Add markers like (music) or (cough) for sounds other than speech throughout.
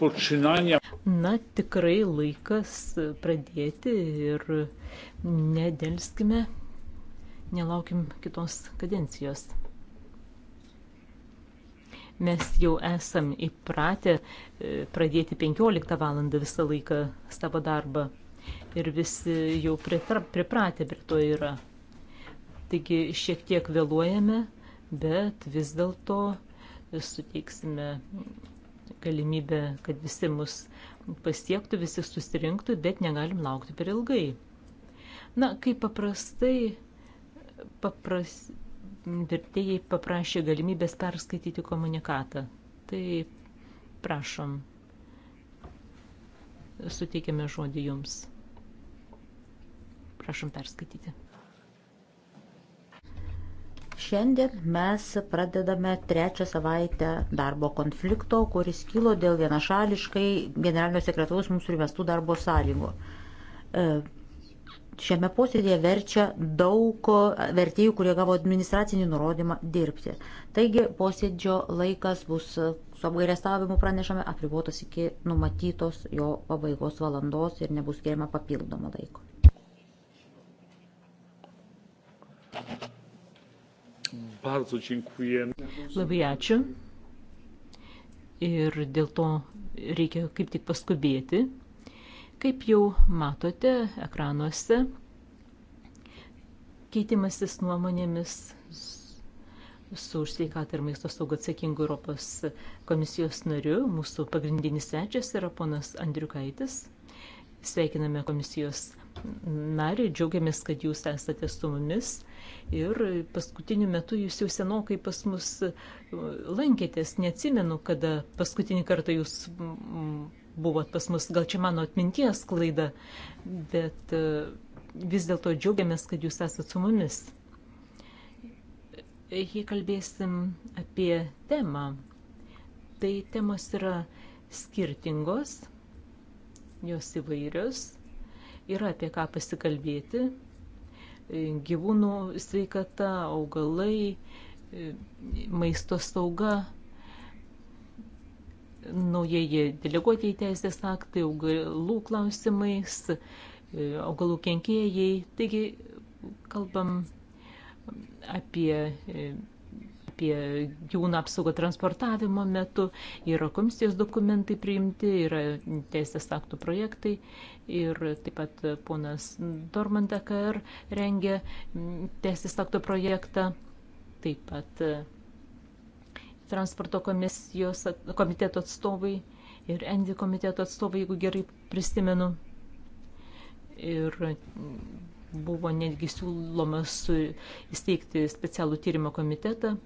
rozpoczynania. Na, tikrai laikas pradėti ir nedelskime, nelaukim kitos kadencijos. Mes jau esam įpratę e, pradėti 15 val. visą laiką savo darbą ir visi jau pripratę prie to yra. Taigi šiek tiek vėluojame, bet vis dėlto suteiksime galimybę, kad visi mus pasiektų, visi susirinktų, bet negalim laukti per ilgai. Na, kaip paprastai, papras, vertėjai paprašė galimybės perskaityti komunikatą. Tai prašom, suteikiame žodį jums. Prašom perskaityti. Šiandien mes pradedame trečią savaitę darbo konflikto, kuris kilo dėl vienašališkai generalinio sekretoriaus mums primestų darbo sąlygų. E, šiame posėdėje verčia daug vertėjų, kurie gavo administracinį nurodymą dirbti. Taigi posėdžio laikas bus su apgailestavimu pranešame apribotas iki numatytos jo pabaigos valandos ir nebus skiriama papildomo laiko. Bardzo dziękuję. Labai ačiū. Ir dėl to reikia kaip tik paskubėti. Kaip jau matote ekranuose, keitimasis nuomonėmis su už sveikatą ir maisto saugą atsakingu Europos komisijos nariu. Mūsų pagrindinis svečias yra ponas Andriukaitis. Sveikiname komisijos narį, džiaugiamės, kad jūs esate su mumis ir paskutiniu metu jūs jau senokai pas mus e, lankėtės, neatsimenu, kada paskutinį kartą jūs buvot pas mus, gal čia mano atminties klaida, bet e, vis dėlto džiaugiamės, kad jūs esat su mumis. Jei kalbėsim apie temą, tai temos yra skirtingos, jos įvairios, yra apie ką pasikalbėti, E, gyvūnų sveikata, augalai, e, maisto sauga, naujieji deleguotieji teisės aktai, augalų klausimais, e, augalų kenkėjai. Taigi kalbam apie apie gyvūnų apsaugą transportavimo metu, yra komisijos dokumentai priimti, yra teisės aktų projektai ir taip pat ponas Dormantakar rengia teisės aktų projektą, taip pat transporto komisijos komiteto atstovai ir Endi komiteto atstovai, jeigu gerai prisimenu. Ir buvo netgi siūlomas įsteigti specialų tyrimo komitetą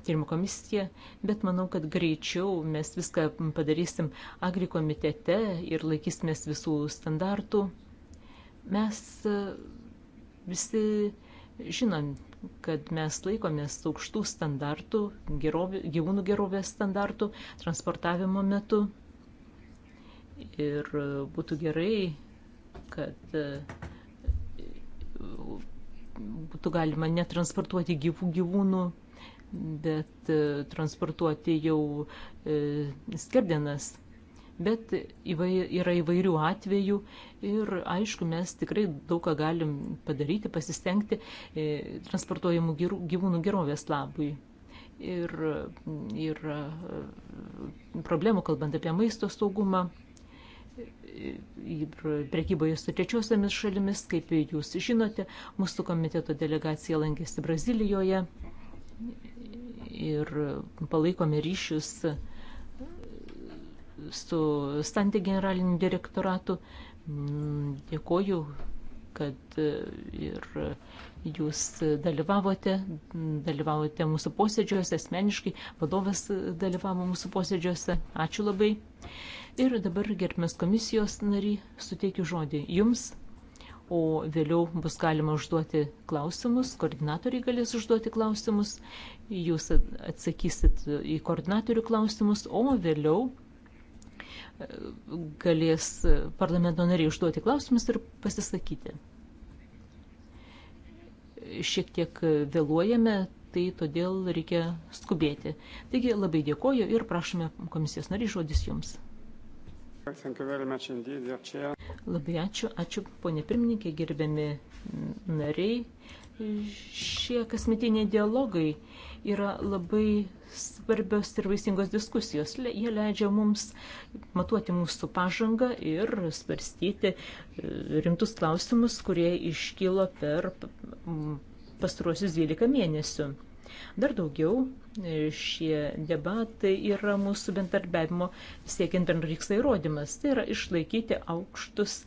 tyrimo komisija, bet manau, kad greičiau mes viską padarysim agri komitete ir laikysimės visų standartų. Mes e, visi žinom, kad mes laikomės aukštų standartų, gerovė, gyvūnų gerovės standartų transportavimo metu. Ir e, būtų gerai, kad e, būtų galima netransportuoti gyvų gyvūnų bet e, transportuoti jau e, skerdenas. Bet yra įvairių atvejų ir aišku, mes tikrai daug ką galim padaryti, pasistengti e, transportuojamų gyvūnų gerovės labui. Ir, ir problemų, kalbant apie maisto saugumą, prekyboje su trečiosiamis šalimis, kaip jūs žinote, mūsų komiteto delegacija lankėsi Brazilijoje ir palaikome ryšius su Stantė generaliniu direktoratu. Mm, dėkoju, kad e, ir jūs dalyvavote, dalyvavote mūsų posėdžiuose, asmeniškai vadovas dalyvavo mūsų posėdžiuose. Ačiū labai. Ir dabar gerbės komisijos nariai suteikiu žodį jums o vėliau bus galima užduoti klausimus, koordinatoriai galės užduoti klausimus, jūs atsakysit į koordinatorių klausimus, o vėliau e, galės parlamento nariai užduoti klausimus ir pasisakyti. Šiek tiek vėluojame, tai todėl reikia skubėti. Taigi labai dėkoju ir prašome komisijos nariai žodis jums. Labai ačiū, ačiū ponė pirmininkė, gerbiami nariai. Šie kasmetiniai dialogai yra labai svarbios ir vaisingos diskusijos. Jie leidžia mums matuoti mūsų pažangą ir svarstyti e, rimtus klausimus, kurie iškilo per pastaruosius 12 mėnesių. Dar daugiau e, šie debatai yra mūsų bendarbiavimo siekiant bendryksta įrodymas. Tai yra išlaikyti aukštus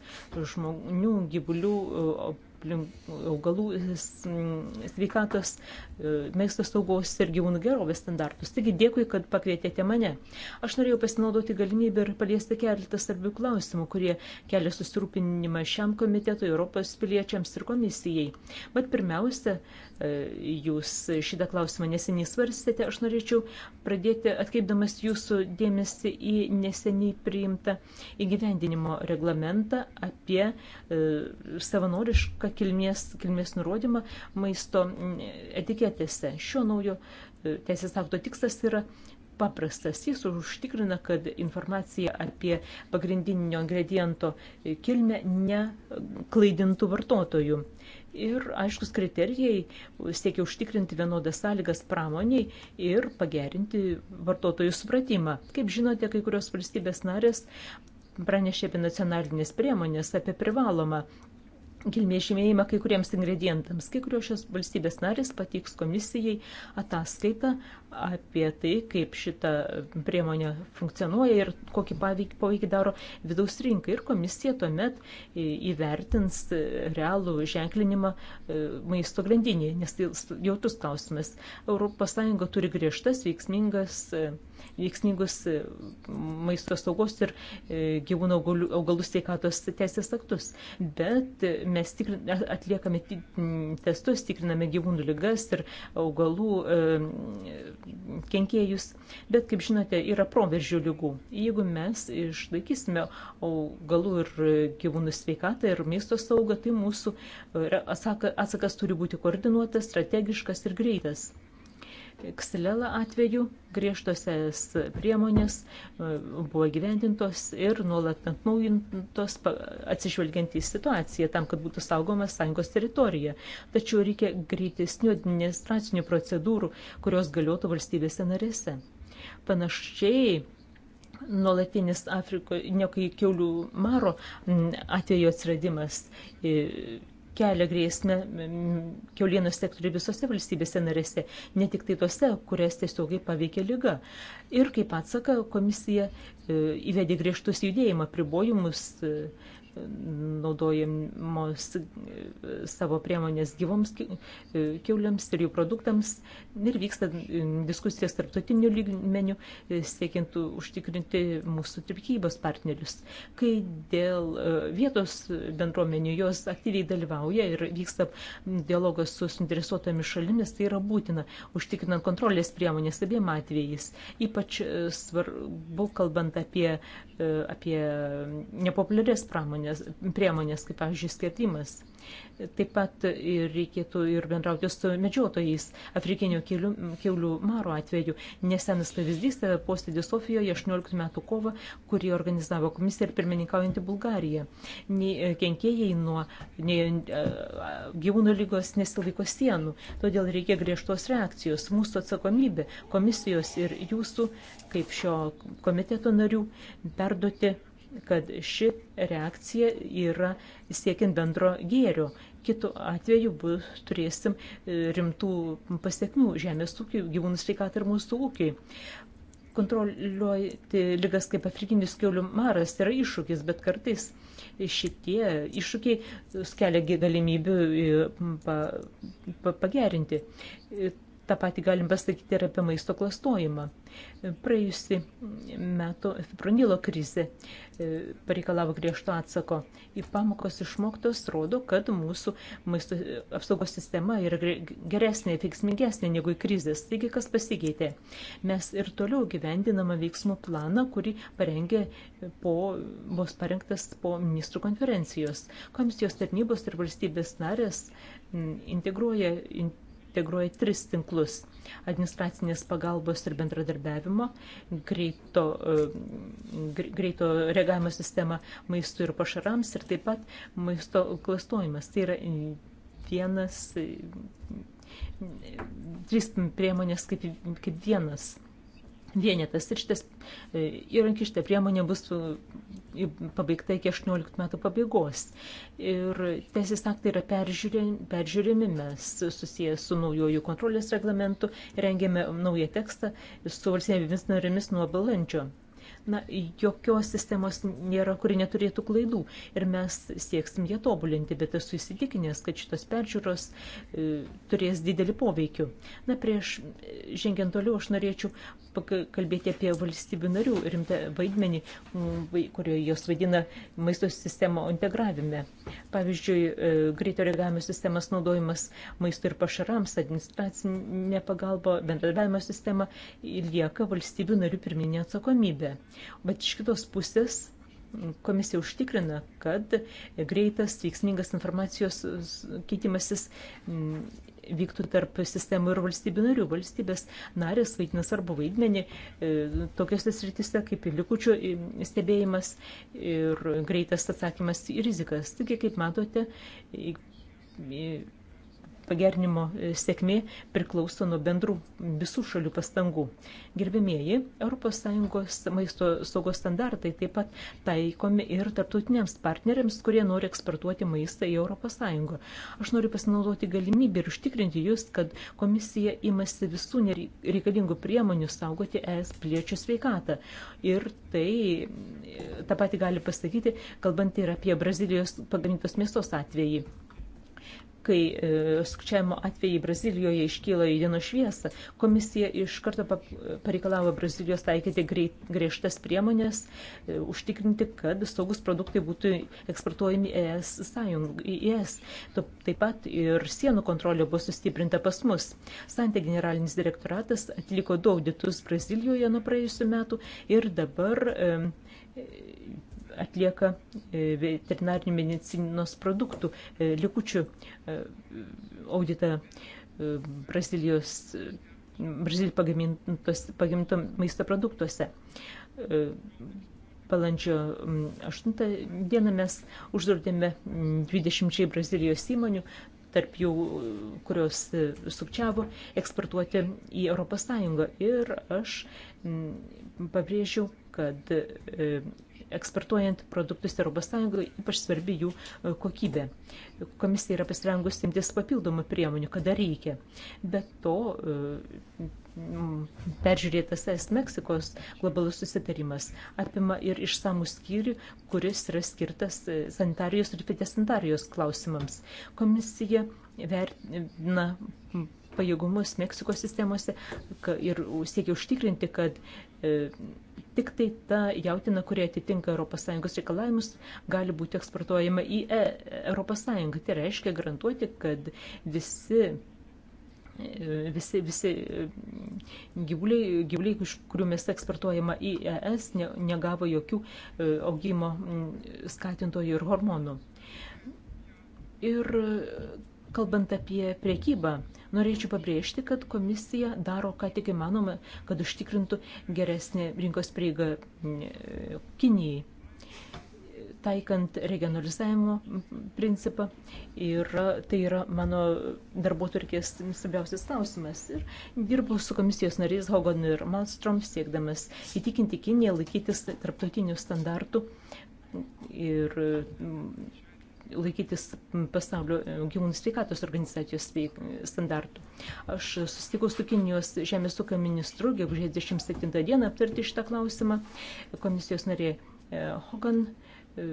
žmonių, gyvulių, e, augalų sveikatos, e, maisto saugos ir gyvūnų gerovės standartus. Taigi dėkui, kad pakvietėte mane. Aš norėjau pasinaudoti galimybę ir paliesti keletą svarbių klausimų, kurie kelia susirūpinimą šiam komitetui, Europos piliečiams ir komisijai. Bet pirmiausia, E, jūs šitą klausimą neseniai svarstėte. Aš norėčiau pradėti atkreipdamas jūsų dėmesį į neseniai priimtą įgyvendinimo reglamentą apie e, savanorišką kilmės, kilmės nurodymą maisto etiketėse. Šio naujo e, teisės akto tikslas yra paprastas. Jis užtikrina, kad informacija apie pagrindinio ingrediento kilmę neklaidintų vartotojų ir aiškus kriterijai siekia užtikrinti vienodas sąlygas pramoniai ir pagerinti vartotojų supratimą. Kaip žinote, kai kurios valstybės narės pranešė apie nacionalinės priemonės, apie privalomą kilmės žymėjimą kai kuriems ingredientams. Kai kurios šios valstybės narės patiks komisijai ataskaitą apie tai, kaip šita priemonė funkcionuoja ir kokį poveikį daro vidaus rinkai. Ir komisija tuomet įvertins realų ženklinimą e, maisto grandinėje, nes tai jautrus klausimas. ES turi griežtas, veiksmingas, e, veiksmingus e, maisto saugos ir gyvūnų augalų, augalų sveikatos teisės aktus. Bet mes tikrin, atliekame testus, tikriname gyvūnų lygas ir augalų e, kenkėjus, bet, kaip žinote, yra proveržių lygų. Jeigu mes išlaikysime augalų ir gyvūnų sveikatą ir maisto saugą, tai mūsų e, atsakas turi būti koordinuotas, strategiškas ir greitas. Xylella atveju griežtosios priemonės e, buvo gyvendintos ir nuolat atnaujintos atsižvelgiant į situaciją tam, kad būtų saugoma sąjungos teritorija. Tačiau reikia greitesnių administracinių procedūrų, kurios galiotų valstybėse narėse. Panašiai nuolatinis Afrikoje, nekai keulių maro atveju atsiradimas kelia grėsmę mm, keulienos sektoriui visose valstybėse narėse, ne tik tai tose, kurias tiesiogiai paveikia lyga. Ir kaip atsaka, komisija e, įvedė griežtus judėjimo pribojimus e, naudojamos e, savo priemonės gyvoms e, kiauliams ir jų produktams ir vyksta e, diskusijas tarptautinių lygmenių, siekiant užtikrinti mūsų trikybos partnerius. Kai dėl vietos bendruomenių jos aktyviai dalyvauja ir vyksta dialogas su suinteresuotomis šalimis, tai yra būtina, užtikrinant kontrolės priemonės abiem atvejais. Ypač svarbu, kalbant apie apie nepopuliarias priemonės, kaip, pavyzdžiui, skirtimas. Taip pat ir reikėtų ir bendrauti su medžiotojais afrikinio keulių maro atveju. Nesenas pavyzdys tai posėdė Sofijoje 18 metų kovą, kurį organizavo komisija ir pirmininkaujantį Bulgariją. Nei e, kenkėjai nuo nei, e, gyvūnų lygos nesilaiko sienų, todėl reikia griežtos reakcijos. Mūsų atsakomybė komisijos ir jūsų, kaip šio komiteto narių, perduoti kad ši reakcija yra siekiant bendro gėrio. Kitu atveju bus, turėsim e, rimtų pasiekmių žemės ūkiai, gyvūnų sveikatai ir mūsų ūkiai. Kontroliuoti lygas kaip afrikinis kiaulių maras yra iššūkis, bet kartais šitie iššūkiai skelia galimybių e, pa, pa, pagerinti. E, tą patį galim pasakyti ir apie maisto klastojimą. Praėjusi metų fipronilo krizė e, pareikalavo griežto atsako. Į pamokos išmoktos rodo, kad mūsų maisto apsaugos sistema yra geresnė, veiksmingesnė negu į krizės. Taigi, kas pasikeitė? Mes ir toliau gyvendinamą veiksmų planą, kurį parengė po, bus parengtas po ministrų konferencijos. Komisijos tarnybos ir valstybės narės integruoja. In, integruoja tris tinklus - administracinės pagalbos ir bendradarbiavimo, greito, e, greito reagavimo sistema maistui ir pašarams ir taip pat maisto klastojimas. Tai yra e, vienas, e, trys priemonės kaip, kaip vienas vienetas. Ir šitas e, įrankis, šitą priemonę bus e, pabaigta iki 18 metų pabaigos. Ir teisės aktai yra peržiūrimi, peržiūrimi mes susijęs su naujoju kontrolės reglamentu, rengėme naują tekstą su valstybėmis narėmis nuo balandžio. Na, jokios sistemos nėra, kuri neturėtų klaidų ir mes sieksim ją tobulinti, bet esu įsitikinęs, kad šitos peržiūros e, turės didelį poveikiu. Na, prieš e, žengiant toliau aš norėčiau kalbėti apie valstybių narių rimtą vaidmenį, kurioje jos vadina maisto sistemo integravime. Pavyzdžiui, e, greito reagavimo sistemas naudojimas maisto ir pašarams, administracinė pagalba, bendradavimo sistema lieka valstybių narių pirminė atsakomybė. Bet iš kitos pusės komisija užtikrina, kad greitas, veiksmingas informacijos keitimasis vyktų tarp sistemų ir valstybių narių. Valstybės narės vaidina svarbu vaidmenį e, tokiuose srityse kaip likučių e, stebėjimas ir greitas atsakymas į rizikas. Taigi, kaip matote, pagernimo e, sėkmė priklauso nuo bendrų visų šalių pastangų. Gerbėmieji, ES maisto saugos standartai taip pat taikomi ir tarptautiniams partneriams, kurie nori eksportuoti maistą į ES. Aš noriu pasinaudoti galimybę ir užtikrinti jūs, kad komisija imasi visų reikalingų priemonių saugoti ES piliečių sveikatą. Ir tai e, tą patį gali pasakyti, kalbant ir apie Brazilijos pagamintos mėsos atvejį kai e, skučiavimo atvejai Brazilijoje iškyla į dienų šviesą, komisija iš karto pareikalavo Brazilijos taikyti griežtas priemonės, e, užtikrinti, kad saugus produktai būtų eksportuojami ES sąjungai. ES. Taip pat ir sienų kontrolė buvo sustiprinta pas mus. Santė generalinis direktoratas atliko du auditus Brazilijoje nuo praėjusiu metu ir dabar e, atlieka e, veterinarinių medicinos produktų e, likučių e, auditą Brazilijos, Brazilijos pagaminto maisto produktuose. Palandžio 8 dieną mes uždraudėme 20 Brazilijos įmonių tarp jų, kurios sukčiavo, eksportuoti į ES. Ir aš pabrėžiau, kad eksportuojant produktus Europos Sąjungoje, ypač svarbi jų e, kokybė. Komisija yra pasirengusi imtis papildomų priemonių, kada reikia. Bet to e, peržiūrėtas es Meksikos globalus susitarimas apima ir išsamų skyrių, kuris yra skirtas e, sanitarijos ir fitosanitarijos klausimams. Komisija vertina pajėgumus Meksikos sistemose ir siekia užtikrinti, kad tik tai ta jautina, kurie atitinka ES reikalavimus, gali būti eksportuojama į ES. Tai reiškia garantuoti, kad visi visi, visi gyvuliai, gyvuliai, iš kurių mes eksportuojama į ES, ne, negavo jokių e, augimo skatintojų ir hormonų. Ir Kalbant apie priekybą, norėčiau pabrėžti, kad komisija daro ką tik įmanoma, kad užtikrintų geresnį rinkos prieigą e, Kinijai. Taikant regionalizavimo principą ir tai yra mano darbotvarkės svarbiausias klausimas. Ir dirbu su komisijos nariais Hogan ir Malstrom siekdamas įtikinti Kiniją laikytis tarptautinių standartų ir laikytis pasaulio e, gyvūnų sveikatos organizacijos standartų. Aš susitikau su Kinijos žemės ūkio ministru, gegužės 27 dieną aptarti šitą klausimą. Komisijos narė e, Hogan e,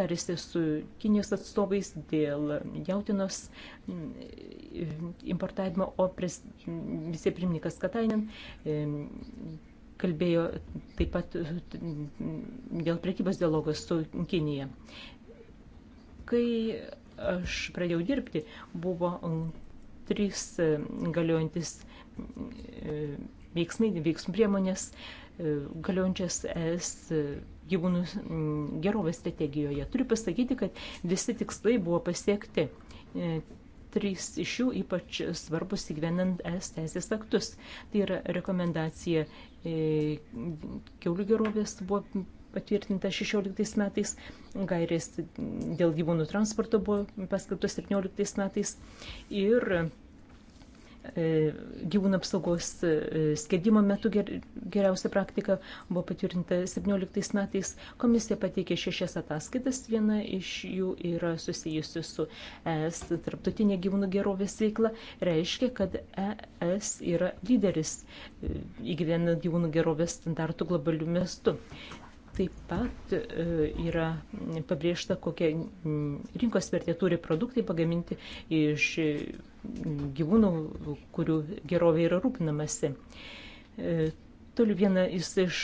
tarėsi su Kinijos atstovais dėl jautinos mm, importavimo, o vicepirmininkas Katainen kalbėjo taip pat dėl prekybos dialogos su Kinija. Kai aš pradėjau dirbti, buvo trys galiojantis e, veiksmai, veiksmų priemonės e, galiojančias es e, gyvūnų gerovės strategijoje. Turiu pasakyti, kad visi tikslai buvo pasiekti. Trys iš jų ypač svarbus įgyvenant es teisės aktus. Tai yra rekomendacija kiaulių gerovės buvo patvirtinta 16 metais, gairės dėl gyvūnų transporto buvo paskelbtos 17 metais ir e, gyvūnų apsaugos e, skėdimo metu geriausia praktika buvo patvirtinta 17 metais. Komisija pateikė šešias ataskaitas, viena iš jų yra susijusi su ES tarptautinė gyvūnų gerovės veikla, reiškia, kad ES yra lyderis e, įgyvenant gyvūnų gerovės standartų globalių miestų. Taip pat e, yra pabrėžta, kokią rinkos vertę turi produktai pagaminti iš e, gyvūnų, kurių gerovė yra rūpinamasi. E, toliau viena iš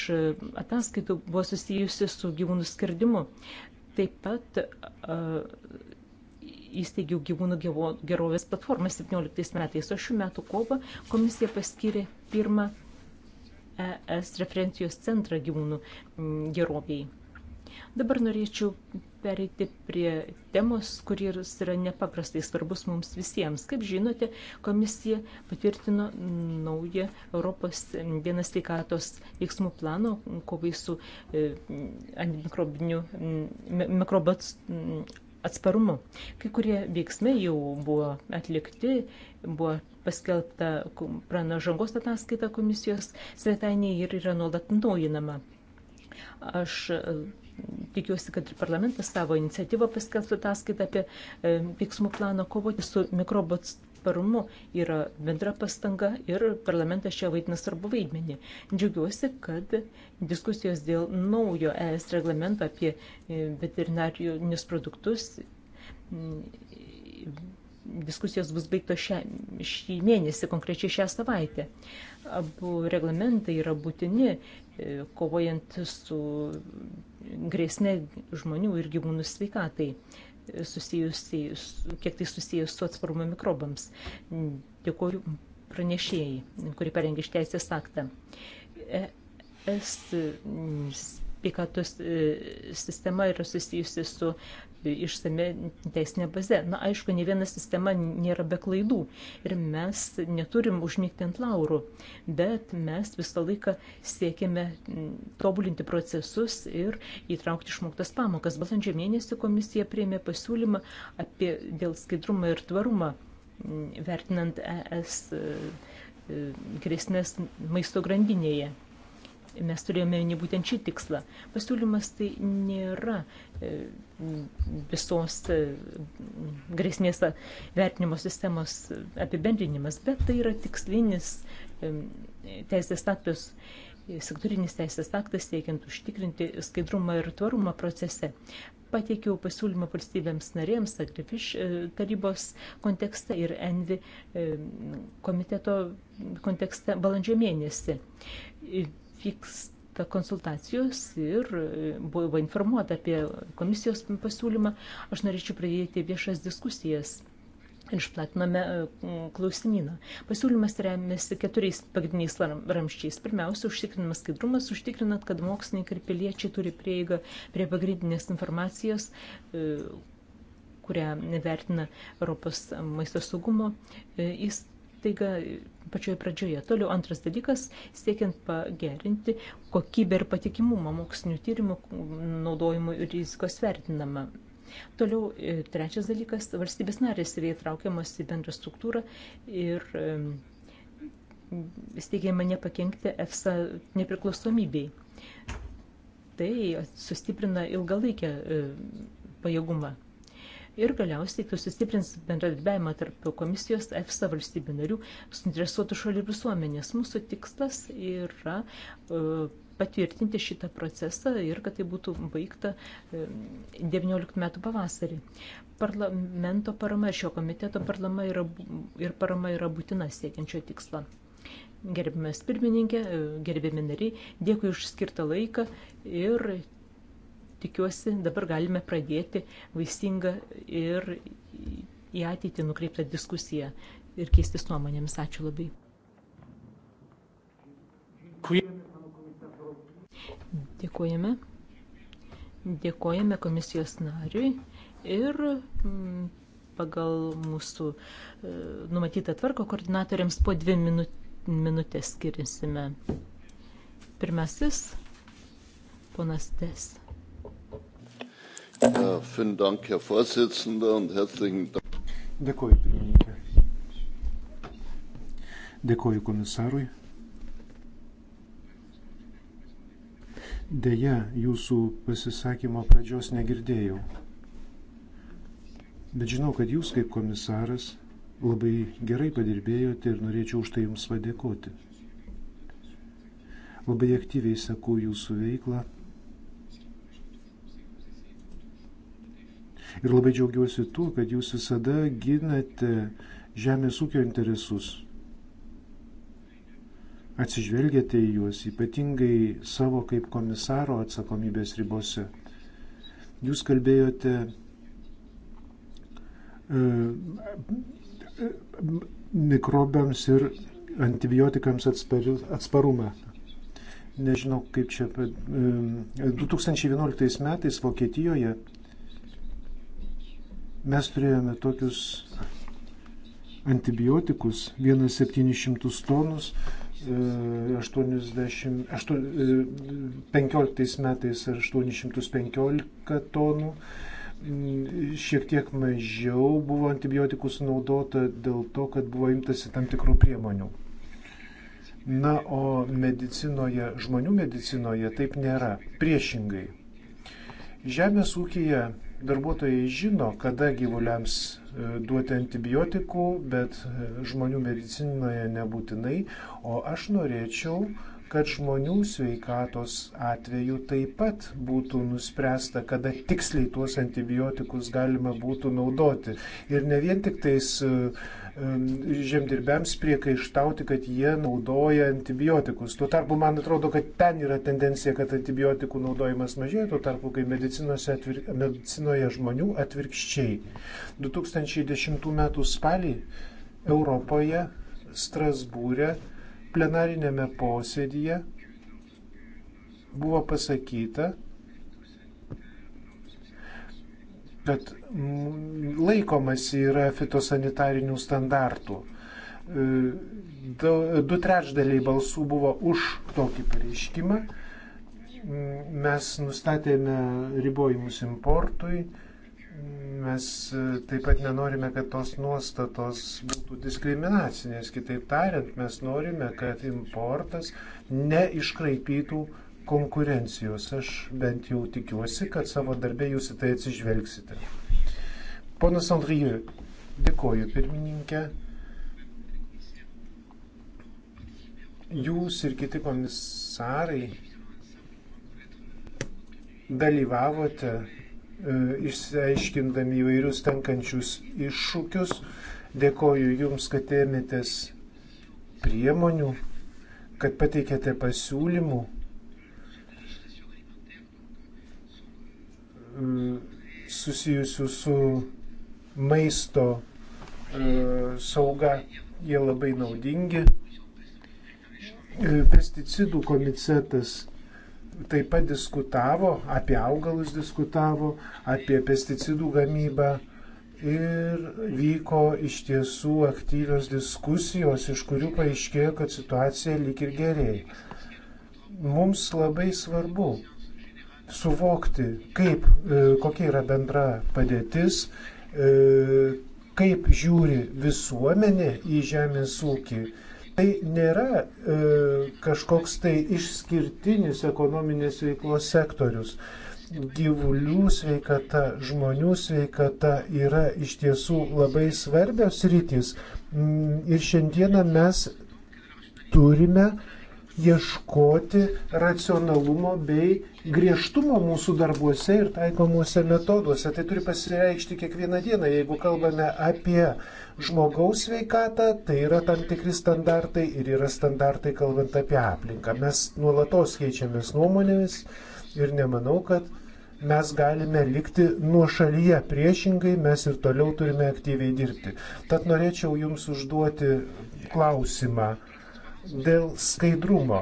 ataskaitų buvo susijusi su gyvūnų skardimu. Taip pat įsteigiau gyvūnų gerovės platformą 17 metais, o šių metų kovą komisija paskyrė pirmą ES referencijos centrą gyvūnų mm, geroviai. Dabar norėčiau pereiti prie temos, kuris yra nepaprastai svarbus mums visiems. Kaip žinote, komisija patvirtino naują Europos dienas teikatos veiksmų plano kovai su e, antimikrobiniu mikrobats atsparumu. Kai kurie veiksmai jau buvo atlikti, buvo paskelbta pranažangos ataskaita komisijos svetainėje ir yra nuolat naujinama. Aš e, tikiuosi, kad ir parlamentas savo iniciatyvą paskelbs ataskaitą apie e, veiksmų planą kovoti su mikrobos atsparumu yra bendra pastanga ir parlamentas čia vaidina svarbu vaidmenį. Džiaugiuosi, kad diskusijos dėl naujo ES reglamento apie e, veterinarius produktus diskusijos bus baigtos šią, šį mėnesį, konkrečiai šią savaitę. Abu reglamentai yra būtini e, kovojant su grėsme žmonių ir gyvūnų sveikatai susijusi, kiek tai susijęs su atsparumu mikrobams. Dėkuoju pranešėjai, kuri parengė iš teisės aktą. Es sveikatos e, sistema yra susijusi su išsame teisinė bazė. Na, aišku, ne viena sistema nėra be klaidų ir mes neturim užmygti ant laurų, bet mes visą laiką siekime tobulinti procesus ir įtraukti išmoktas pamokas. Balandžio mėnesį komisija priėmė pasiūlymą apie dėl skaidrumą ir tvarumą vertinant ES e, e, grėsmės maisto grandinėje. Mes turėjome ne būtent šį tikslą. Pasiūlymas tai nėra e, visos e, grėsmės vertinimo sistemos apibendrinimas, bet tai yra tikslinis e, teisės aktas sektorinis teisės aktas siekiant užtikrinti skaidrumą ir tvarumą procese. Pateikiau pasiūlymą valstybėms narėms Agrifiš tarybos kontekste ir Envi komiteto kontekste balandžio mėnesį vyksta konsultacijos ir e, buvo informuota apie komisijos pasiūlymą. Aš norėčiau pradėti viešas diskusijas. Išplatiname e, klausimyną. Pasiūlymas remiasi keturiais pagrindiniais ramščiais. Pirmiausia, užtikrinamas skaidrumas, užtikrinant, kad mokslininkai ir piliečiai turi prieigą prie pagrindinės informacijos, e, kurią vertina Europos maisto saugumo įstaigos staiga pačioje pradžioje. Toliau antras dalykas, siekiant pagerinti kokybę ir patikimumą mokslinių tyrimų naudojimų ir rizikos vertinamą. Toliau e, trečias dalykas, valstybės narės yra įtraukiamas į bendrą struktūrą ir e, steigiama nepakenkti EFSA nepriklausomybei. Tai sustiprina ilgalaikę e, pajėgumą ir galiausiai tai sustiprins bendradarbiavimą tarp komisijos, EFSA valstybių narių, suinteresuotų šalių visuomenės. Mūsų tikslas yra e, patvirtinti šitą procesą ir kad tai būtų baigta 19 e, metų pavasarį. Parlamento parama ir šio komiteto parama yra, ir parama yra būtina siekiančio tikslo. Gerbimas pirmininkė, e, gerbiami nariai, dėkui už skirtą laiką ir tikiuosi, dabar galime pradėti vaisingą ir į ateitį nukreiptą diskusiją ir keistis nuomonėmis. Ačiū labai. Dėkojame. Dėkojame komisijos nariui ir mm, pagal mūsų e, numatytą tvarką koordinatoriams po dvi minutės skirinsime. Pirmasis, ponas Tes. Vielen Dank, Herr Vorsitzender, und herzlichen Dank. Dėkuoju, pirmininkė. Dėkuoju komisarui. Deja, jūsų pasisakymo pradžios negirdėjau. Bet žinau, kad jūs kaip komisaras labai gerai padirbėjote ir norėčiau už tai jums padėkoti. Labai aktyviai sekau jūsų veiklą Ir labai džiaugiuosi tuo, kad jūs visada ginate žemės ūkio interesus. Atsižvelgiate į juos ypatingai savo kaip komisaro atsakomybės ribose. Jūs kalbėjote e, mikrobams ir antibiotikams atspari, atsparumą. Nežinau, kaip čia. E, 2011 metais Vokietijoje Mes turėjome tokius antibiotikus, 1700 tonus, 80, 8, 15 metais 815 tonų mm, šiek tiek mažiau buvo antibiotikų sunaudota dėl to, kad buvo imtasi tam tikrų priemonių. Na, o medicinoje, žmonių medicinoje taip nėra. Priešingai. Žemės ūkija darbuotojai žino kada gyvuliams e, duoti antibiotikų bet e, žmonių medicinoje nebūtinai o aš norėčiau kad žmonių sveikatos atveju taip pat būtų nuspręsta, kada tiksliai tuos antibiotikus galima būtų naudoti. Ir ne vien tik tais uh, žemdirbiams priekaištauti, kad jie naudoja antibiotikus. Tuo tarpu man atrodo, kad ten yra tendencija, kad antibiotikų naudojimas mažėja, tuo tarpu, kai atvir... medicinoje žmonių atvirkščiai. 2010 m. spalį Europoje, Strasbūrė, plenarinėme posėdyje buvo pasakyta, kad laikomas yra fitosanitarinių standartų. E, du trečdaliai balsų buvo už tokį pareiškimą. Mes nustatėme ribojimus importui. Mes e, taip pat nenorime, kad tos nuostatos būtų diskriminacinės. Kitaip tariant, mes norime, kad importas neiškraipytų konkurencijos. Aš bent jau tikiuosi, kad savo darbę jūs į tai atsižvelgsite. Ponas Andriju, dėkoju pirmininkė. Jūs ir kiti komisarai dalyvavote e, išsiaiškindami įvairius tenkančius iššūkius. Dėkoju Jums, kad ėmėtės priemonių, kad pateikėte pasiūlymų Mm, susijusių su maisto e, sauga, jie labai naudingi. E, pesticidų komitetas taip pat diskutavo, apie augalus diskutavo, apie pesticidų gamybą ir vyko iš tiesų aktyvios diskusijos, iš kurių paaiškėjo, kad situacija lyg ir gerėja. Mums labai svarbu suvokti, kaip, e, kokia yra bendra padėtis, e, kaip žiūri visuomenė į žemės ūkį. Tai nėra e, kažkoks tai išskirtinis ekonominės veiklos sektorius gyvulių sveikata, žmonių sveikata yra iš tiesų labai svarbios rytis. Ir šiandieną mes turime ieškoti racionalumo bei griežtumo mūsų darbuose ir taikomuose metoduose. Tai turi pasireikšti kiekvieną dieną. Jeigu kalbame apie žmogaus sveikatą, tai yra tam tikri standartai ir yra standartai kalbant apie aplinką. Mes nuolatos keičiamės nuomonėmis ir nemanau, kad mes galime likti nuo šalyje. Priešingai mes ir toliau turime aktyviai dirbti. Tad norėčiau Jums užduoti klausimą dėl skaidrumo.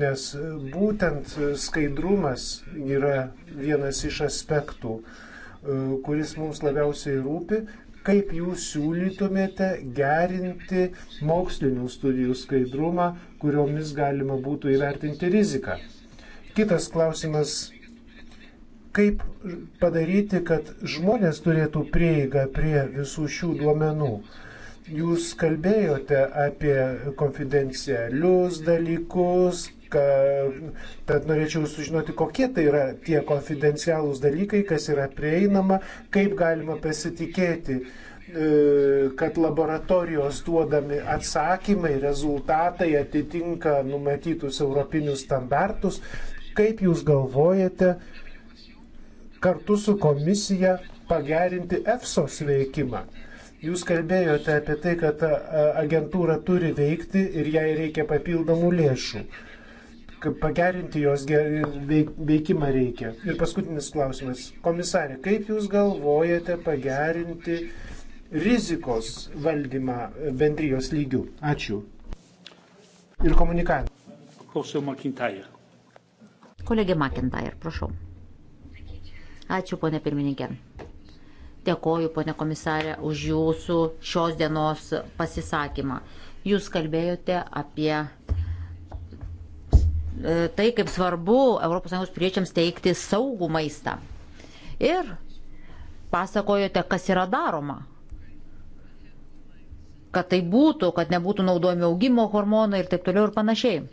Nes e, būtent e, skaidrumas yra vienas iš aspektų, e, kuris mums labiausiai rūpi, kaip jūs siūlytumėte gerinti mokslinių studijų skaidrumą, kuriomis galima būtų įvertinti riziką. Kitas klausimas, kaip padaryti, kad žmonės turėtų prieigą prie visų šių duomenų. Jūs kalbėjote apie konfidencialius dalykus, ka, tad norėčiau sužinoti, kokie tai yra tie konfidencialūs dalykai, kas yra prieinama, kaip galima pasitikėti, e, kad laboratorijos duodami atsakymai, rezultatai atitinka numatytus europinius standartus. Kaip Jūs galvojate kartu su komisija pagerinti EFSOS veikimą? Jūs kalbėjote apie tai, kad agentūra turi veikti ir jai reikia papildomų lėšų. Pagerinti jos veikimą reikia. Ir paskutinis klausimas. Komisarė, kaip Jūs galvojate pagerinti rizikos valdymą bendrijos lygių? Ačiū. Ir komunikavimą. Klausiau McIntyre. Kolegė McIntyre, prašau. Ačiū, ponė pirmininkė. Dėkoju, ponė komisarė, už jūsų šios dienos pasisakymą. Jūs kalbėjote apie e, tai, kaip svarbu ES priečiams teikti saugų maistą. Ir pasakojote, kas yra daroma. Kad tai būtų, kad nebūtų naudojami augimo hormonai ir taip toliau ir panašiai.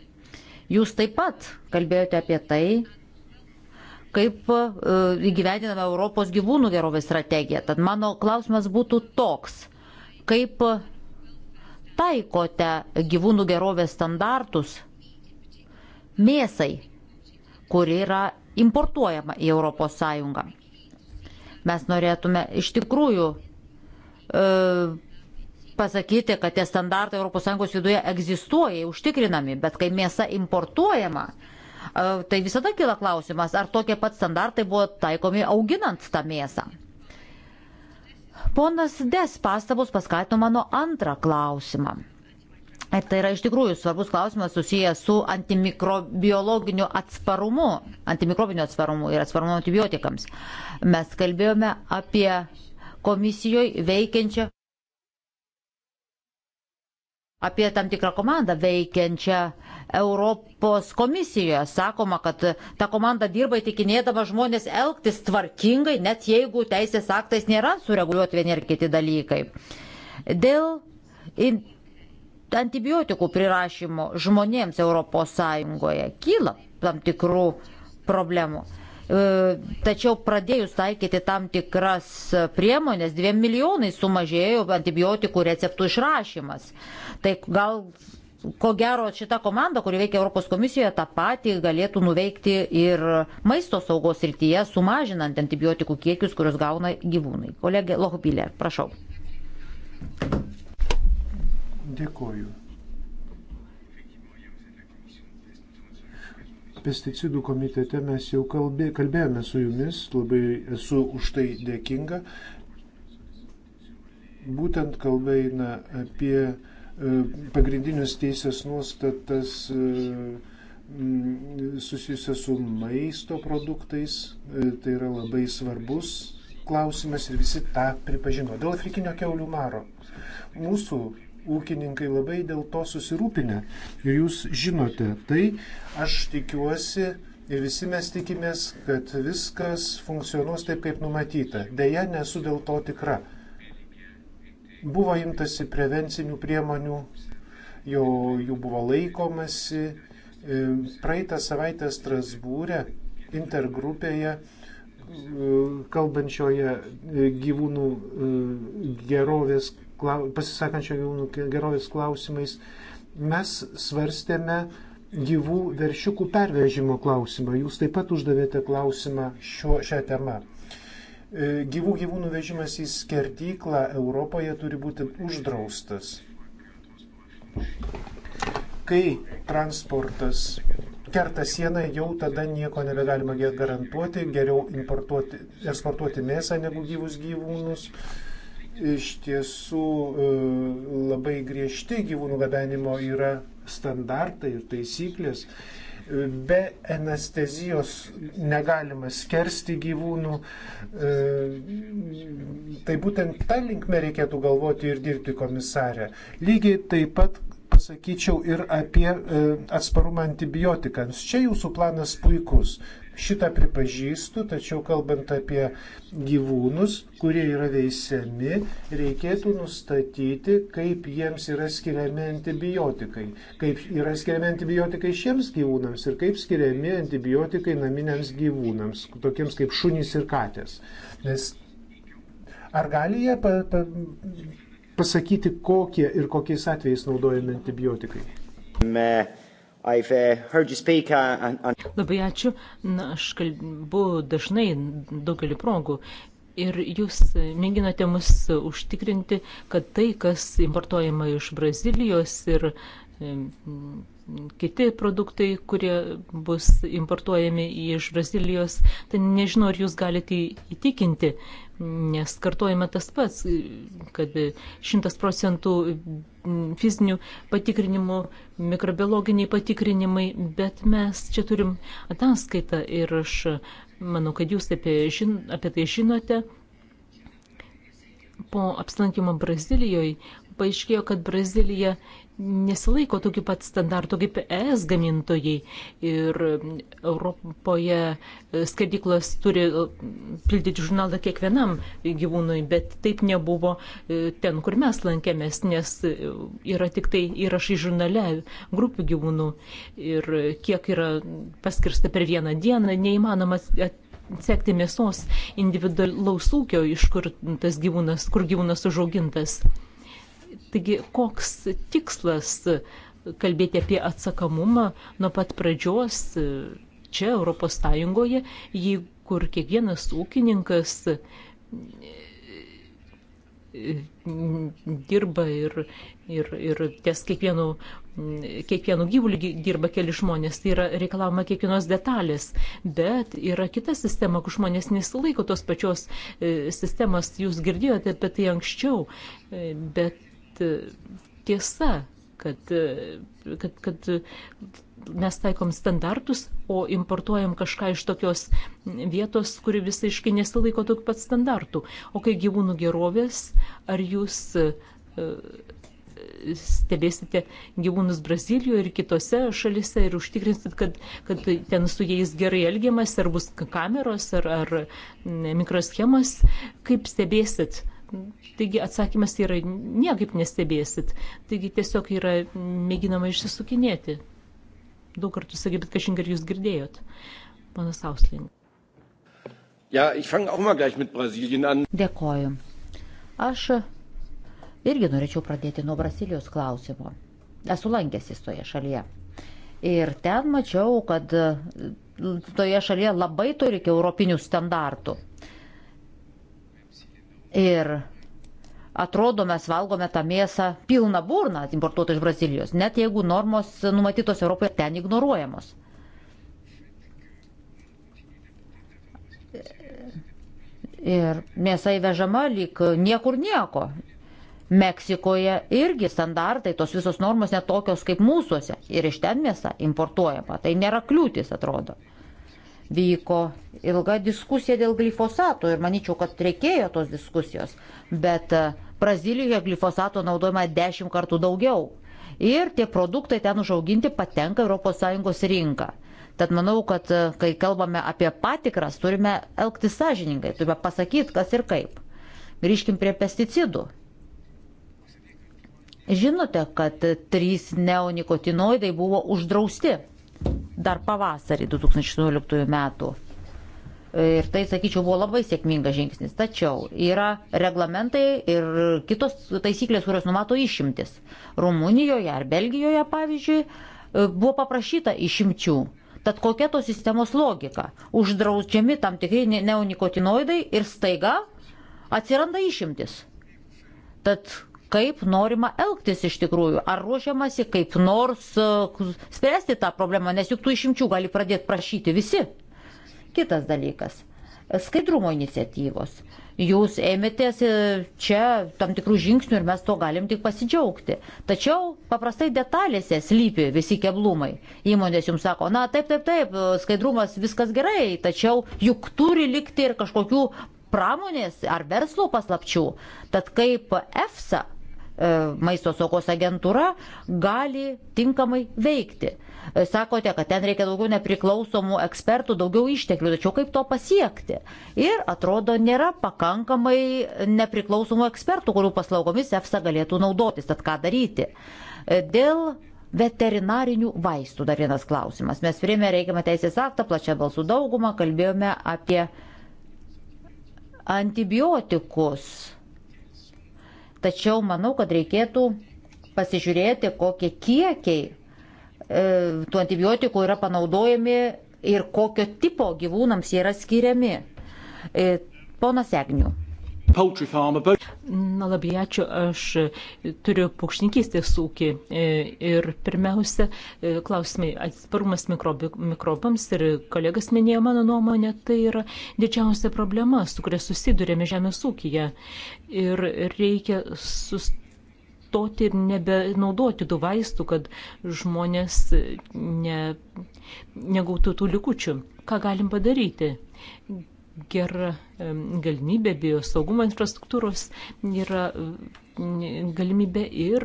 Jūs taip pat kalbėjote apie tai, kaip e, įgyvendiname Europos gyvūnų gerovės strategiją. Tad mano klausimas būtų toks, kaip taikote gyvūnų gerovės standartus mėsai, kuri yra importuojama į ES. Mes norėtume iš tikrųjų e, pasakyti, kad tie standartai ES viduje egzistuoja, užtikrinami, bet kai mėsa importuojama, tai visada kila klausimas, ar tokie pat standartai buvo taikomi auginant tą mėsą. Ponas Des pastabus paskatino mano antrą klausimą. Ir tai yra iš tikrųjų svarbus klausimas susijęs su antimikrobiologiniu atsparumu, antimikrobiniu atsparumu ir atsparumu antibiotikams. Mes kalbėjome apie komisijoje veikiančią apie tam tikrą komandą veikiančią Europos komisijoje. Sakoma, kad ta komanda dirba įtikinėdama žmonės elgtis tvarkingai, net jeigu teisės aktais nėra sureguliuoti vieni ar kiti dalykai. Dėl antibiotikų prirašymo žmonėms ES kyla tam tikrų problemų. E, tačiau pradėjus taikyti tam tikras priemonės, dviem milijonai sumažėjo antibiotikų receptų išrašymas. Tai gal, ko gero, šita komanda, kuri veikia Europos komisijoje, tą patį galėtų nuveikti ir maisto saugos rytyje, sumažinant antibiotikų kiekius, kuriuos gauna gyvūnai. Kolegė Lohbilė, prašau. Dėkuoju. pesticidų komitete mes jau kalbė, kalbėjome su jumis, labai esu už tai dėkinga. Būtent kalba eina apie e, pagrindinius teisės nuostatas e, susijusias su maisto produktais. E, tai yra labai svarbus klausimas ir visi tą pripažino. Dėl afrikinio keulių maro. Mūsų ūkininkai labai dėl to susirūpinę. Ir jūs žinote, tai aš tikiuosi ir visi mes tikimės, kad viskas funkcionuos taip, kaip numatyta. Deja, nesu dėl to tikra. Buvo imtasi prevencinių priemonių, jau jų buvo laikomasi. E, praeitą savaitę Strasbūrė intergrupėje e, kalbančioje e, gyvūnų gerovės pasisakančio gyvūnų gerovės klausimais, mes svarstėme gyvų veršiukų pervežimo klausimą. Jūs taip pat uždavėte klausimą šio, šią temą. E, gyvų gyvūnų vežimas į skerdyklą Europoje turi būti uždraustas. Kai transportas kerta sieną, jau tada nieko nebegalima garantuoti, geriau eksportuoti mėsą negu gyvus gyvūnus iš tiesų e, labai griežti gyvūnų gabenimo yra standartai ir taisyklės. E, be anestezijos negalima skersti gyvūnų. E, tai būtent tą linkmę reikėtų galvoti ir dirbti komisarę. Lygiai taip pat pasakyčiau ir apie atsparumą antibiotikams. Čia jūsų planas puikus. Šitą pripažįstu, tačiau kalbant apie gyvūnus, kurie yra veisiami, reikėtų nustatyti, kaip jiems yra skiriami antibiotikai, kaip yra skiriami antibiotikai šiems gyvūnams ir kaip skiriami antibiotikai naminiams gyvūnams, tokiems kaip šunys ir katės. Nes ar gali jie pa, pa, pasakyti, kokie ir kokiais atvejais naudojami antibiotikai? Me. Uh, uh, Labai ačiū. Na, aš kalbu dažnai daugelį progų. Ir jūs mėginate mus užtikrinti, kad tai, kas importuojama iš Brazilijos ir kiti produktai, kurie bus importuojami iš Brazilijos, tai nežinau, ar jūs galite įtikinti, nes kartuojame tas pats, kad 100 procentų fizinių patikrinimų, mikrobiologiniai patikrinimai, bet mes čia turim ataskaitą ir aš manau, kad jūs apie, žin, apie tai žinote. Po apsilankimo Brazilijoje paaiškėjo, kad Brazilija nesilaiko tokių pat standartų kaip ES gamintojai. Ir Europoje e, skerdiklas turi e, pildyti žurnalą kiekvienam gyvūnui, bet taip nebuvo e, ten, kur mes lankėmės, nes yra tik tai įrašai žurnale grupių gyvūnų ir kiek yra paskirsta per vieną dieną, neįmanoma sekti mėsos individualaus ūkio, iš kur tas gyvūnas, kur gyvūnas užaugintas. Taigi, koks tikslas kalbėti apie atsakomumą nuo pat pradžios e, čia Europos Sąjungoje, kur kiekvienas ūkininkas e, e, dirba ir, ir, ir ties kiekvienu, kiekvienu gyvuliu dirba keli žmonės, tai yra reikalavama kiekvienos detalės, bet yra kita sistema, kur žmonės nesilaiko tos pačios sistemos, jūs girdėjote apie tai anksčiau, bet tiesa, kad, kad, kad mes taikom standartus, o importuojam kažką iš tokios vietos, kuri visaiškai nesilaiko tokių pat standartų. O kai gyvūnų gerovės, ar jūs e, stebėsite gyvūnus Brazilijoje ir kitose šalise ir užtikrinsit, kad, kad ten su jais gerai elgiamas, ar bus kameros, ar, ar mikroschemas, kaip stebėsit Taigi atsakymas yra niekaip nestebėsit. Taigi tiesiog yra mėginama išsisukinėti. Daug kartų sakė, bet kažin ar jūs girdėjot, panas Ausling. Ja, Dėkoju. Aš irgi norėčiau pradėti nuo Brazilijos klausimo. Esu lankęsis toje šalyje. Ir ten mačiau, kad toje šalyje labai turi europinių standartų. Ir atrodo, mes valgome tą mėsą pilną burną importuotą iš Brazilijos, net jeigu normos numatytos Europoje ten ignoruojamos. Ir mėsa įvežama lyg niekur nieko. Meksikoje irgi standartai, tos visos normos netokios kaip mūsųse. Ir iš ten mėsa importuojama. Tai nėra kliūtis, atrodo vyko ilga diskusija dėl glifosato ir manyčiau, kad reikėjo tos diskusijos, bet e, Brazilijoje glifosato naudojama dešimt kartų daugiau ir tie produktai ten užauginti patenka ES rinką. Tad manau, kad e, kai kalbame apie patikras, turime elgti sąžiningai, turime pasakyti, kas ir kaip. Grįžkim prie pesticidų. Žinote, kad trys neonikotinoidai buvo uždrausti dar pavasarį 2016 metų. Ir tai, sakyčiau, buvo labai sėkmingas žingsnis. Tačiau yra reglamentai ir kitos taisyklės, kurios numato išimtis. Rumunijoje ar Belgijoje, pavyzdžiui, buvo paprašyta išimčių. Tad kokia tos sistemos logika? Uždraudžiami tam tikri neonikotinoidai ir staiga atsiranda išimtis. Tad kaip norima elgtis iš tikrųjų, ar ruošiamasi kaip nors e, spręsti tą problemą, nes juk tų išimčių gali pradėti prašyti visi. Kitas dalykas - skaidrumo iniciatyvos. Jūs ėmėtės e, čia tam tikrų žingsnių ir mes to galim tik pasidžiaugti. Tačiau paprastai detalėse slypi visi keblumai. Įmonės jums sako, na taip, taip, taip, e, skaidrumas viskas gerai, tačiau juk turi likti ir kažkokių pramonės ar verslo paslapčių. Tad kaip EFSA E, maisto saugos agentūra gali tinkamai veikti. E, sakote, kad ten reikia daugiau nepriklausomų ekspertų, daugiau išteklių, tačiau kaip to pasiekti? Ir atrodo, nėra pakankamai nepriklausomų ekspertų, kurių paslaugomis EFSA galėtų naudotis, tad ką daryti? E, dėl veterinarinių vaistų dar vienas klausimas. Mes priėmė reikiamą teisės aktą, plačia balsų daugumą, kalbėjome apie antibiotikus Tačiau manau, kad reikėtų pasižiūrėti, kokie kiekiai e, tų antibiotikų yra panaudojami ir kokio tipo gyvūnams jie yra skiriami. E, ponas Egniu. Na labai ačiū, aš turiu paukštininkystės ūkį e, ir pirmiausia, e, klausimai, atsparumas mikrobams ir kolegas minėjo mano nuomonę, tai yra didžiausia problema, su kuria susidurėme žemės ūkyje ir reikia sustabdyti sustoti ir nebenaudoti tų vaistų, kad žmonės ne, negautų tų likučių. Ką galim padaryti? Gera galimybė, biosaugumo infrastruktūros yra galimybė ir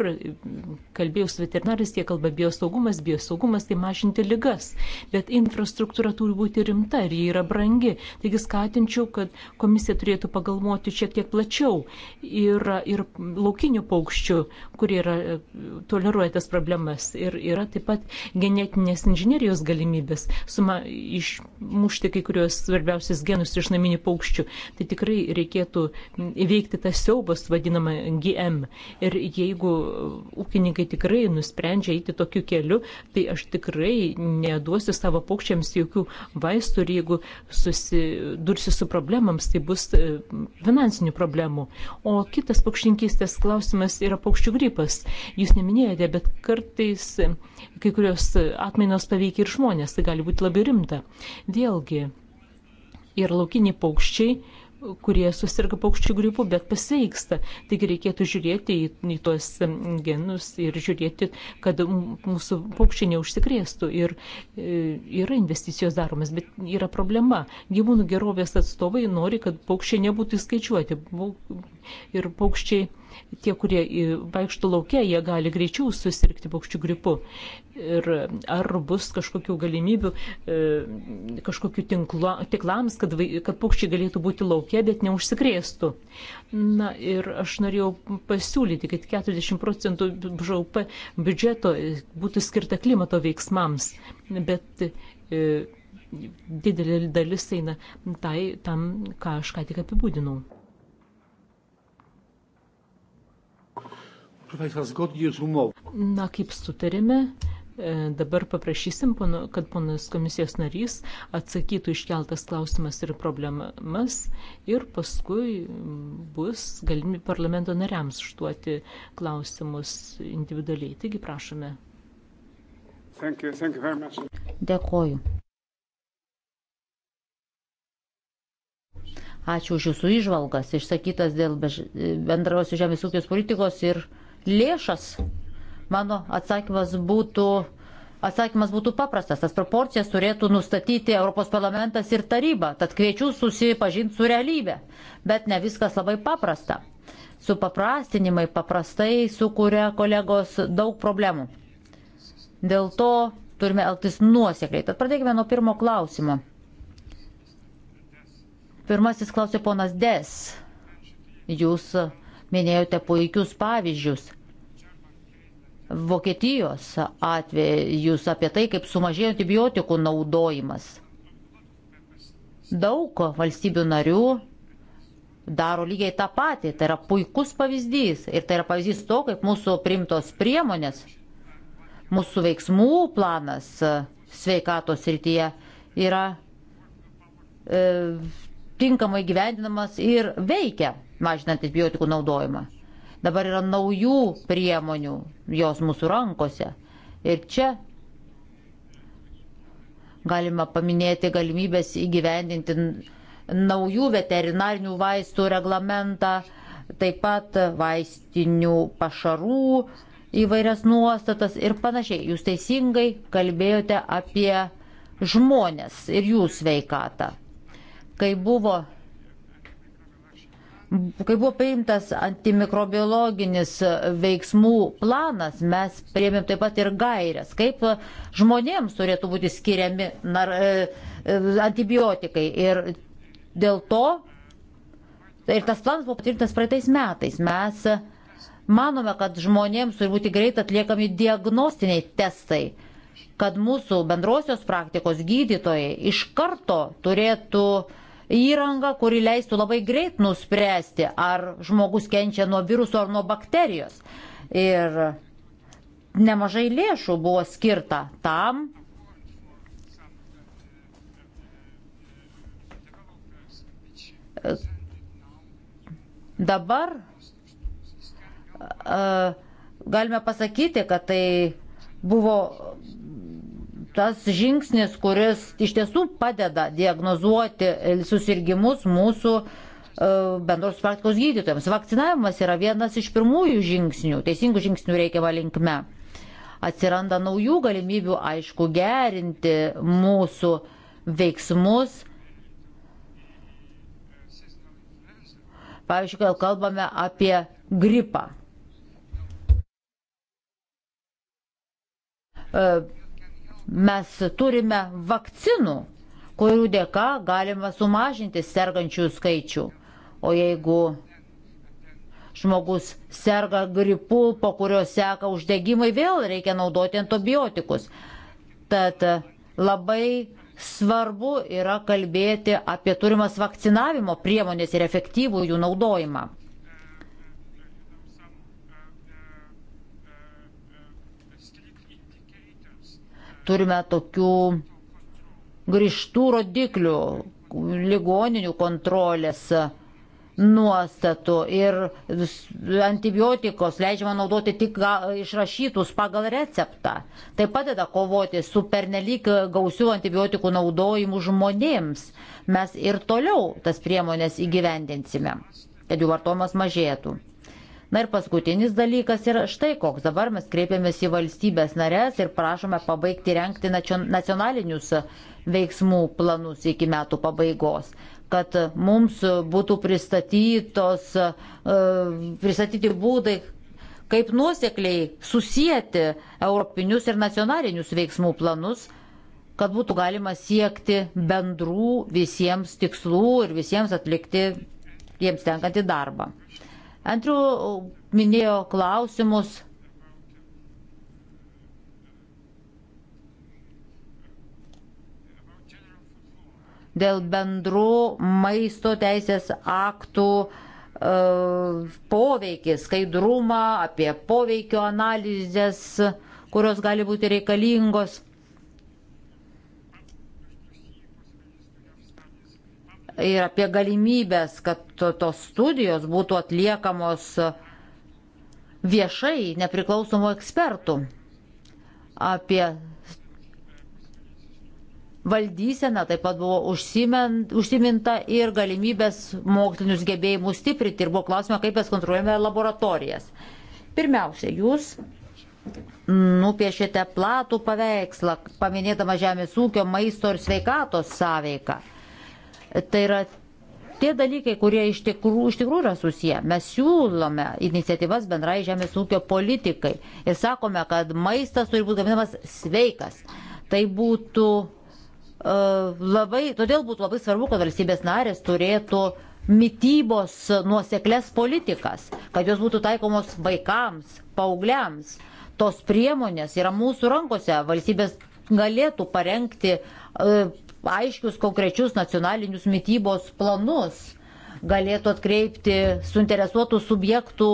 kalbėjau su veterinarais, jie kalba biosaugumas, biosaugumas tai mažinti ligas, bet infrastruktūra turi būti rimta ir ji yra brangi. Taigi skatinčiau, kad komisija turėtų pagalvoti šiek tiek plačiau ir, ir laukinių paukščių, kurie yra, toleruoja tas problemas ir yra taip pat genetinės inžinierijos galimybės suma, išmušti kai kurios svarbiausias genus iš naminių paukščių piliečių, tai tikrai reikėtų įveikti tą siaubas vadinamą GM. Ir jeigu ūkininkai tikrai nusprendžia eiti tokiu keliu, tai aš tikrai neduosiu savo paukščiams jokių vaistų ir jeigu susidursiu su problemams, tai bus e, finansinių problemų. O kitas paukštininkystės klausimas yra paukščių gripas. Jūs neminėjote, bet kartais kai kurios atmainos paveikia ir žmonės, tai gali būti labai rimta. Vėlgi, ir laukiniai paukščiai, kurie susirga paukščių gripu, bet pasveiksta. Taigi reikėtų žiūrėti į, į tuos genus ir žiūrėti, kad mūsų paukščiai neužsikrėstų. Ir e, yra investicijos daromas, bet yra problema. Gyvūnų gerovės atstovai nori, kad paukščiai nebūtų įskaičiuoti. Ir paukščiai tie, kurie vaikšto laukia, jie gali greičiau susirgti paukščių gripu. Ir ar bus kažkokių galimybių, e, kažkokių tinklo, tiklams, kad, kad paukščiai galėtų būti laukia, bet neužsikrėstų. Na ir aš norėjau pasiūlyti, kad 40 procentų BŽP biudžeto būtų skirta klimato veiksmams, bet e, didelė dalis eina tai, tam, ką aš ką tik apibūdinau. Na, kaip sutarėme, e, dabar paprašysim, kad ponas komisijos narys atsakytų iškeltas klausimas ir problemas ir paskui bus galimi parlamento nariams užduoti klausimus individualiai. Taigi prašome. Thank you, thank you Dėkoju. Ačiū už Jūsų išvalgas išsakytas dėl bendros žemės ūkios politikos ir lėšas, mano atsakymas būtų, atsakymas būtų paprastas. Tas proporcijas turėtų nustatyti Europos parlamentas ir taryba. Tad kviečiu susipažinti su realybė. Bet ne viskas labai paprasta. Su paprastinimai paprastai sukuria kolegos daug problemų. Dėl to turime elgtis nuosekliai. Tad pradėkime nuo pirmo klausimo. Pirmasis klausė ponas Des. Jūs Minėjote puikius pavyzdžius. Vokietijos atvejus apie tai, kaip sumažėjo antibiotikų naudojimas. Daug valstybių narių daro lygiai tą patį. Tai yra puikus pavyzdys. Ir tai yra pavyzdys to, kaip mūsų primtos priemonės, mūsų veiksmų planas sveikatos rytyje yra e, tinkamai gyvendinamas ir veikia mažinant antibiotikų naudojimą. Dabar yra naujų priemonių, jos mūsų rankose. Ir čia galima paminėti galimybės įgyvendinti naujų veterinarinių vaistų reglamentą, taip pat vaistinių pašarų įvairias nuostatas ir panašiai. Jūs teisingai kalbėjote apie žmonės ir jų sveikatą. Kai buvo Kai buvo paimtas antimikrobiologinis veiksmų planas, mes priėmėm taip pat ir gairias, kaip žmonėms turėtų būti skiriami nar, e, e, antibiotikai. Ir dėl to, tai ir tas planas buvo patvirtintas praeitais metais, mes manome, kad žmonėms turi būti greit atliekami diagnostiniai testai kad mūsų bendrosios praktikos gydytojai iš karto turėtų uh, įrangą, kuri leistų labai greit nuspręsti, ar žmogus kenčia nuo viruso ar nuo bakterijos. Ir nemažai lėšų buvo skirta tam. Dabar galime pasakyti, kad tai buvo tas žingsnis, kuris iš tiesų padeda diagnozuoti susirgymus mūsų e, bendros praktikos gydytojams. Vakcinavimas yra vienas iš pirmųjų žingsnių, teisingų žingsnių reikiamą linkme. Atsiranda naujų galimybių, aišku, gerinti mūsų veiksmus. Pavyzdžiui, kai kalbame apie gripą. E, Mes turime vakcinų, kurių dėka galima sumažinti sergančių skaičių. O jeigu žmogus serga gripu, po kurio seka uždegimai, vėl reikia naudoti antibiotikus. Tad labai svarbu yra kalbėti apie turimas vakcinavimo priemonės ir efektyvų jų naudojimą. Turime tokių grįžtų rodiklių, ligoninių kontrolės nuostatų ir antibiotikos leidžiama naudoti tik išrašytus pagal receptą. Tai padeda kovoti su pernelyg gausių antibiotikų naudojimu žmonėms. Mes ir toliau tas priemonės įgyvendinsime, kad jų vartojimas mažėtų. Na ir paskutinis dalykas yra štai koks. Dabar mes kreipiamės į valstybės narės ir prašome pabaigti renkti nacionalinius veiksmų planus iki metų pabaigos kad mums būtų pristatytos, e, pristatyti būdai, kaip nuosekliai susijęti europinius ir nacionalinius veiksmų planus, kad būtų galima siekti bendrų visiems tikslų ir visiems atlikti jiems tenkantį darbą. Andriu minėjo klausimus. Dėl bendrų maisto teisės aktų e, poveikį, skaidrumą, apie poveikio analizės, kurios gali būti reikalingos. ir apie galimybės, kad tos studijos būtų atliekamos viešai nepriklausomų ekspertų apie valdyseną taip pat buvo užsiminta ir galimybės mokslinius gebėjimus stiprinti ir buvo klausima, kaip mes kontroliuojame laboratorijas. Pirmiausia, jūs nupiešėte platų paveikslą, paminėdama žemės ūkio, maisto ir sveikatos sąveiką. Tai yra tie dalykai, kurie iš tikrųjų, iš tikrųjų yra susiję. Mes siūlome iniciatyvas bendrai žemės ūkio politikai ir sakome, kad maistas turi būti gaminamas sveikas. Tai būtų uh, labai, todėl būtų labai svarbu, kad valstybės narės turėtų mytybos nuoseklės politikas, kad jos būtų taikomos vaikams, paaugliams. Tos priemonės yra mūsų rankose. Valstybės galėtų parengti uh, aiškius konkrečius nacionalinius mytybos planus, galėtų atkreipti suinteresuotų subjektų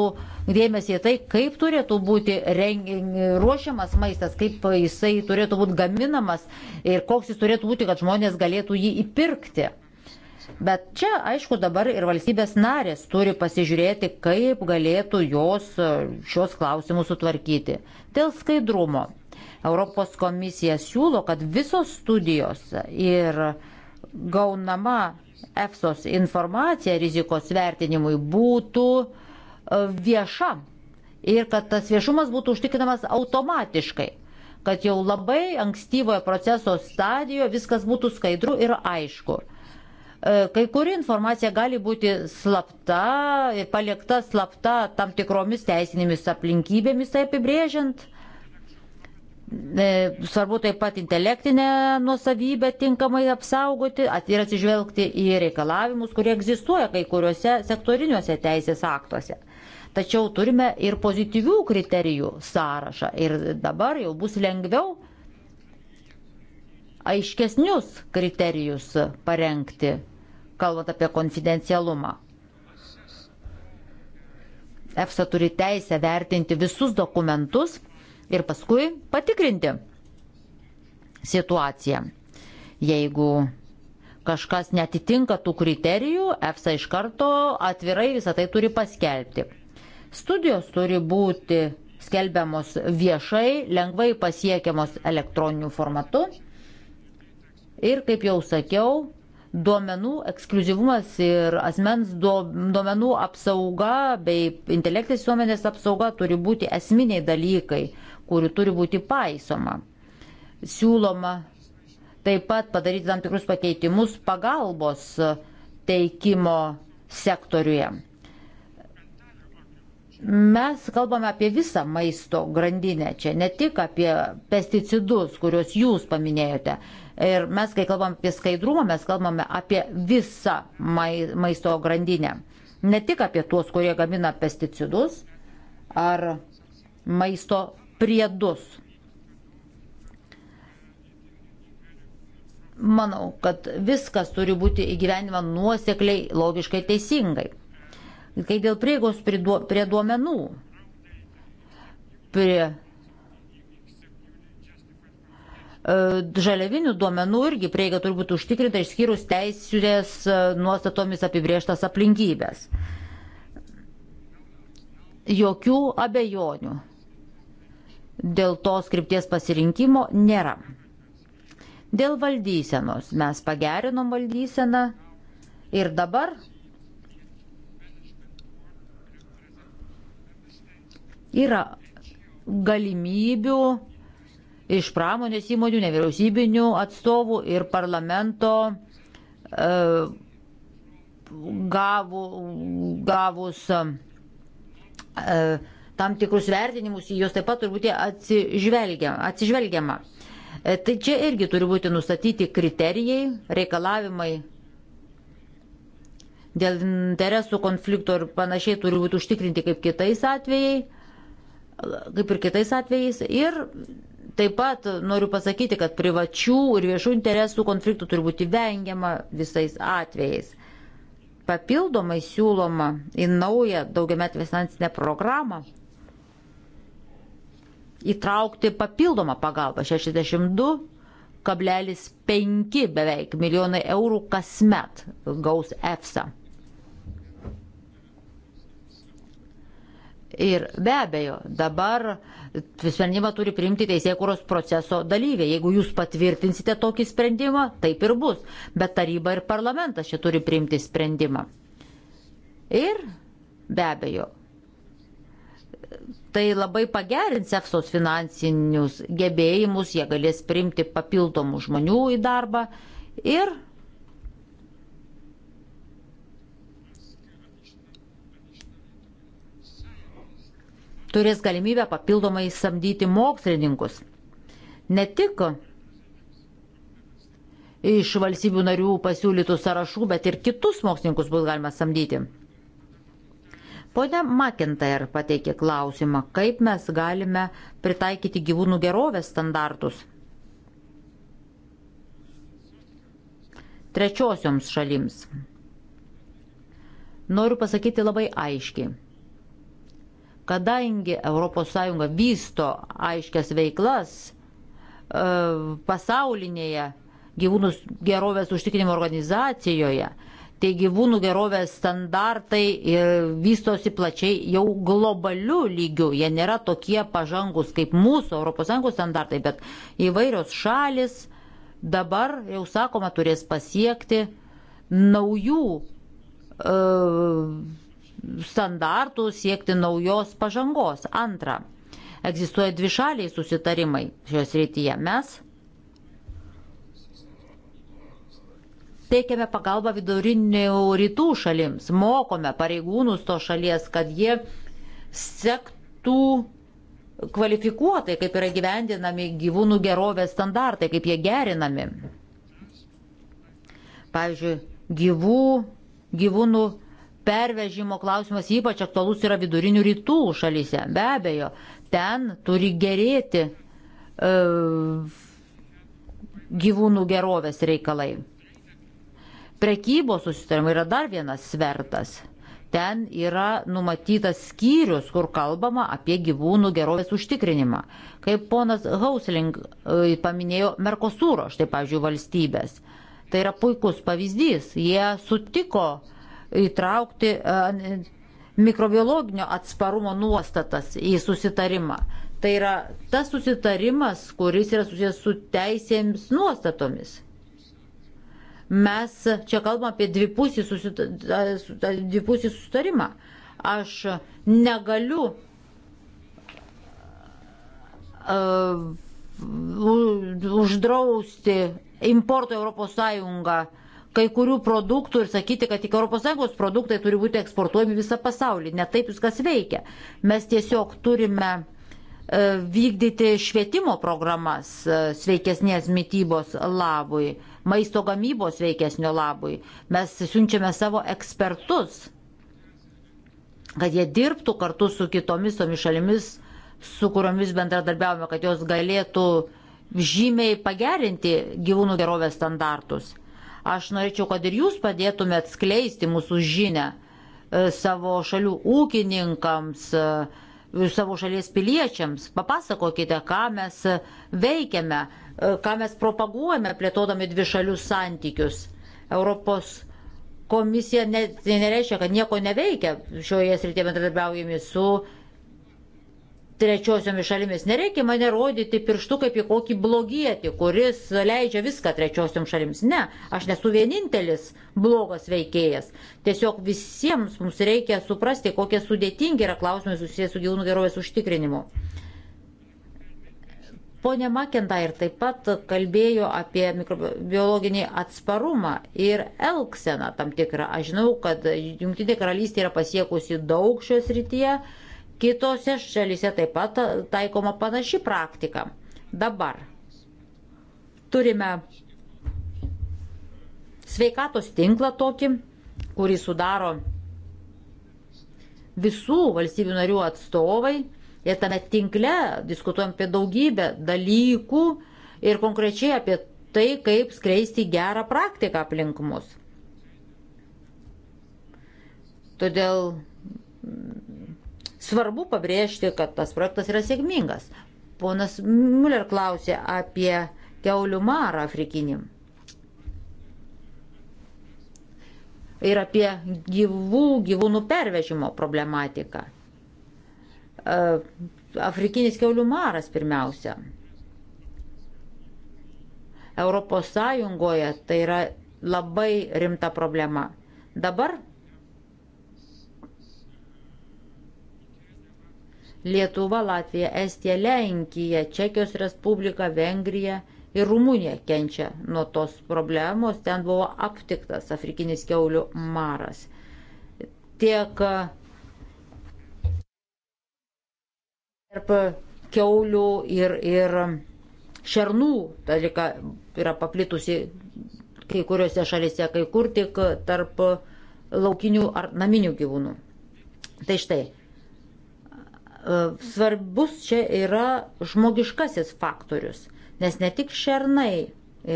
dėmesį į tai, kaip turėtų būti ruošiamas maistas, kaip jisai turėtų būti gaminamas ir koks jis turėtų būti, kad žmonės galėtų jį įpirkti. Bet čia, aišku, dabar ir valstybės narės turi pasižiūrėti, kaip galėtų jos šios klausimus sutvarkyti. Dėl skaidrumo. Europos komisija siūlo, kad visos studijos ir gaunama EFSOS informacija rizikos vertinimui būtų e, vieša ir kad tas viešumas būtų užtikrinamas automatiškai, kad jau labai ankstyvoje proceso stadijoje viskas būtų skaidru ir aišku. E, kai kuri informacija gali būti slapta ir paliekta slapta tam tikromis teisinėmis aplinkybėmis, tai apibrėžiant, E, svarbu taip pat intelektinę nuosavybę tinkamai apsaugoti ir atsižvelgti į reikalavimus, kurie egzistuoja kai kuriuose sektoriniuose teisės aktuose. Tačiau turime ir pozityvių kriterijų sąrašą ir dabar jau bus lengviau aiškesnius kriterijus parengti, kalbant apie konfidencialumą. EFSA turi teisę vertinti visus dokumentus ir paskui patikrinti situaciją. Jeigu kažkas netitinka tų kriterijų, EFSA iš karto atvirai visą tai turi paskelbti. Studijos turi būti skelbiamos viešai, lengvai pasiekiamos elektroniniu formatu. Ir kaip jau sakiau, duomenų ekskluzivumas ir asmens duomenų apsauga bei intelektinės visuomenės apsauga turi būti esminiai dalykai, kurių turi būti paisoma. Siūloma taip pat padaryti tam tikrus pakeitimus pagalbos teikimo sektoriuje. Mes kalbame apie visą maisto grandinę čia, ne tik apie pesticidus, kuriuos jūs paminėjote. Ir mes, kai kalbam apie skaidrumą, mes kalbame apie visą maisto grandinę. Ne tik apie tuos, kurie gamina pesticidus ar maisto priedus. Manau, kad viskas turi būti įgyvenima nuosekliai, logiškai, teisingai. Kai dėl prieigos prie duomenų, prie e, žaliavinių duomenų irgi prieiga turi būti užtikrinta išskyrus teisės e, nuostatomis apibrieštas aplinkybės. Jokių abejonių dėl tos skripties pasirinkimo nėra. Dėl valdysenos mes pagerinom valdyseną ir dabar yra galimybių iš pramonės įmonių, nevyriausybinių atstovų ir parlamento e, gavu, gavus e, tam tikrus vertinimus, į juos taip pat turbūt atsižvelgia, atsižvelgiama. E, tai čia irgi turi būti nustatyti kriterijai, reikalavimai dėl interesų konflikto ir panašiai turi būti užtikrinti kaip kitais atvejai, kaip ir kitais atvejais. Ir taip pat noriu pasakyti, kad privačių ir viešų interesų konfliktų turi būti vengiama visais atvejais. Papildomai siūloma į naują daugiametę finansinę programą įtraukti papildomą pagalbą 62,5 beveik milijonai eurų kasmet gaus EFSA. Ir be abejo, dabar sprendimą turi priimti teisėkuros proceso dalyviai. Jeigu jūs patvirtinsite tokį sprendimą, taip ir bus. Bet taryba ir parlamentas čia turi priimti sprendimą. Ir be abejo, Tai labai pagerins EFSOS finansinius gebėjimus, jie galės priimti papildomų žmonių į darbą ir turės galimybę papildomai samdyti mokslininkus. Ne tik iš valstybių narių pasiūlytų sąrašų, bet ir kitus mokslininkus bus galima samdyti. Pone Makintair pateikė klausimą, kaip mes galime pritaikyti gyvūnų gerovės standartus trečiosioms šalims. Noriu pasakyti labai aiškiai. Kadangi ES vysto aiškias veiklas e, pasaulinėje gyvūnų gerovės užtikrinimo organizacijoje, tai gyvūnų gerovės standartai e, vystosi plačiai jau globaliu lygiu. Jie nėra tokie pažangus kaip mūsų ES standartai, bet įvairios šalis dabar, jau sakoma, turės pasiekti naujų e, standartų, siekti naujos pažangos. Antra, egzistuoja dvi šaliai susitarimai šios rytyje. Mes teikiame pagalbą vidurinių rytų šalims, mokome pareigūnus to šalies, kad jie sektų kvalifikuotai, kaip yra gyvendinami gyvūnų gerovės standartai, kaip jie gerinami. Pavyzdžiui, gyvų, gyvūnų pervežimo klausimas ypač aktualus yra vidurinių rytų šalyse. Be abejo, ten turi gerėti e, gyvūnų gerovės reikalai. Prekybos susitarimai yra dar vienas svertas. Ten yra numatytas skyrius, kur kalbama apie gyvūnų gerovės užtikrinimą. Kaip ponas Hausling e, paminėjo Merkosūro, štai pavyzdžiui, valstybės. Tai yra puikus pavyzdys. Jie sutiko įtraukti e, mikrobiologinio atsparumo nuostatas į susitarimą. Tai yra tas susitarimas, kuris yra susijęs su teisėmis nuostatomis. Mes čia kalbame apie dvipusį, susit... dvipusį susitarimą. Aš negaliu uh, uždrausti importo ES kai kurių produktų ir sakyti, kad tik ES produktai turi būti eksportuojami visą pasaulį. Netaip viskas veikia. Mes tiesiog turime e, vykdyti švietimo programas e, sveikesnės mytybos labui maisto gamybos veikesnio labui. Mes siunčiame savo ekspertus, kad jie dirbtų kartu su kitomis tomis šalimis, su kuriomis bendradarbiavome, kad jos galėtų žymiai pagerinti gyvūnų gerovės standartus. Aš norėčiau, kad ir jūs padėtumėt skleisti mūsų žinę e, savo šalių ūkininkams, e, savo šalies piliečiams. Papasakokite, ką mes veikiame. E, ką mes propaguojame plėtodami dvišalius santykius. Europos komisija ne, tai nereiškia, kad nieko neveikia šioje srityje bendradarbiaujami su trečiosiomis šalimis. Nereikia mane rodyti pirštu kaip į kokį blogietį, kuris leidžia viską trečiosiom šalims. Ne, aš nesu vienintelis blogas veikėjas. Tiesiog visiems mums reikia suprasti, kokie sudėtingi yra klausimai susijęs su gyvūnų gerovės užtikrinimu. Pone Makendair taip pat kalbėjo apie mikrobiologinį atsparumą ir elkseną tam tikrą. Aš žinau, kad Junktinė karalystė yra pasiekusi daug šios rytyje, kitose šalyse taip pat taikoma panaši praktika. Dabar turime sveikatos tinklą tokį, kurį sudaro visų valstybių narių atstovai ir tame tinkle diskutuojam apie daugybę dalykų ir konkrečiai apie tai, kaip skleisti gerą praktiką aplink mus. Todėl mm, svarbu pabrėžti, kad tas projektas yra sėkmingas. Ponas Müller klausė apie keulių marą afrikinį. Ir apie gyvų gyvūnų pervežimo problematiką. Afrikinis keulių maras pirmiausia. Europos Sąjungoje tai yra labai rimta problema. Dabar Lietuva, Latvija, Estija, Lenkija, Čekijos Respublika, Vengrija ir Rumunija kenčia nuo tos problemos. Ten buvo aptiktas afrikinis keulių maras. Tiek uh, tarp keulių ir, ir šernų. Ta lyga yra paplitusi kai kuriuose šalise, kai kur tik tarp laukinių ar naminių gyvūnų. Tai štai, e, svarbus čia yra žmogiškasis faktorius, nes ne tik šernai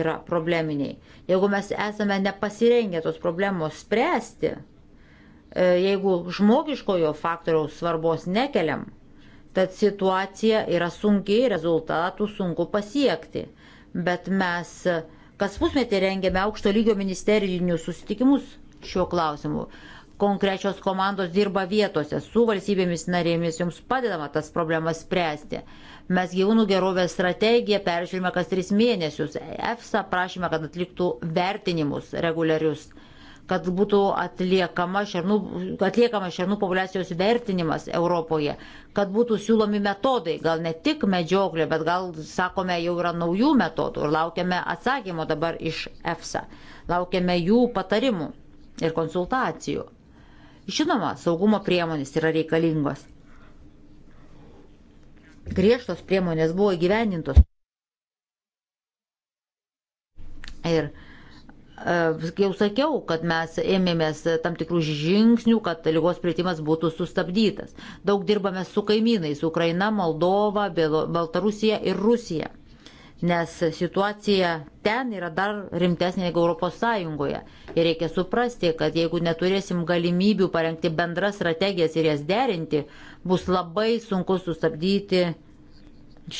yra probleminiai. Jeigu mes esame nepasirengę tos problemos spręsti, e, jeigu žmogiškojo faktoriaus svarbos nekeliam, Tad situacija yra sunkiai, rezultatų sunku pasiekti. Bet mes kas pusmetį rengiame aukšto lygio ministerinius susitikimus šiuo klausimu. Konkrečios komandos dirba vietose su valstybėmis narėmis, jums padedama tas problemas spręsti. Mes gyvūnų gerovės strategiją peržiūrime kas tris mėnesius. EFSA prašymą, kad atliktų vertinimus reguliarius kad būtų atliekama šernų, atliekama šernų populiacijos vertinimas Europoje, kad būtų siūlomi metodai, gal ne tik medžioklė, bet gal, sakome, jau yra naujų metodų ir laukiame atsakymo dabar iš EFSA, laukiame jų patarimų ir konsultacijų. Žinoma, saugumo priemonės yra reikalingos. Griežtos priemonės buvo įgyvendintos. Ir Jau sakiau, kad mes ėmėmės tam tikrų žingsnių, kad lygos plėtimas būtų sustabdytas. Daug dirbame su kaimynais - Ukraina, Moldova, Baltarusija ir Rusija. Nes situacija ten yra dar rimtesnė negu ES. Ir reikia suprasti, kad jeigu neturėsim galimybių parengti bendras strategijas ir jas derinti, bus labai sunku sustabdyti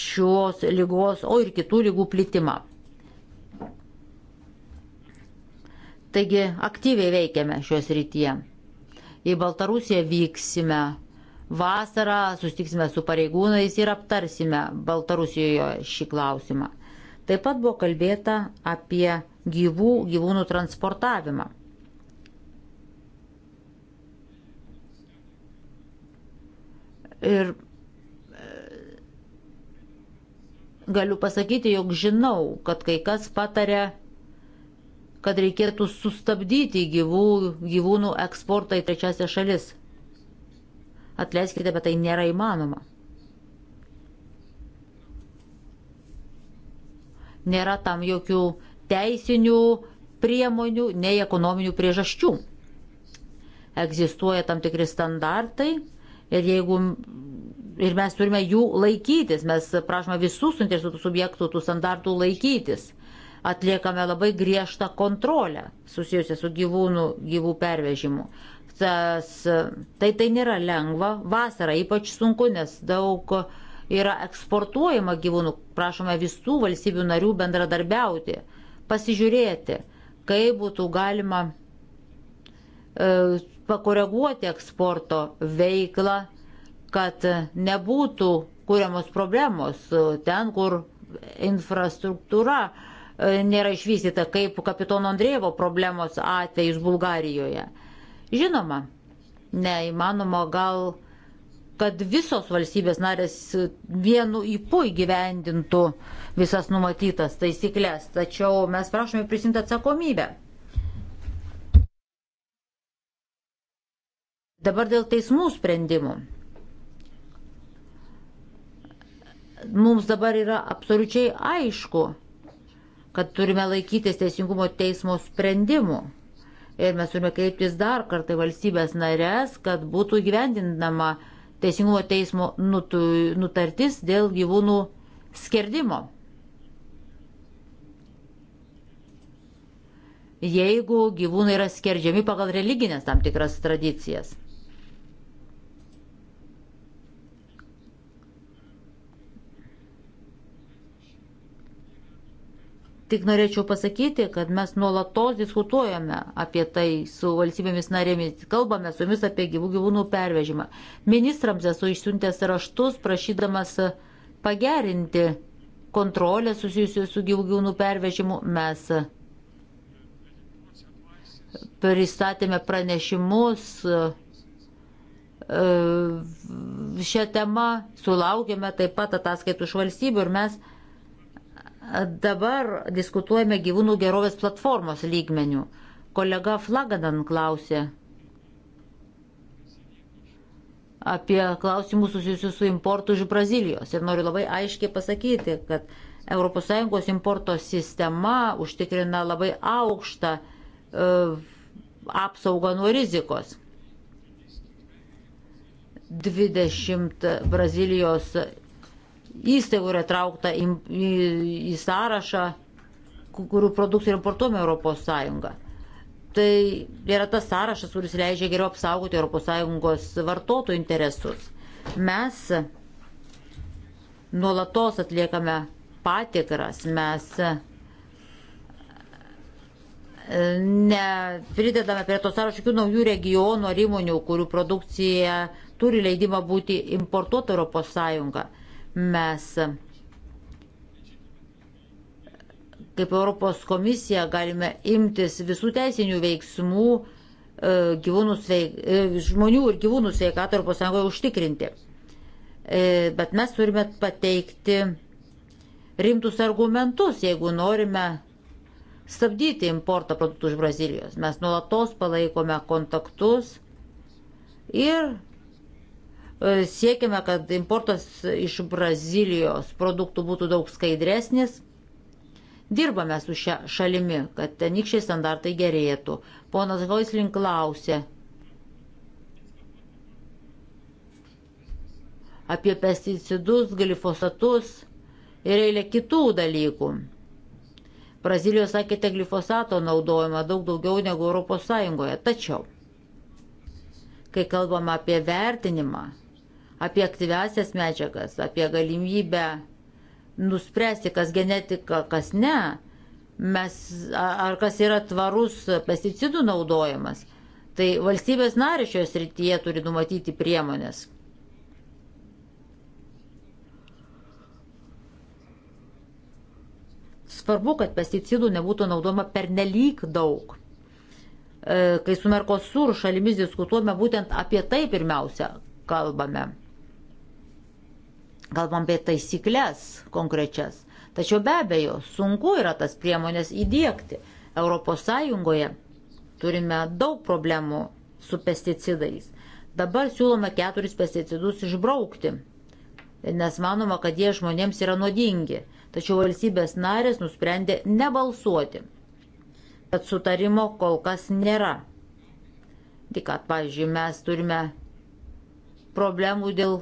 šios lygos, o ir kitų lygų plitimą. Taigi aktyviai veikiame šios rytyje. Į Baltarusiją vyksime vasarą, sustiksime su pareigūnais ir aptarsime Baltarusijoje šį klausimą. Taip pat buvo kalbėta apie gyvų gyvūnų transportavimą. Ir e, galiu pasakyti, jog žinau, kad kai kas patarė kad reikėtų sustabdyti gyvų, gyvūnų eksportą į trečiasią šalis. Atleiskite, bet tai nėra įmanoma. Nėra tam jokių teisinių priemonių, nei ekonominių priežasčių. Egzistuoja tam tikri standartai ir jeigu ir mes turime jų laikytis, mes prašome visų suinteresuotų subjektų tų standartų laikytis atliekame labai griežtą kontrolę susijusią su gyvūnų gyvų pervežimu. Tas, tai tai nėra lengva, vasara ypač sunku, nes daug yra eksportuojama gyvūnų, prašome visų valstybių narių bendradarbiauti, pasižiūrėti, kaip būtų galima e, pakoreguoti eksporto veiklą, kad nebūtų kuriamos problemos ten, kur infrastruktūra E, nėra išvystyta, kaip kapitono Andrėjevo problemos atvejus Bulgarijoje. Žinoma, neįmanoma gal, kad visos valstybės narės vienu įpu įgyvendintų visas numatytas taisyklės, tačiau mes prašome prisimti atsakomybę. Dabar dėl teismų sprendimų. Mums dabar yra absoliučiai aišku, kad turime laikytis Teisingumo teismo sprendimų. Ir mes turime kreiptis dar kartą valstybės narės, kad būtų gyvendinama Teisingumo teismo nutartis dėl gyvūnų skerdimo. Jeigu gyvūnai yra skerdžiami pagal religinės tam tikras tradicijas. Tik norėčiau pasakyti, kad mes nuolatos diskutuojame apie tai su valstybėmis narėmis, kalbame su jomis apie gyvų gyvūnų pervežimą. Ministrams esu išsiuntęs raštus, prašydamas pagerinti kontrolę susijusiu su gyvų gyvūnų pervežimu. Mes pristatėme pranešimus e, šią temą, sulaukėme taip pat ataskaitų iš valstybių ir mes Dabar diskutuojame gyvūnų gerovės platformos lygmenių. Kolega Flagadan klausė apie klausimus susijusius su importu iš Brazilijos. Ir noriu labai aiškiai pasakyti, kad ES importo sistema užtikrina labai aukštą e, apsaugą nuo rizikos. 20 Brazilijos įstaigų yra traukta į, į, į sąrašą, kurių produktai importuojami Europos Sąjungą. Tai yra tas sąrašas, kuris leidžia geriau apsaugoti ES vartotojų interesus. Mes nuolatos atliekame patikras, mes e, nepridedame prie to sąrašo jokių naujų regionų ar įmonių, kurių produkcija turi leidimą būti importuota ES. Mes kaip Europos komisija galime imtis visų teisinių veiksmų e, gyvūnų sveik, e, žmonių ir gyvūnų sveikatą Europos Sąjungoje užtikrinti. E, bet mes turime pateikti rimtus argumentus, jeigu norime stabdyti importą produktų iš Brazilijos. Mes nuolatos palaikome kontaktus ir E, Siekime, kad importas iš Brazilijos produktų būtų daug skaidresnis. Dirbame su šia šalimi, kad tenikščiai standartai gerėtų. Ponas Hoisling klausė apie pesticidus, glifosatus ir eilę kitų dalykų. Brazilijos, sakėte, glifosato naudojama daug daugiau negu ES. Tačiau, kai kalbam apie vertinimą, apie aktyviasias medžiagas, apie galimybę nuspręsti, kas genetika, kas ne, mes, ar kas yra tvarus pesticidų naudojimas, tai valstybės narės šioje srityje turi numatyti priemonės. Svarbu, kad pesticidų nebūtų naudojama pernelyg daug e, kai su Merkosur šalimis diskutuojame, būtent apie tai pirmiausia kalbame. Kalbam apie taisyklės konkrečias. Tačiau be abejo, sunku yra tas priemonės įdėkti. ES turime daug problemų su pesticidais. Dabar siūlome keturis pesticidus išbraukti, nes manoma, kad jie žmonėms yra nuodingi. Tačiau valstybės narės nusprendė nebalsuoti. Tad sutarimo kol kas nėra. Tik, kad, pavyzdžiui, mes turime problemų dėl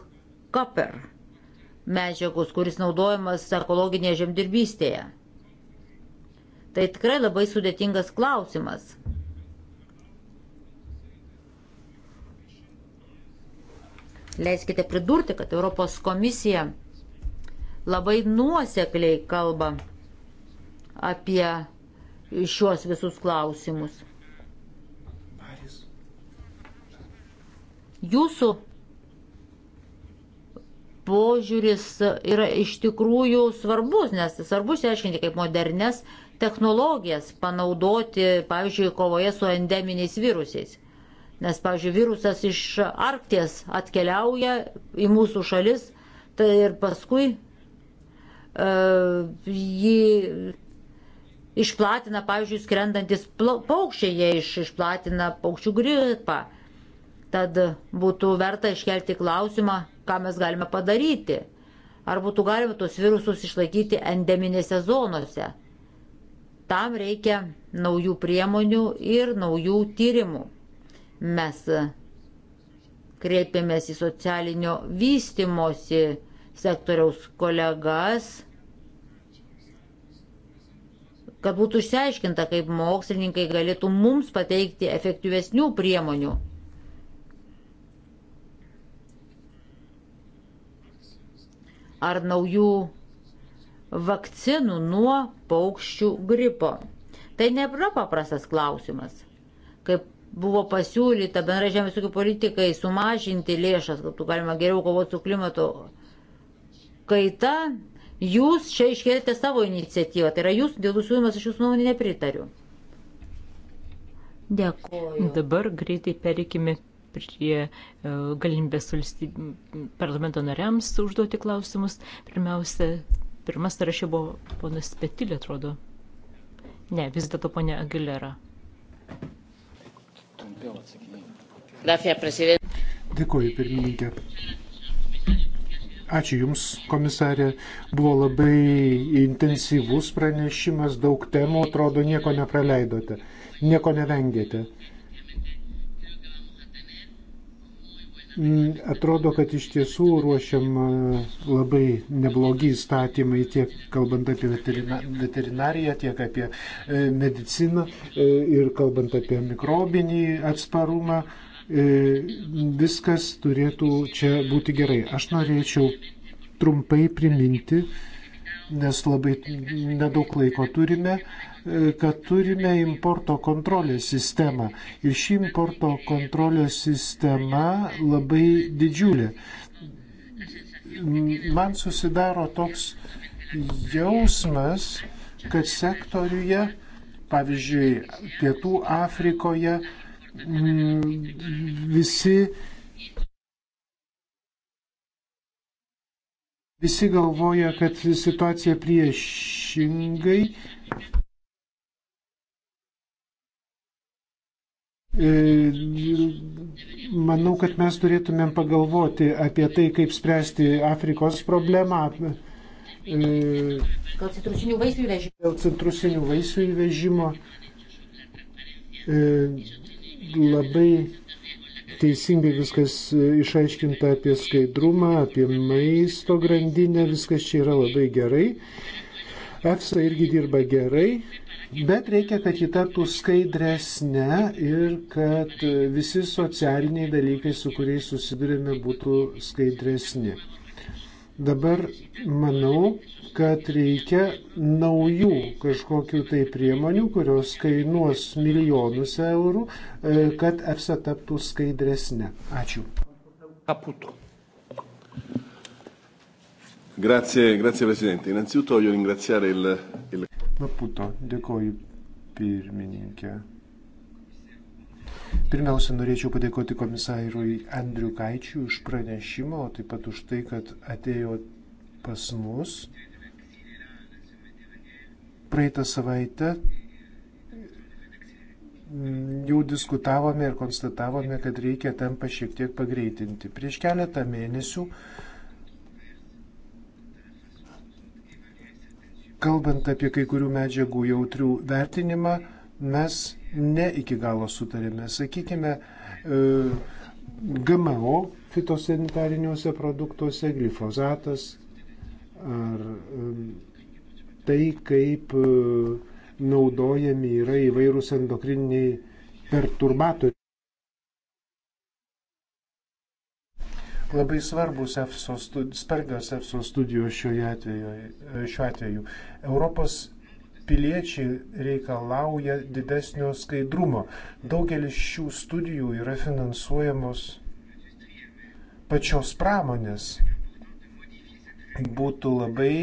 kaper medžiagos, kuris naudojamas ekologinėje žemdirbystėje. Tai tikrai labai sudėtingas klausimas. Leiskite pridurti, kad Europos komisija labai nuosekliai kalba apie šiuos visus klausimus. Jūsų požiūris yra iš tikrųjų svarbus, nes svarbu išsiaiškinti, kaip modernes technologijas panaudoti, pavyzdžiui, kovoje su endeminiais virusiais. Nes, pavyzdžiui, virusas iš Arkties atkeliauja į mūsų šalis tai ir paskui uh, jį išplatina, pavyzdžiui, skrendantis paukščiai, jie iš, išplatina paukščių gripą. Tad būtų verta iškelti klausimą, ką mes galime padaryti. Ar būtų galima tos virusus išlaikyti endeminėse zonose. Tam reikia naujų priemonių ir naujų tyrimų. Mes kreipėmės į socialinio vystimosi sektoriaus kolegas kad būtų išsiaiškinta, kaip mokslininkai galėtų mums pateikti efektyvesnių priemonių ar naujų vakcinų nuo paukščių gripo. Tai nebra paprastas klausimas. Kaip buvo pasiūlyta bendra žemės ūkio politikai sumažinti lėšas, kad galima geriau kovoti su klimato kaita, jūs čia iškėlėte savo iniciatyvą. Tai yra jūs, dėl jūsų siūlymas, aš jūsų nuomonį nepritariu. Dėkuoju. Dabar greitai perikime prie e, galimybės parlamento nariams užduoti klausimus. Pirmiausia, pirmas sąrašė buvo ponas Petilė, atrodo. Ne, vis dėlto ponė Aguilera. Dėkuoju, pirmininkė. Ačiū Jums, komisarė. Buvo labai intensyvus pranešimas, daug temų, atrodo, nieko nepraleidote, nieko nevengėte. Mm, atrodo, kad iš tiesų ruošiama e, labai neblogi įstatymai tiek kalbant apie veterina, veterinariją, tiek apie e, mediciną e, ir kalbant apie mikrobinį atsparumą. E, viskas turėtų čia būti gerai. Aš norėčiau trumpai priminti, nes labai nedaug laiko turime. E, kad turime importo kontrolės sistemą. Ir ši importo kontrolės sistema labai didžiulė. Man susidaro toks jausmas, kad sektoriuje, pavyzdžiui, Pietų Afrikoje mm, visi Visi galvoja, kad situacija priešingai Manau, kad mes turėtumėm pagalvoti apie tai, kaip spręsti Afrikos problemą. E, dėl citrusinių vaisių įvežimo. Dėl citrusinių vaisių įvežimo. E, labai teisingai viskas išaiškinta apie skaidrumą, apie maisto grandinę, viskas čia yra labai gerai. EFSA irgi dirba gerai, Bet reikia, kad ji taptų skaidresnė ir kad visi socialiniai dalykai, su kuriais susidurėme, būtų skaidresni. Dabar manau, kad reikia naujų kažkokių tai priemonių, kurios kainuos milijonus eurų, e, kad EFSA taptų skaidresnė. Ačiū. Caputo. Grazie, grazie Presidente. Innanzitutto voglio ringraziare il, il... Maputo. Dėkoju, pirmininkė. Pirmiausia, norėčiau padėkoti komisarui Andriu Kaičiu už pranešimą, o taip pat už tai, kad atėjo pas mus. Praeitą savaitę mm, jau diskutavome ir konstatavome, kad reikia tempą šiek tiek pagreitinti. Prieš keletą mėnesių uh, kalbant apie kai kurių medžiagų jautrių vertinimą, mes ne iki galo sutarėme. Sakykime, e, GMO fitosanitariniuose produktuose glifozatas ar tai, kaip e, naudojami yra įvairūs endokrininiai perturbatoriai. labai svarbus EFSO studijos, spargios EFSO studijos šiuo atveju, e, šiuo atveju. Europos piliečiai reikalauja didesnio skaidrumo. Daugelis šių studijų yra finansuojamos pačios pramonės. Būtų labai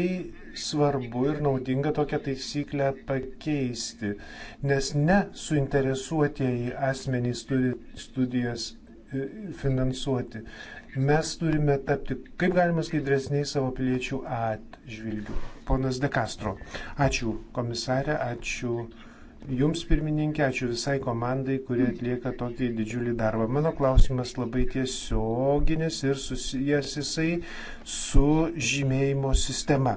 svarbu ir naudinga tokią taisyklę pakeisti, nes ne suinteresuotieji asmenys turi studijas e, finansuoti mes turime tapti kaip galima skaidresniai savo piliečių atžvilgių. Ponas De Castro, ačiū komisarė, ačiū Jums pirmininkė, ačiū visai komandai, kurie atlieka tokį didžiulį darbą. Mano klausimas labai tiesioginis ir susijęs jisai su žymėjimo sistema.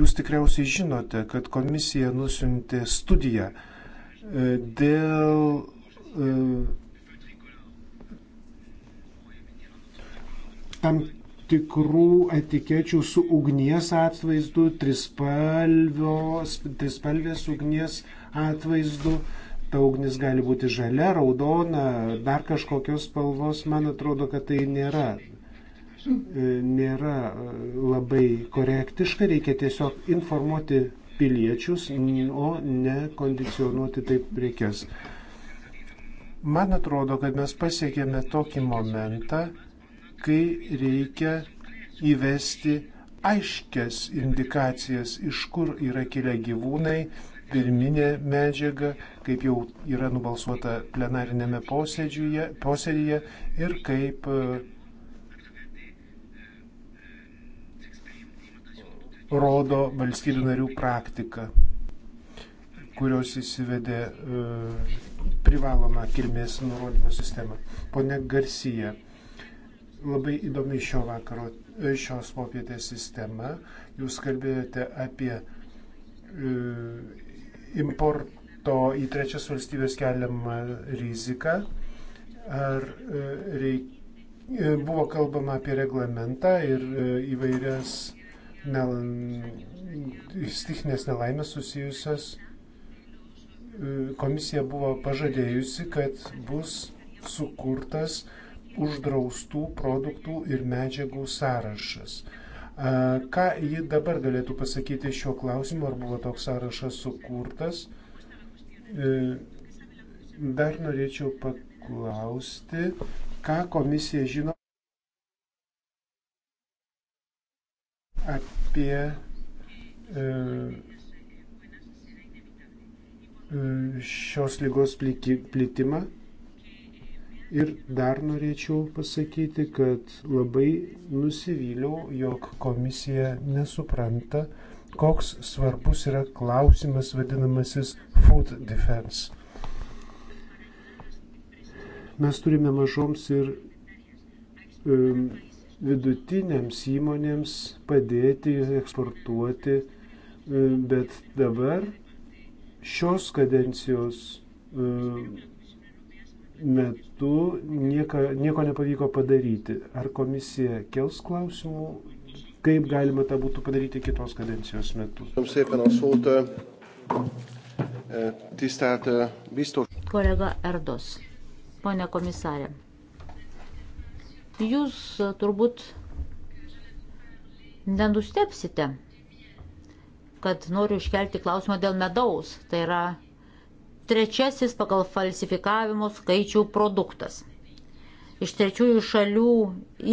Jūs tikriausiai žinote, kad komisija nusintė studiją e, dėl e, tam tikrų etikečių su ugnies atvaizdu, trispalvės ugnies atvaizdu. Ta ugnis gali būti žalia, raudona, dar kažkokios spalvos. Man atrodo, kad tai nėra, e, nėra e, labai korektiška. Reikia tiesiog informuoti piliečius, o ne kondicionuoti taip reikės. Man atrodo, kad mes pasiekėme tokį momentą, kai reikia įvesti aiškias indikacijas, iš kur yra kilę gyvūnai, pirminė medžiaga, kaip jau yra nubalsuota plenarinėme posėdėje ir kaip e, rodo valstybių narių praktika, kurios įsivedė e, privalomą kilmės nurodymo sistemą. Pone Garcija, labai įdomi šio vakaro, šios popietės sistema. Jūs kalbėjote apie e, importo į trečias valstybės keliamą riziką. Ar e, reik... E, buvo kalbama apie reglamentą ir įvairias nel... stichinės nelaimės susijusias? Komisija buvo pažadėjusi, kad bus sukurtas uh, uždraustų produktų ir medžiagų sąrašas. Ką ji dabar galėtų pasakyti šiuo klausimu, ar buvo toks sąrašas sukurtas? E, dar norėčiau paklausti, ką komisija žino apie e, e, šios lygos plitimą. Ir dar norėčiau pasakyti, kad labai nusivyliau, jog komisija nesupranta, koks svarbus yra klausimas vadinamasis food defense. Mes turime mažoms ir um, vidutinėms įmonėms padėti eksportuoti, um, bet dabar šios kadencijos um, metu nieko, nieko nepavyko padaryti. Ar komisija kels klausimų, kaip galima tą būtų padaryti kitos kadencijos metu? Kolega Erdos, ponė komisarė, jūs turbūt nenustepsite, kad noriu iškelti klausimą dėl medaus. Tai yra trečiasis pagal falsifikavimo skaičių produktas. Iš trečiųjų šalių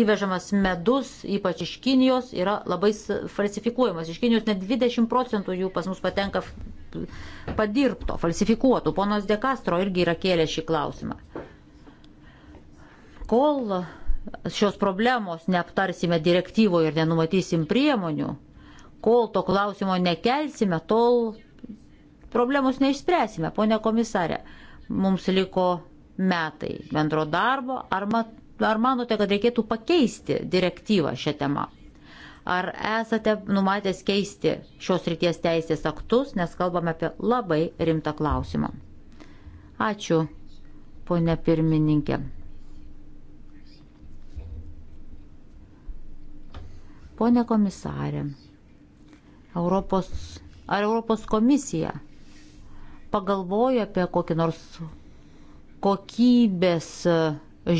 įvežamas medus, ypač iš Kinijos, yra labai falsifikuojamas. Iš Kinijos net 20 procentų jų pas mus patenka padirbto, falsifikuotų. Ponas Dekastro irgi yra kėlę šį klausimą. Kol šios problemos neaptarsime direktyvoje ir nenumatysim priemonių, kol to klausimo nekelsime, tol problemos neišspręsime, ponia komisarė. Mums liko metai bendro darbo, ar, mat, ar manote, kad reikėtų pakeisti direktyvą šią temą? Ar esate numatęs keisti šios ryties teisės aktus, nes kalbame apie labai rimtą klausimą? Ačiū, ponia pirmininkė. Pone komisarė, Europos, ar Europos komisija pagalvoju apie kokį nors kokybės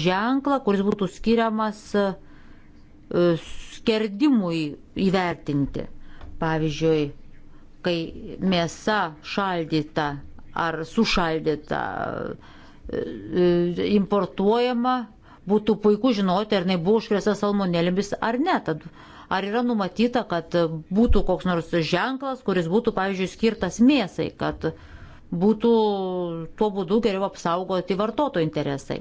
ženklą, kuris būtų skiriamas e, skerdimui įvertinti. Pavyzdžiui, kai mėsa šaldyta ar sušaldyta e, e, importuojama, būtų puiku žinoti, ar jinai buvo užkrėsta salmonėlėmis ar ne. Tad ar yra numatyta, kad būtų koks nors ženklas, kuris būtų, pavyzdžiui, skirtas mėsai, kad uh, būtų tuo būdu geriau apsaugoti vartotojų interesai.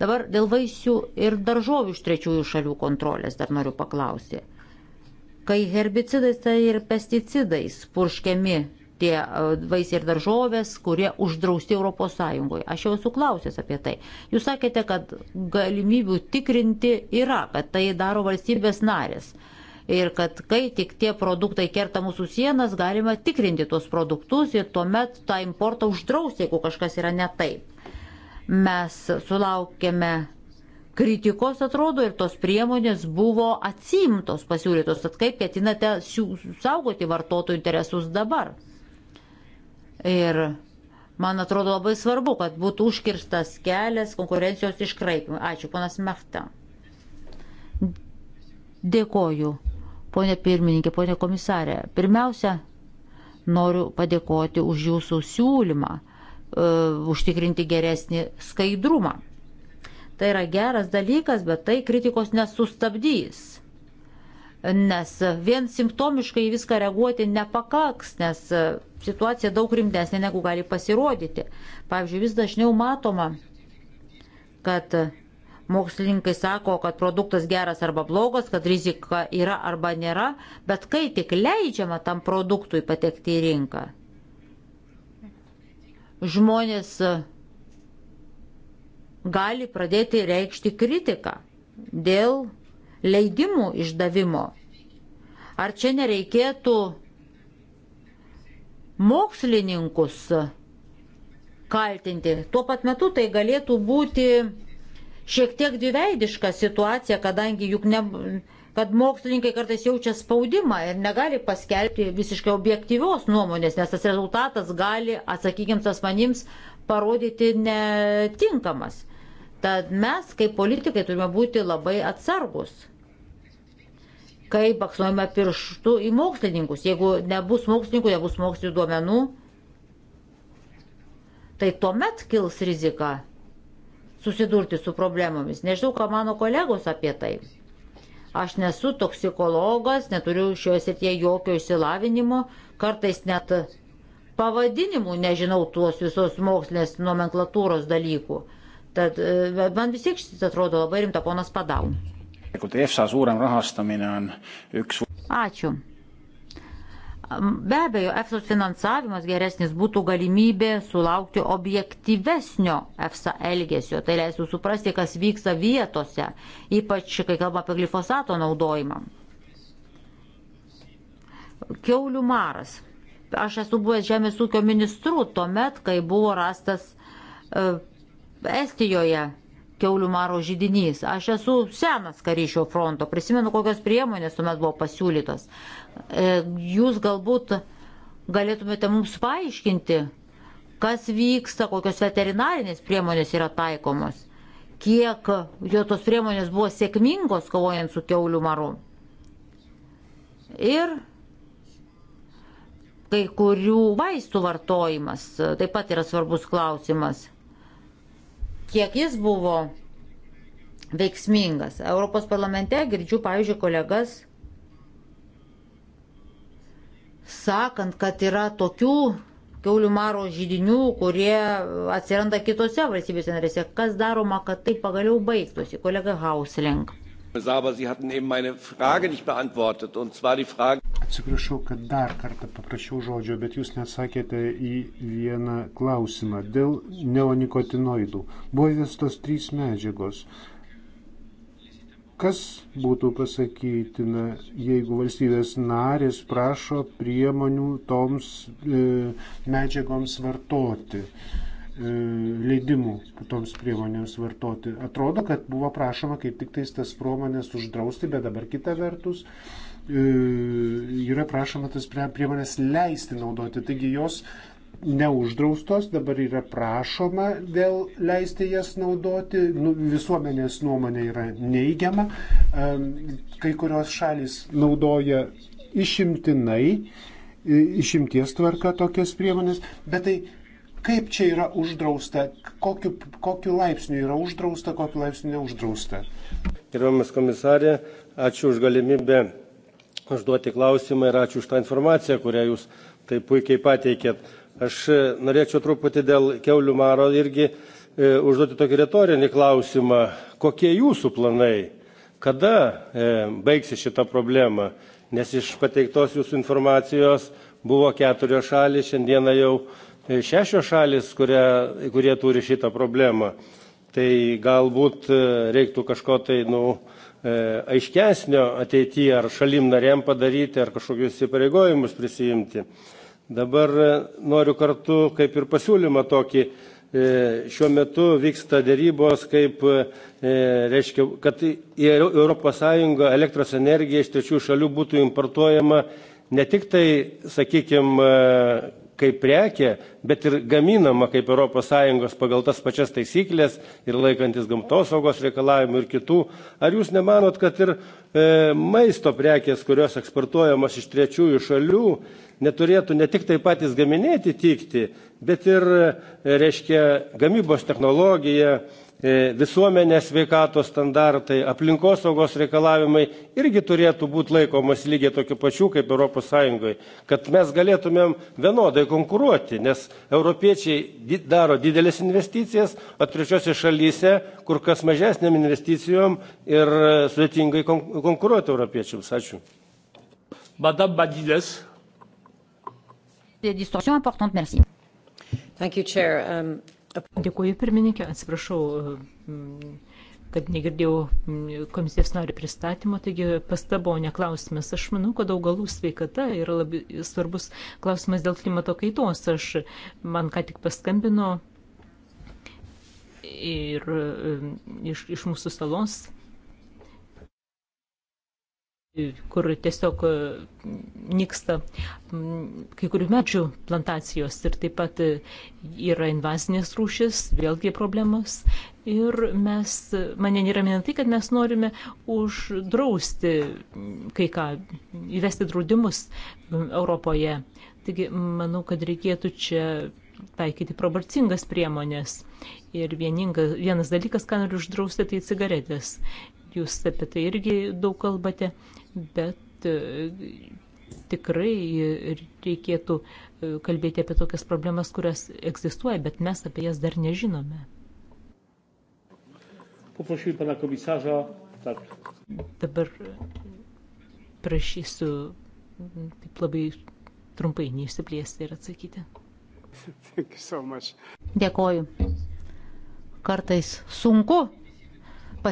Dabar dėl vaisių ir daržovių iš trečiųjų šalių kontrolės dar noriu paklausti. Kai herbicidais tai ir pesticidais purškiami tie e, vaisiai ir daržovės, kurie uždrausti ES. Aš jau esu klausęs apie tai. Jūs sakėte, kad galimybių tikrinti yra, kad tai daro valstybės narės ir kad kai tik tie produktai kerta mūsų sienas, galima tikrinti tuos produktus ir tuomet tą importą uždrausti, jeigu kažkas yra ne taip. Mes sulaukėme kritikos, atrodo, ir tos priemonės buvo atsimtos pasiūlytos, tad kaip ketinate saugoti vartotojų interesus dabar. Ir man atrodo labai svarbu, kad būtų užkirstas kelias konkurencijos iškraipimui. Ačiū, ponas Mefta. Dėkoju. Pone pirmininkė, pone komisarė, pirmiausia, noriu padėkoti už jūsų siūlymą, uh, užtikrinti geresnį skaidrumą. Tai yra geras dalykas, bet tai kritikos nesustabdys nes vien simptomiškai viską reaguoti nepakaks, nes e, situacija daug rimtesnė negu gali pasirodyti. Pavyzdžiui, vis dažniau matoma, kad Mokslininkai sako, kad produktas geras arba blogas, kad rizika yra arba nėra, bet kai tik leidžiama tam produktui patekti į rinką, žmonės gali pradėti reikšti kritiką dėl leidimų išdavimo. Ar čia nereikėtų mokslininkus kaltinti? Tuo pat metu tai galėtų būti šiek tiek dviveidiška situacija, kadangi juk ne, kad mokslininkai kartais jaučia spaudimą ir negali paskelbti visiškai objektyvios nuomonės, nes tas rezultatas gali atsakykiams asmenims parodyti netinkamas. Tad mes, kaip politikai, turime būti labai atsargus, kai baksnuojame pirštų į mokslininkus. Jeigu nebus mokslininkų, nebus mokslinių duomenų, tai tuomet kils rizika susidurti su problemomis. Nežinau, ką mano kolegos apie tai. Aš nesu toksikologas, neturiu šioje srityje jokio išsilavinimo, kartais net pavadinimų nežinau tuos visos mokslinės nomenklatūros dalykų. Tad e, man vis tiek šis atrodo labai rimta ponas Padau. Ačiū. Be abejo, EFSA finansavimas geresnis būtų galimybė sulaukti objektyvesnio EFSA elgesio. Tai leisų suprasti, kas vyksta vietose, ypač kai kalba apie glifosato naudojimą. Kiaulių maras. Aš esu buvęs žemės ūkio ministru tuo met, kai buvo rastas uh, Estijoje keulių maro žydinys. Aš esu senas karišio fronto, prisimenu, kokios priemonės tuomet buvo pasiūlytos. E, jūs galbūt galėtumėte mums paaiškinti, kas vyksta, kokios veterinarinės priemonės yra taikomos, kiek jo tos priemonės buvo sėkmingos kovojant su keulių maru. Ir kai kurių vaistų vartojimas taip pat yra svarbus klausimas. Kiek jis buvo veiksmingas? Europos parlamente girdžiu, pavyzdžiui, kolegas sakant, kad yra tokių keulių maro žydinių, kurie atsiranda kitose valstybėse narėse. Kas daroma, kad tai pagaliau baigtųsi? Kolega Hausling. Atsiprašau, kad dar kartą paprašiau žodžio, bet jūs nesakėte į vieną klausimą dėl neonikotinoidų. Buvo įvestos trys medžiagos Kas būtų pasakytina, jeigu valstybės narės prašo priemonių toms e, medžiagoms vartoti, e, leidimų toms priemonėms vartoti? Atrodo, kad buvo prašoma kaip tik tais tas priemonės uždrausti, bet dabar kita vertus e, yra prašoma tas priemonės leisti naudoti. Taigi jos e, neuždraustos, dabar yra prašoma vėl leisti jas naudoti, nu, visuomenės nuomonė yra neigiama, kai kurios šalis naudoja išimtinai, išimties tvarka tokias priemonės, bet tai kaip čia yra uždrausta, kokiu, kokiu laipsniu yra uždrausta, kokiu laipsniu neuždrausta. Gerbiamas komisarė, ačiū už galimybę užduoti klausimą ir ačiū už tą informaciją, kurią jūs taip puikiai pateikėt. Aš e, norėčiau truputį dėl keulių maro irgi e, užduoti tokį retorinį klausimą. Kokie jūsų planai? Kada e, baigsi šitą problemą? Nes iš pateiktos jūsų informacijos buvo keturios šalis, šiandieną jau šešios šalis, kurie, kurie turi šitą problemą. Tai galbūt reiktų kažko tai, nu, aiškesnio ateityje ar šalim narėm padaryti, ar kažkokius įpareigojimus prisijimti. Dabar e, noriu kartu, kaip ir pasiūlymą tokį, e, šiuo metu vyksta dėrybos, kaip, e, reiškia, kad į ES elektros energija iš trečių šalių būtų importuojama ne tik tai, sakykime, kaip prekė, bet ir gaminama kaip ES pagal tas pačias taisyklės ir laikantis gamtosaugos reikalavimų ir kitų. Ar jūs nemanot, kad ir e, maisto prekės, kurios eksportuojamos iš trečiųjų šalių, neturėtų ne tik tai patys gaminiai atitikti, bet ir, e, reiškia, gamybos technologija, e, visuomenės veikatos standartai, aplinkosaugos reikalavimai irgi turėtų būti laikomas lygiai tokiu pačiu kaip ES, kad mes galėtumėm vienodai konkuruoti, nes europiečiai daro didelės investicijas, o trečiosios šalyse kur kas mažesnėm investicijom ir e, sudėtingai konkuruoti europiečiams. Ačiū. Madame Badilės des distorsions importantes. Merci. Thank you, Chair. Um... Dėkuoju pirmininkė, atsiprašau, um, kad negirdėjau um, komisijos nario pristatymo, taigi pastabo, ne klausimas. Aš manau, kad augalų sveikata yra labai svarbus klausimas dėl klimato kaitos. Aš man ką tik paskambino ir um, iš, iš mūsų salos kur tiesiog e, nyksta kai kurių medžių plantacijos ir taip pat e, yra invazinės rūšis, vėlgi problemos. Ir mes, mane neramina tai, kad mes norime uždrausti kai ką, įvesti draudimus Europoje. Taigi, manau, kad reikėtų čia taikyti proporcingas priemonės. Ir vieningas, vienas dalykas, ką noriu uždrausti, tai cigaretės. Jūs apie tai irgi daug kalbate bet e, tikrai reikėtų e, kalbėti apie tokias problemas, kurios egzistuoja, bet mes apie jas dar nežinome. Poprosimy pana komisarza. Tak. Dabar prašysiu taip labai trumpai neišsiplėsti ir atsakyti. So much. Dėkoju. Kartais sunku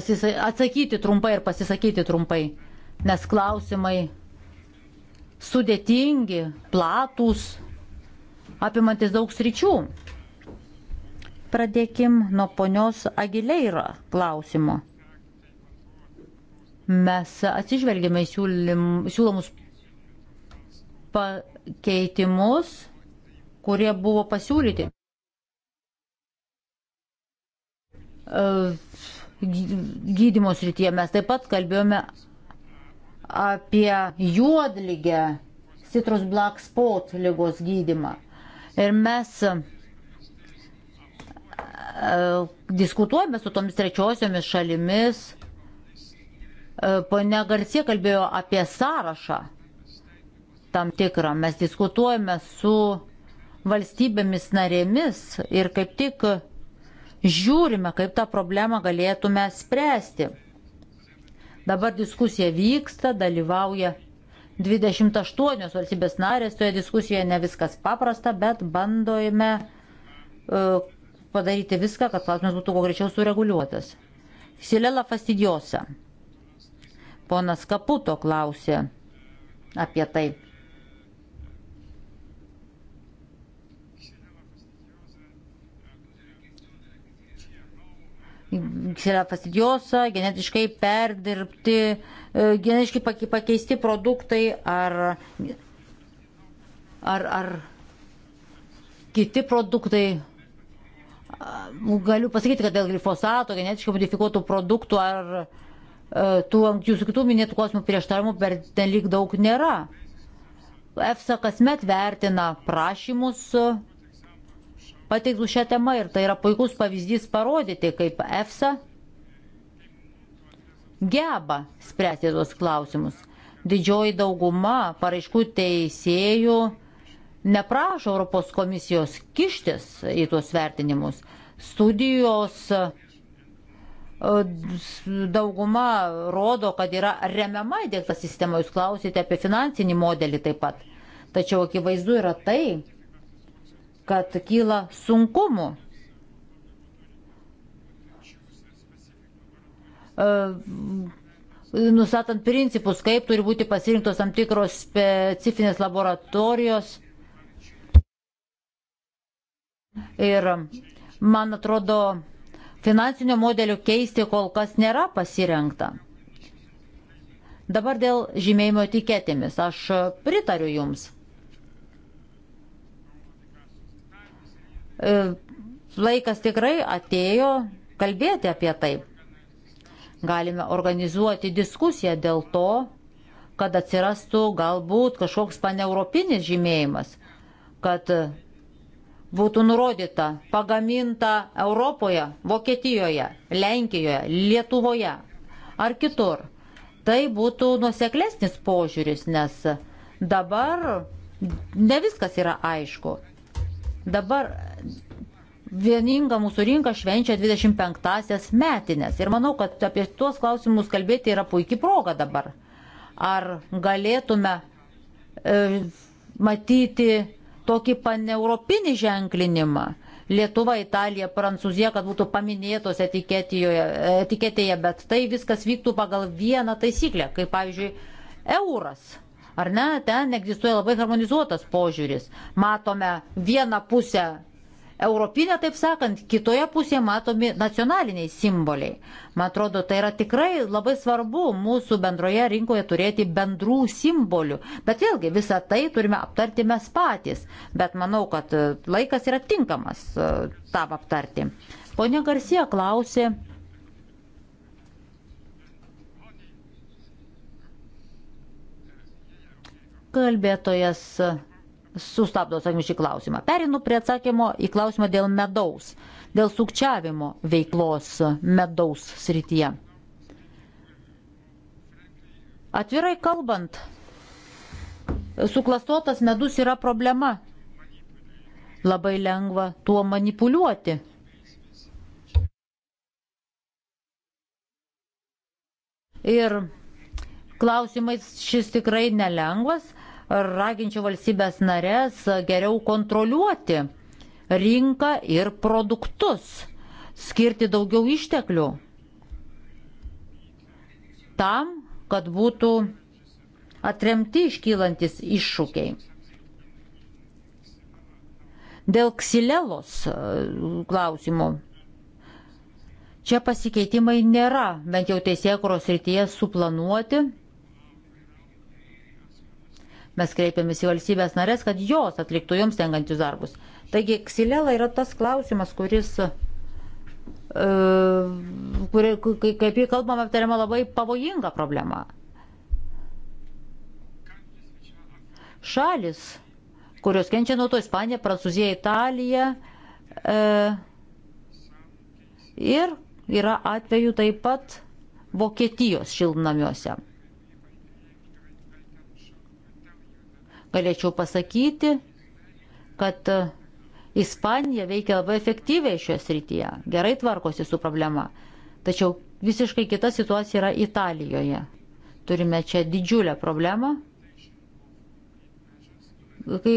atsakyti trumpai ir pasisakyti trumpai nes klausimai sudėtingi, platūs, apimantis daug sričių. Pradėkim nuo ponios Agileira klausimo. Mes atsižvelgėme į siūlomus pakeitimus, kurie buvo pasiūlyti. Gydymos rytyje mes taip pat kalbėjome apie juodlygę, citrus black spot lygos gydimą. Ir mes e, diskutuojame su tomis trečiosiomis šalimis. E, Pone Garsie kalbėjo apie sąrašą tam tikrą. Mes diskutuojame su valstybėmis narėmis ir kaip tik žiūrime, kaip tą problemą galėtume spręsti. Dabar diskusija vyksta, dalyvauja 28 valstybės narės, toje diskusijoje ne viskas paprasta, bet bandojame e, padaryti viską, kad klausimas būtų kuo greičiau sureguliuotas. Silela fastidiosa. Ponas Kaputo klausė apie tai. yra fastidiosa, genetiškai perdirbti, e, genetiškai pakeisti produktai ar, ar, ar kiti produktai. Galiu pasakyti, kad dėl glifosato, genetiškai modifikuotų produktų ar e, tų jūsų kitų minėtų kosmų prieštaravimų per nelik daug nėra. EFSA kasmet vertina prašymus pateiktų šią temą ir tai yra puikus pavyzdys parodyti, kaip EFSA geba spręsti tuos klausimus. Didžioji dauguma paraiškų teisėjų neprašo Europos komisijos kištis į tuos vertinimus. Studijos e, dauguma rodo, kad yra remiama įdėkta sistema. Jūs klausite apie finansinį modelį taip pat. Tačiau akivaizdu yra tai, kad kyla sunkumų. E, Nusatant principus, kaip turi būti pasirinktos tam tikros specifinės laboratorijos. Ir man atrodo, finansinio modelio keisti kol kas nėra pasirengta. Dabar dėl žymėjimo etiketėmis. Aš pritariu Jums E, laikas tikrai atėjo kalbėti apie tai. Galime organizuoti diskusiją dėl to, kad atsirastų galbūt kažkoks paneuropinis žymėjimas, kad būtų nurodyta pagaminta Europoje, Vokietijoje, Lenkijoje, Lietuvoje ar kitur. Tai būtų nuseklesnis požiūris, nes dabar ne viskas yra aišku. Dabar vieninga mūsų rinka švenčia 25-asias metinės. Ir manau, kad apie tuos klausimus kalbėti yra puikiai proga dabar. Ar galėtume e, matyti tokį paneuropinį ženklinimą? Lietuva, Italija, Prancūzija, kad būtų paminėtos etiketėje, bet tai viskas vyktų pagal vieną taisyklę, kaip pavyzdžiui, euras ar ne, ten egzistuoja labai harmonizuotas požiūris. Matome vieną pusę europinę, taip sakant, kitoje pusėje matomi nacionaliniai simboliai. Man atrodo, tai yra tikrai labai svarbu mūsų bendroje rinkoje turėti bendrų simbolių. Bet vėlgi, visą tai turime aptarti mes patys. Bet manau, kad e, laikas yra tinkamas e, tam aptarti. Pone Garsija klausė. Kalbėtojas sustabdo atsakymą šį klausimą. Perinu prie atsakymo į klausimą dėl medaus, dėl sukčiavimo veiklos medaus srityje. Atvirai kalbant, suklastotas medus yra problema. Labai lengva tuo manipuliuoti. Ir klausimais šis tikrai nelengvas, raginčiau valstybės narės geriau kontroliuoti rinką ir produktus, skirti daugiau išteklių tam, kad būtų atremti iškylantis iššūkiai. Dėl ksilelos e, klausimų. Čia pasikeitimai nėra, bent jau teisėkuros rytyje suplanuoti Mes kreipiamės į valstybės narės, kad jos atliktų joms tenkančius darbus. Taigi, ksilela yra tas klausimas, kuris, e, kuri, kaip jį kalbam, aptariama labai pavojinga problema. Šalis, kurios kenčia nuo to Ispanija, Prancūzija, Italija e, ir yra atveju taip pat Vokietijos šiltnamiuose. galėčiau pasakyti, kad Ispanija veikia labai efektyviai šioje srityje, gerai tvarkosi su problema. Tačiau visiškai kita situacija yra Italijoje. Turime čia didžiulę problemą. Kai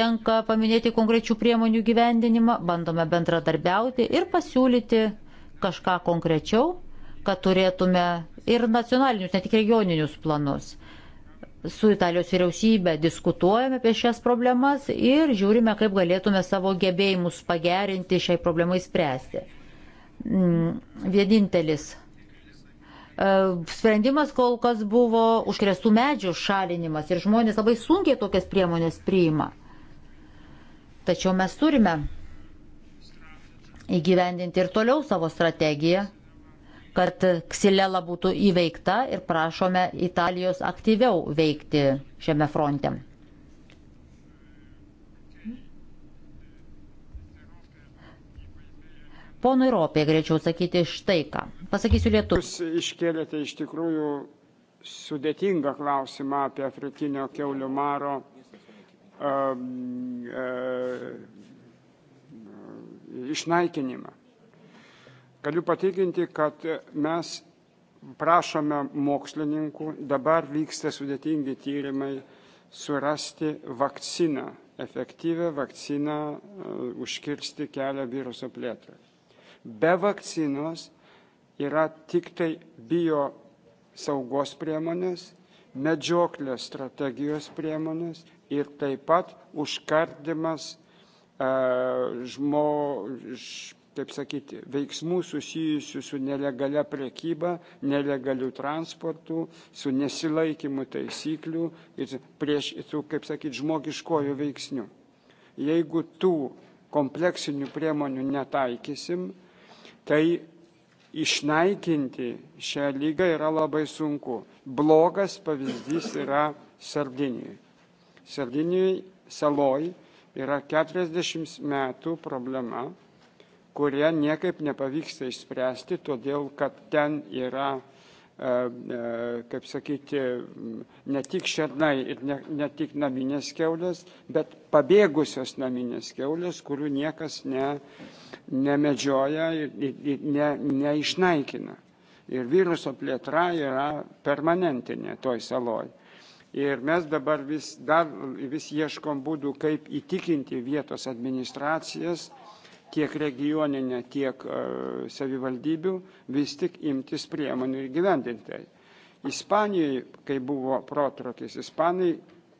tenka paminėti konkrečių priemonių gyvendinimą, bandome bendradarbiauti ir pasiūlyti kažką konkrečiau, kad turėtume ir nacionalinius, ne tik regioninius planus su Italijos vyriausybė diskutuojame apie šias problemas ir žiūrime, kaip galėtume savo gebėjimus pagerinti šiai problemai spręsti. Mm, vienintelis e, sprendimas kol kas buvo užkrestų medžių šalinimas ir žmonės labai sunkiai tokias priemonės priima. Tačiau mes turime įgyvendinti ir toliau savo strategiją kad ksilela būtų įveikta ir prašome Italijos aktyviau veikti šiame fronte. Ponui Ropė, greičiau sakyti štai ką. Pasakysiu lietuvių. Jūs iškėlėte iš tikrųjų sudėtingą klausimą apie afrikinio keulių maro um, um, išnaikinimą galiu patikinti kad mes prašome mokslininkų dabar vyksta sudėtingi tyrimai surasti vakciną efektyvią vakciną e, užkirsti kelią viruso plėtrai. Be vakcinos yra tik tai bio saugos priemonės, medžioklės strategijos priemonės ir taip pat užkardimas e, žmo, ž, taip sakyti, veiksmų susijusių su nelegalia priekyba, nelegaliu transportu, su nesilaikymu taisyklių ir prieš, su, kaip sakyti, žmogiškojų veiksnių. Jeigu tų kompleksinių priemonių netaikysim, tai išnaikinti šią lygą yra labai sunku. Blogas pavyzdys yra Sardinijoje. Sardinijoje saloj yra 40 metų problema kurią niekaip nepavyksta išspręsti, todėl kad ten yra, e, e, kaip sakyti, ne tik šernai ir ne, ne tik naminės keulės, bet pabėgusios naminės keulės, kurių niekas ne, nemedžioja ir, ir, ir ne, neišnaikina. Ir viruso plėtra yra permanentinė toj saloj. Ir mes dabar vis, dar, vis ieškom būdų, kaip įtikinti vietos administracijas, tiek regioninę, tiek e, savivaldybių vis tik imtis priemonių ir gyvendinti. Ispanijai, kai buvo protrukis, Ispanai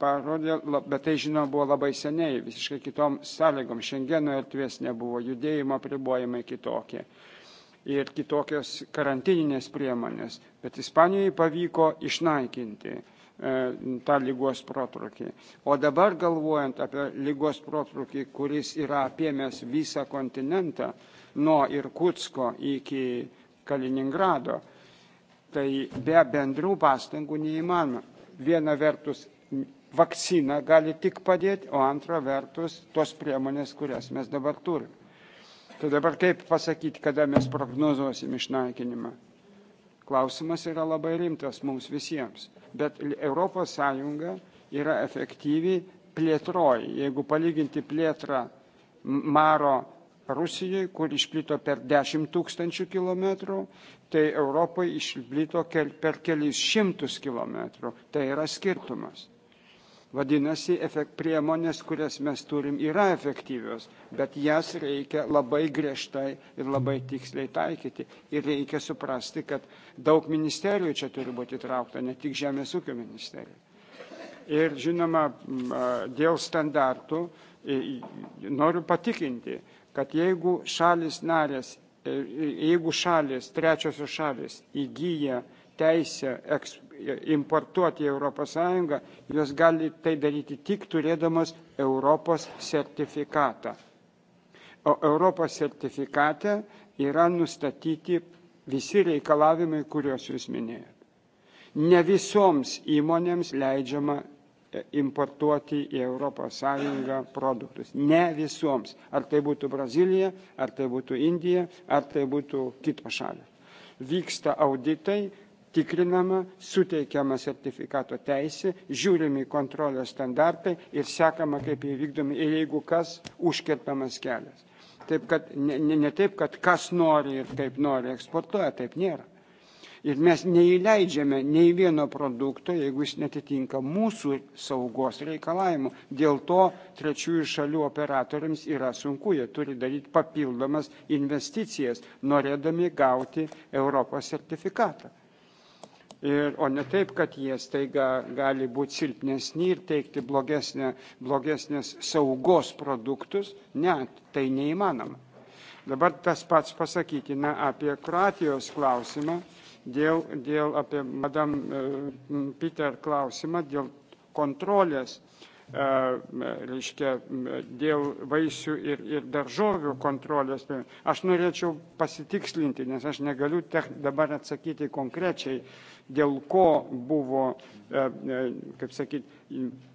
parodė, bet tai žinoma buvo labai seniai, visiškai kitom sąlygom, šiandieno erdvės nebuvo, judėjimo pribojimai kitokie ir kitokios karantininės priemonės, bet Ispanijai pavyko išnaikinti E, tą lygos protrukį. O dabar galvojant apie lygos protrukį, kuris yra apėmęs visą kontinentą nuo Irkutsko iki Kaliningrado, tai be bendrų pastangų neįmanoma. Viena vertus vakcina gali tik padėti, o antra vertus tos priemonės, kurias mes dabar turime. Tai dabar kaip pasakyti, kada mes prognozuosim išnaikinimą? klausimas yra labai rimtas mums visiems bet europos sąjunga yra efektyvi plėtroj jeigu palyginti plėtrą maro rusijoj kur išplito per dešimt tūkstančių kilometrų tai europoj išplito per kelis šimtus kilometrų tai yra skirtumas Vadinasi, efekt, priemonės, kurias mes turim, yra efektyvios, bet jas reikia labai griežtai ir labai tiksliai taikyti. Ir reikia suprasti, kad daug ministerijų čia turi būti įtraukta, ne tik Žemės ūkio ministerija. Ir žinoma, dėl standartų noriu patikinti, kad jeigu šalis narės, e, jeigu šalis, trečiosios šalis įgyja teisę eks, importuoti į ES, jos gali tai daryti tik turėdamas Europos sertifikatą. O Europos sertifikate yra nustatyti visi reikalavimai, kuriuos jūs minėjote. Ne visoms įmonėms leidžiama e, importuoti į ES produktus. Ne visoms. Ar tai būtų Brazilija, ar tai būtų Indija, ar tai būtų kitos šalis. Vyksta auditai, tikrinama suteikiama sertifikato teisė žiūrimi kontrolės standartai ir sekama kaip įvykdomi ir jeigu kas užkertamas kelias taip kad ne, ne, ne taip kad kas nori ir kaip nori eksportuoja taip nėra Ir mes neįleidžiame nei vieno produkto, jeigu jis netitinka mūsų saugos reikalavimų. Dėl to trečiųjų šalių operatoriams yra sunku, jie turi daryti papildomas investicijas, norėdami gauti Europos sertifikatą. Ir, o ne taip, kad jie staiga gali būti silpnesni ir teikti blogesnė, blogesnės saugos produktus. Ne, tai neįmanoma. Dabar tas pats pasakytina apie Kroatijos klausimą, dėl, dėl apie Madam e, Peter klausimą, dėl kontrolės reiškia, dėl vaisių ir, ir daržovių kontrolės. Aš norėčiau pasitikslinti, nes aš negaliu dabar atsakyti konkrečiai, dėl ko buvo, kaip sakyt,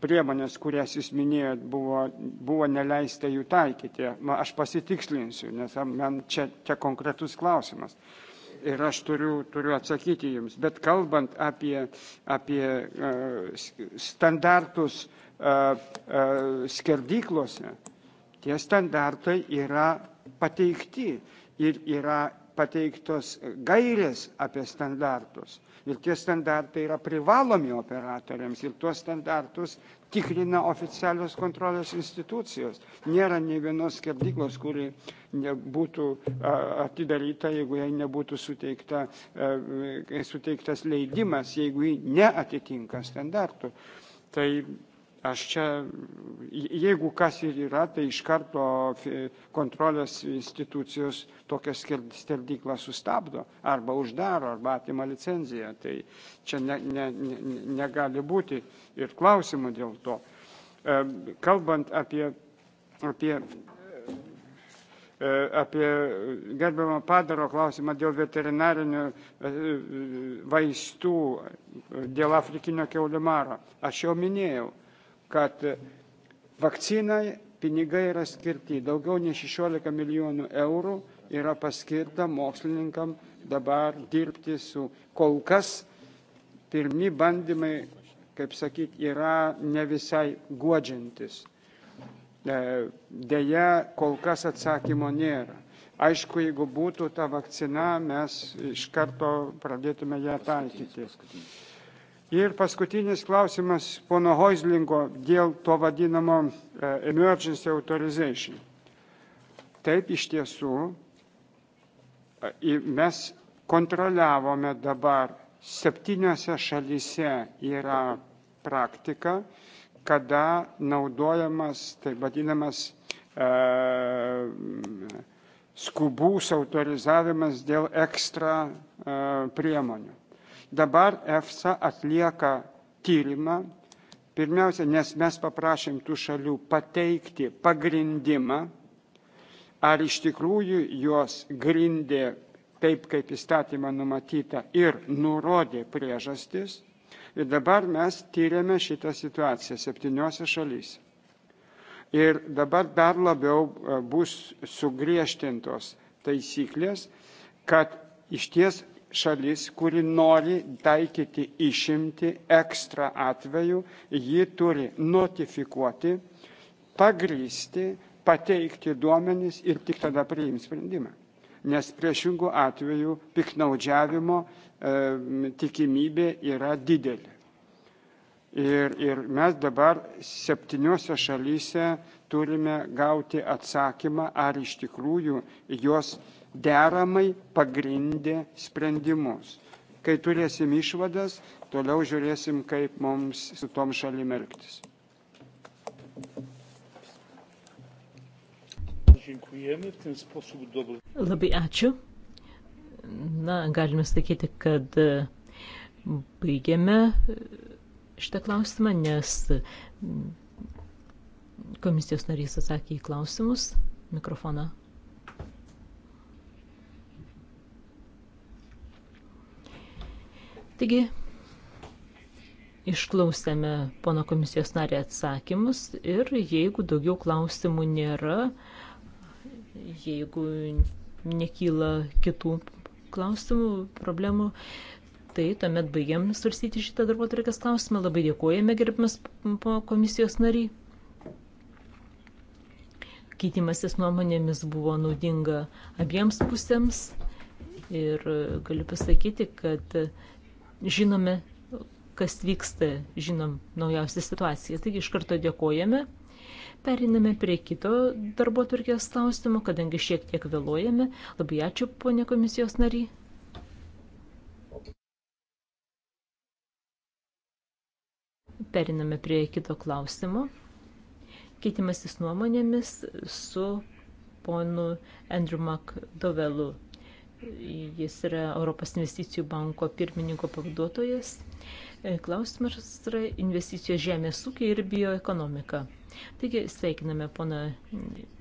priemonės, kurias jūs minėjot, buvo, buvo neleista jų taikyti. Aš pasitikslinsiu, nes man čia, čia konkretus klausimas ir aš turiu, turiu atsakyti jums. Bet kalbant apie, apie standartus skerdyklose, tie standartai yra pateikti ir yra pateiktos gairės apie standartus. Ir tie standartai yra privalomi operatoriams ir tuos standartus tikrina oficialios kontrolės institucijos. Nėra ne vienos skerdyklos, kuri būtų atidaryta, jeigu jai nebūtų suteikta, suteiktas leidimas, jeigu ji neatitinka standartų. Tai Aš čia, jeigu kas ir yra, tai iš karto kontrolės institucijos tokią skerdyklą sustabdo arba uždaro, arba atima licenciją. Tai čia ne, ne, ne, negali būti ir klausimų dėl to. E, kalbant apie, apie, e, apie gerbiamą padaro klausimą dėl veterinarinių e, vaistų, dėl afrikinio keulimaro, aš jau minėjau kad vakcinai pinigai yra skirti, daugiau nei 16 milijonų eurų yra paskirta mokslininkam dabar dirbti su kol kas pirmi bandymai, kaip sakyti, yra ne visai guodžiantis. E, deja, kol kas atsakymo nėra. Aišku, jeigu būtų ta vakcina, mes iš karto pradėtume ją taikyti. Ir paskutinis klausimas pono Hoislingo dėl to vadinamo e, emergency authorization. Taip iš tiesų e, mes kontroliavome dabar septyniose šalyse yra praktika, kada naudojamas taip vadinamas e, skubus autorizavimas dėl ekstra priemonių. Dabar EFSA atlieka tyrimą, pirmiausia, nes mes paprašėm tų šalių pateikti pagrindimą, ar iš tikrųjų jos grindė taip, kaip įstatymą numatyta ir nurodė priežastis. Ir dabar mes tyrėme šitą situaciją septyniose šalyse. Ir dabar dar labiau e, bus sugriežtintos taisyklės, kad iš ties šalis, kuri nori taikyti išimti ekstra atveju, ji turi notifikuoti, pagrysti, pateikti duomenys ir tik tada priims sprendimą. Nes priešingų atvejų piknaudžiavimo e, tikimybė yra didelė. Ir, ir mes dabar septyniose šalyse turime gauti atsakymą, ar iš tikrųjų jos deramai pagrindė sprendimus. Kai turėsim išvadas, toliau žiūrėsim, kaip mums su tom šalim elgtis. Labai ačiū. Na, galime sakyti, kad e, baigiame e, šitą klausimą, nes komisijos narys atsakė į klausimus. Mikrofoną Taigi, išklausėme pono komisijos narį atsakymus ir jeigu daugiau klausimų nėra, jeigu nekyla kitų klausimų, problemų, tai tuomet baigiam svarstyti šitą darbo turėkas klausimą. Labai dėkojame, gerbimas komisijos nariai. Keitimasis nuomonėmis buvo naudinga abiems pusėms ir galiu pasakyti, kad žinome, kas vyksta, žinom naujausią situaciją. Taigi iš karto dėkojame. Periname prie kito darbo turkės klausimo, kadangi šiek tiek vėluojame. Labai ačiū, ponė komisijos nariai. Periname prie kito klausimo. Keitimasis nuomonėmis su ponu Andrew McDovelu Jis yra Europos investicijų banko pirmininko pavaduotojas. E, klausimas yra investicijos žemės ūkiai ir bioekonomika. Taigi sveikiname poną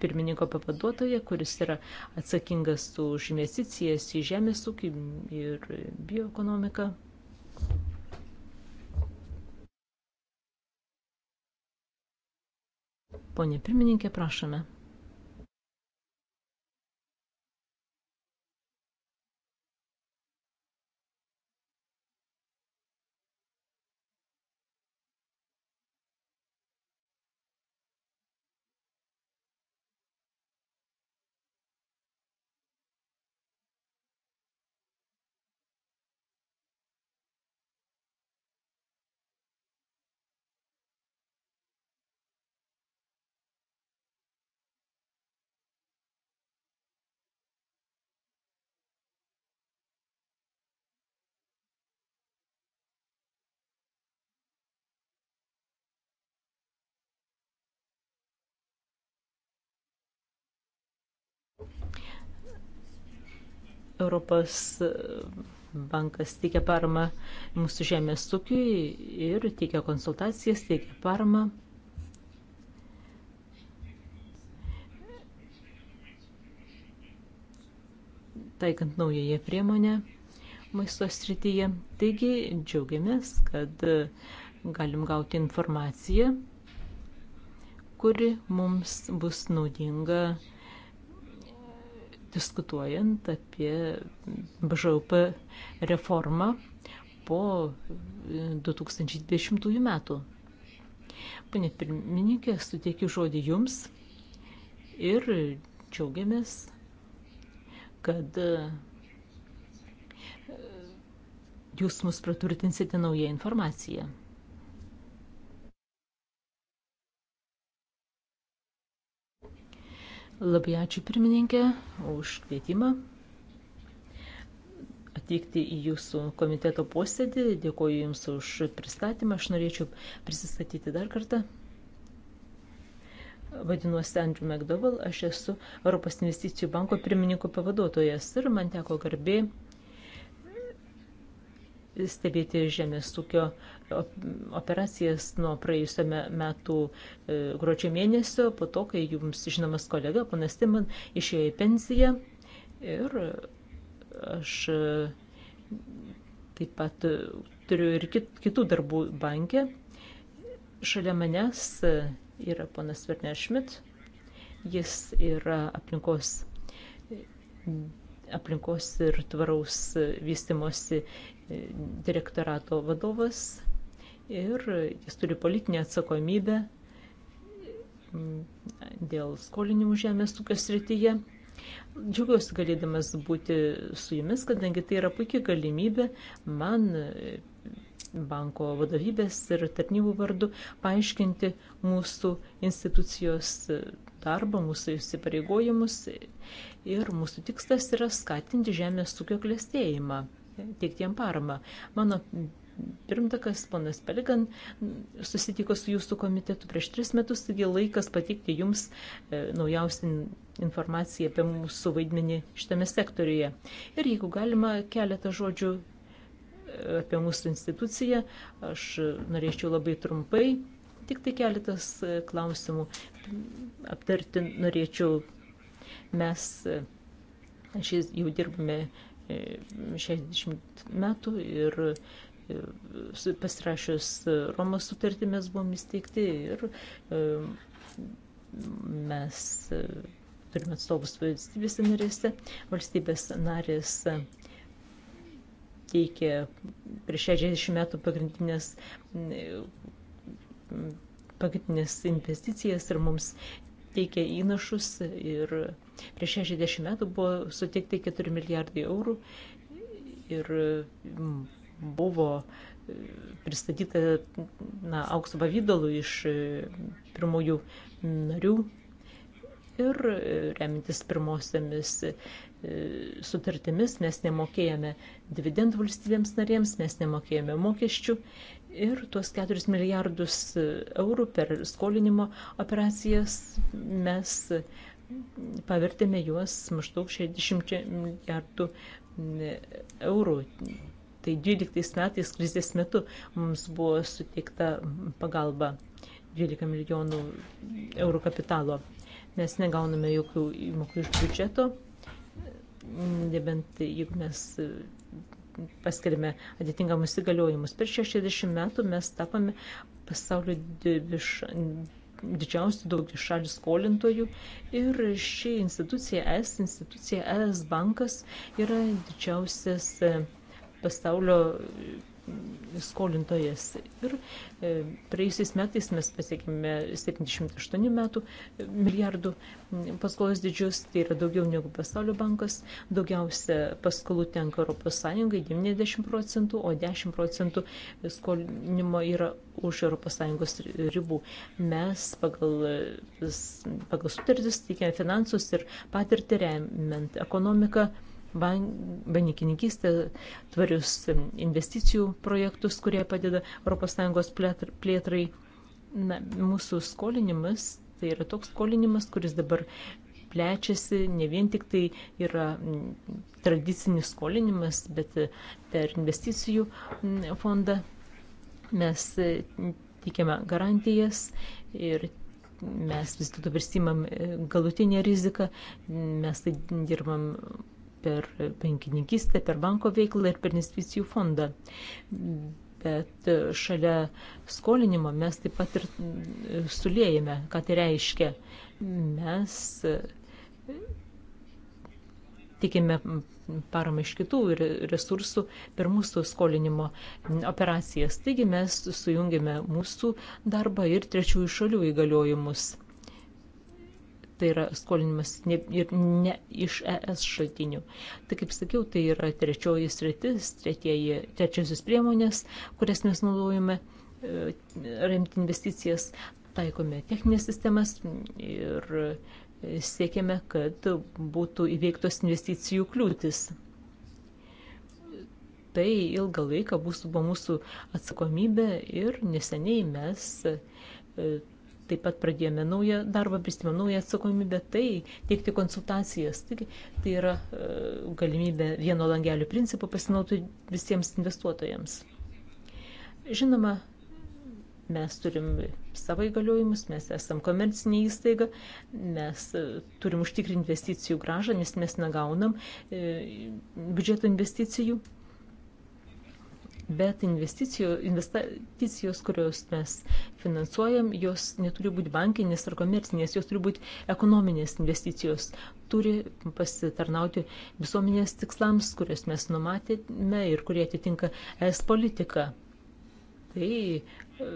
pirmininko pavaduotoją, kuris yra atsakingas už investicijas į žemės ūkį ir bioekonomiką. Pone pirmininkė, prašome. Europos e, bankas teikia paramą mūsų žemės ūkiui ir teikia konsultacijas, teikia paramą. taikant naująją priemonę maisto srityje. Taigi džiaugiamės, kad e, galim gauti informaciją, kuri mums bus naudinga uh, diskutuojant apie BŽUP reformą po 2020 e, metų. Pane pirmininkė, suteikiu žodį jums ir džiaugiamės, kad e, e, jūs mus praturtinsite naują informaciją. Labai ačiū pirmininkė už kvietimą atvykti į jūsų komiteto posėdį. Dėkuoju Jums už pristatymą. Aš norėčiau prisistatyti dar kartą. Vadinuosi Andrew McDowell, aš esu Europos investicijų banko pirmininko pavaduotojas ir man teko garbė stebėti žemės ūkio uh, operacijas nuo praėjusio metų e, gruodžio mėnesio, po to, kai jums žinomas kolega, panas Timan, išėjo į pensiją. Ir aš e, taip pat e, turiu ir kitų darbų bankė. Šalia manęs yra panas Vernė Šmit. Jis yra aplinkos aplinkos ir tvaraus vystimosi direktorato vadovas ir jis turi politinę atsakomybę mm, dėl skolinimų žemės ūkio srityje. Džiaugiuosi galėdamas būti su jumis, kadangi tai yra puikia galimybė man banko vadovybės ir tarnybų vardu paaiškinti mūsų institucijos darbą, mūsų įsipareigojimus ir mūsų tikslas yra skatinti žemės ūkio klėstėjimą, teikti jam paramą. Mano pirmtakas, ponas Pelikan, susitiko su jūsų komitetu prieš tris metus, taigi laikas patikti jums e, naujausią informaciją apie mūsų vaidmenį šitame sektoriuje. Ir jeigu galima, keletą žodžių e, apie mūsų instituciją. Aš norėčiau labai trumpai, tik tai keletas e, klausimų aptarti norėčiau. Mes šis, jau dirbame 60 metų ir pasirašius Romos sutartį mes buvom įsteigti ir mes e, turime atstovus valstybės narėse. Valstybės narės teikė prieš 60 metų pagrindinės pagrindinės investicijas ir mums teikė įnašus ir prieš 60 metų buvo suteikti 4 milijardai eurų ir buvo e, pristatyta na, aukso pavydalų iš e, pirmųjų narių ir e, remintis pirmosiamis sutartimis mes nemokėjome dividendų valstybėms narėms, mes nemokėjome mokesčių ir tuos 4 milijardus eurų per skolinimo operacijas mes pavertėme juos maždaug 60 milijardų eurų tai 12 metais krizės metu mums buvo suteikta pagalba 12 milijonų eurų kapitalo. Mes negauname jokių įmokų iš biudžeto, nebent jeigu mes e, paskirime atitinkamus įgaliojimus. Per 60 metų mes tapame pasaulio didžiausių daugiau šalių skolintojų ir ši institucija, S institucija, S bankas yra didžiausias e, pasaulio e, skolintojas. Ir e, praėjusiais metais mes pasiekėme 78 metų e, milijardų paskolos didžius, tai yra daugiau negu pasaulio bankas. Daugiausia paskolų tenka Europos Sąjungai 90 procentų, o 10 procentų skolinimo yra už Europos Sąjungos ribų. Mes pagal, pagal sutartis teikiam finansus ir patirtį remiant ekonomiką bankininkystę, tvarius investicijų projektus, kurie padeda ES plėtrai. Na, mūsų skolinimas tai yra toks skolinimas, kuris dabar plečiasi, ne vien tik tai yra tradicinis skolinimas, bet e, per investicijų fondą mes e, teikiame garantijas ir mes vis dėlto prisimam e, galutinę riziką, mes tai dirbam per bankininkistę, per banko veiklą ir per investicijų fondą. Bet e, šalia skolinimo mes taip pat ir e, sulėjame, ką tai reiškia. Mes e, tikime paramą iš kitų resursų per mūsų skolinimo operacijas. Taigi mes sujungėme mūsų darbą ir trečiųjų šalių įgaliojimus tai yra skolinimas ne, ir ne iš ES šaltinių. Tai kaip sakiau, tai yra trečioji sritis, tretieji, trečiosios priemonės, kurias mes naudojame e, remti investicijas, taikome techninės sistemas ir e, siekiame, kad būtų įveiktos investicijų kliūtis. Tai ilgą laiką bus, buvo mūsų atsakomybė ir neseniai mes e, Taip pat pradėjome naują darbą, pristėmė naują atsakomybę, tai teikti konsultacijas. Taigi, tai yra e, galimybė vieno langelio principų pasinauti visiems investuotojams. Žinoma, mes turim savo įgaliojimus, mes esam komercinė įstaiga, mes e, turim užtikrinti investicijų gražą, nes mes negaunam e, biudžeto investicijų bet investicijos, kurios mes finansuojam, jos neturi būti bankinės ar komercinės, jos turi būti ekonominės investicijos, turi pasitarnauti visuomenės tikslams, kuriuos mes numatėme ir kurie atitinka es politiką. Tai e,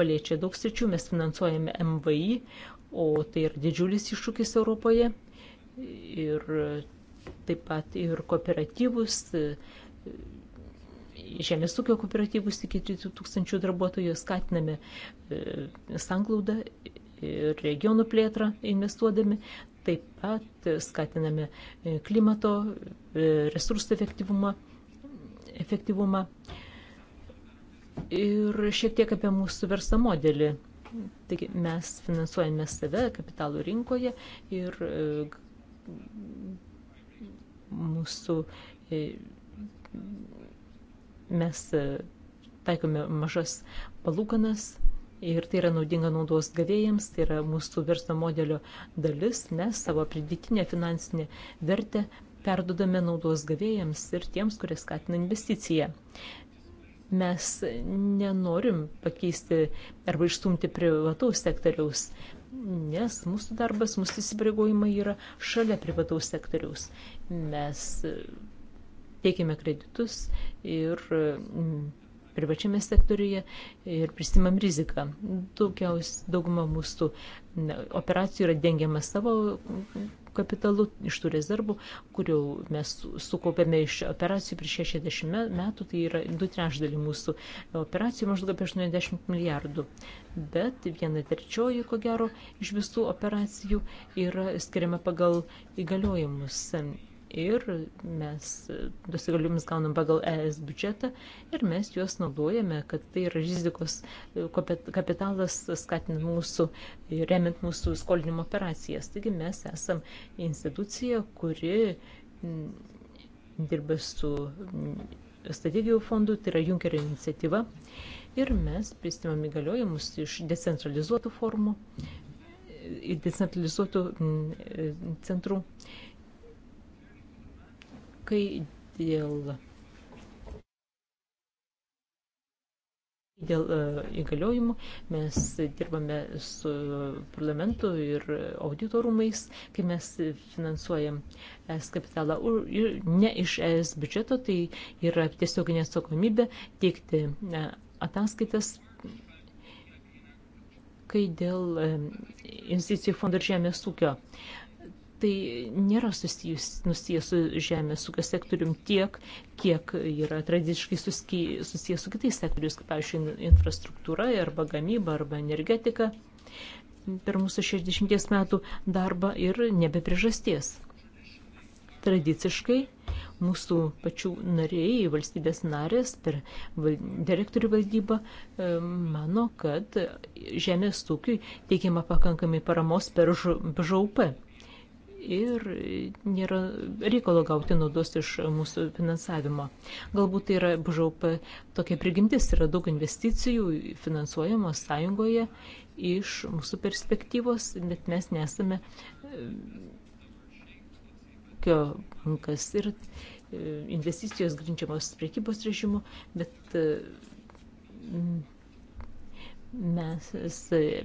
paliečia daug sričių, mes finansuojame MVI, o tai yra didžiulis iššūkis Europoje. Ir taip pat ir kooperatyvus, žemės ūkio kooperatyvus iki 3000 darbuotojų, skatiname sanglaudą ir regionų plėtrą investuodami, taip pat skatiname klimato, e, resursų efektyvumą, efektyvumą. Ir šiek tiek apie mūsų verslo modelį. Taigi mes finansuojame save kapitalų rinkoje ir e, mūsų e, mes e, taikome mažas palūkanas ir tai yra naudinga naudos gavėjams, tai yra mūsų verslo modelio dalis, mes savo pridėtinę finansinę vertę perdodame naudos gavėjams ir tiems, kurie skatina investiciją. Mes nenorim pakeisti arba išstumti privataus sektoriaus, nes mūsų darbas, mūsų įsipareigojimai yra šalia privataus sektoriaus. Mes teikiame kreditus ir mm, privačiame sektoriuje ir prisimam riziką. Daugiaus, dauguma mūsų operacijų yra dengiama savo kapitalu iš tų rezervų, kurių mes sukaupėme iš operacijų prieš 60 metų, tai yra 2 trešdalį mūsų operacijų, maždaug apie 80 milijardų. Bet viena trečioji, ko gero, iš visų operacijų yra skiriama pagal įgaliojimus ir mes tuos įgaliojimus gaunam pagal ES biudžetą ir mes juos naudojame, kad tai yra rizikos e, kapitalas skatinant mūsų, remiant mūsų skolinimo operacijas. Taigi mes esam institucija, kuri mm, dirba su mm, strategijų fondu, tai yra Junkerio iniciatyva. Ir mes prisimam įgaliojimus iš decentralizuotų formų, decentralizuotų mm, e, centrų dalykai dėl, dėl e, įgaliojimų. Mes dirbame su parlamentu ir auditorumais, kai mes finansuojam es kapitalą ne iš es biudžeto, tai yra tiesioginė atsakomybė teikti e, ataskaitas kai dėl e, investicijų fondo ir žemės ūkio tai nėra susijęs, susijęs su žemės ūkio sektorium tiek, kiek yra tradiškai susijęs su kitais sektoriais, kaip, pavyzdžiui, infrastruktūra arba gamyba arba energetika. Per mūsų 60 metų darbą ir nebe priežasties. Tradiciškai mūsų pačių nariai, valstybės narės per direktorių valdybą mano, kad žemės ūkiui teikiama pakankamai paramos per ŽUP ir nėra reikalo gauti naudos iš mūsų finansavimo. Galbūt tai yra BŽP tokia prigimtis, yra daug investicijų finansuojamos sąjungoje iš mūsų perspektyvos, bet mes nesame ūkio e, bankas ir e, investicijos grindžiamos priekybos režimu, bet e, mes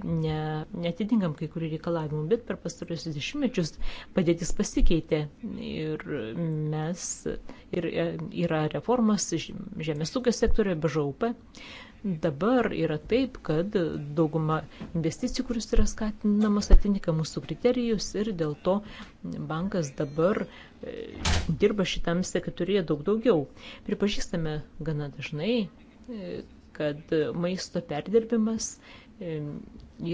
ne, netitinkam kai kurių reikalavimų, bet per pastarosius dešimtmečius padėtis pasikeitė ir mes, ir, e, yra reformas žemės ūkio sektorioje, BŽUP. Dabar yra taip, kad dauguma investicijų, kuris yra skatinamas, atitinka mūsų kriterijus ir dėl to bankas dabar e, dirba šitam sektoriuje daug daugiau. Pripažįstame gana dažnai, e, kad maisto perdirbimas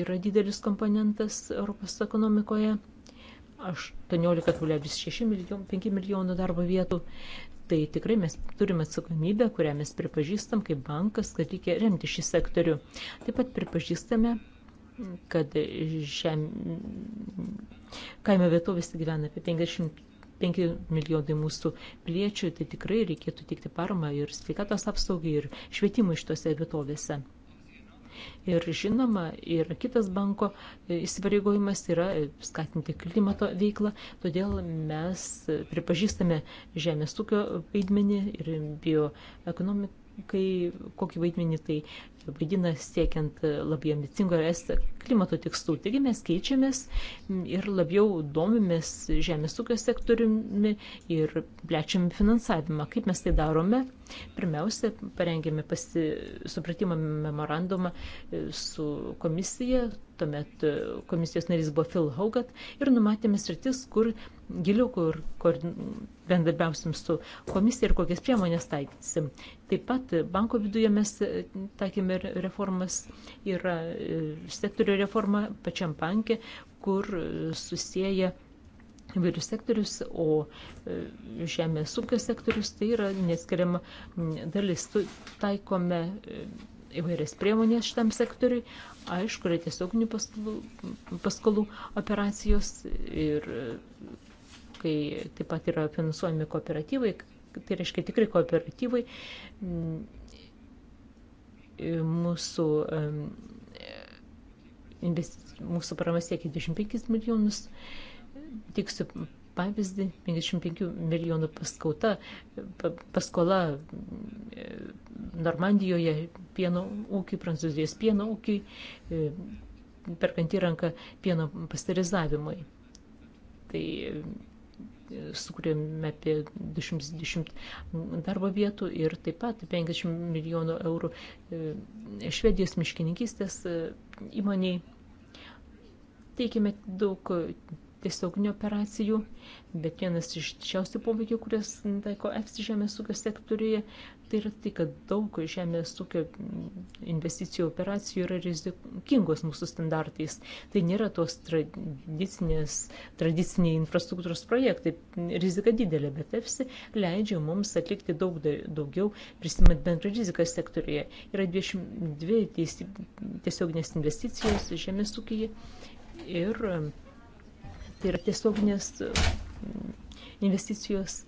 yra didelis komponentas Europos ekonomikoje. 18,6 milijonų, milijonų darbo vietų. Tai tikrai mes turime atsakomybę, kurią mes pripažįstam kaip bankas, kad reikia remti šį sektorių. Taip pat pripažįstame, kad šiam kaimo vietovėse gyvena apie 50 5 milijonai mūsų piliečių, tai tikrai reikėtų teikti paramą ir sveikatos apsaugai, ir švietimui šitose vietovėse. Ir žinoma, ir kitas banko įsipareigojimas yra skatinti klimato veiklą, todėl mes pripažįstame žemės ūkio vaidmenį ir bioekonomikos kai, kokį vaidmenį tai vaidina siekiant labai ambicingo es klimato tikslų. Taigi mes keičiamės ir labiau domimės žemės ūkio sektoriumi ir plečiam finansavimą. Kaip mes tai darome? Pirmiausia, parengėme pasi... supratimą memorandumą e, su komisija, tuomet e, komisijos narys buvo Phil Hogat ir numatėme sritis, kur giliau, kur, kur bendarbiausim su komisija ir kokias priemonės taikysim. Taip pat banko viduje mes e, taikėme reformas, yra e, sektorio reforma pačiam bankė, kur e, susiję įvairius sektorius, o žemės ūkio sektorius tai yra neskiriama dalis. Taikome įvairias priemonės šitam sektoriui. Aišku, yra tiesioginių paskolų, paskolų operacijos ir kai taip pat yra finansuojami kooperatyvai, tai reiškia tikrai kooperatyvai, mm, mūsų, mūsų parama siekia 25 milijonus, tiksiu pavyzdį, 55 milijonų paskauta, paskola mm, Normandijoje pieno ūkiai, Prancūzijos pieno ūkiai, perkant įranką pieno pasterizavimui. Tai sukūrėme apie 220 darbo vietų ir taip pat 50 milijonų eurų e, Švedijos miškininkystės e, įmoniai. Teikime daug tiesioginių operacijų, bet vienas iš didžiausių poveikių, kuris taiko EFSI žemės ūkio sektoriuje, tai yra tai, kad daug žemės ūkio investicijų operacijų yra rizikingos mūsų standartais. Tai nėra tos tradicinės, tradiciniai infrastruktūros projektai, rizika didelė, bet EFSI leidžia mums atlikti daug daugiau, prisimant bendrą riziką sektoriuje. Yra 22 tiesioginės investicijos žemės ūkyje ir tai yra tiesioginės mm, investicijos.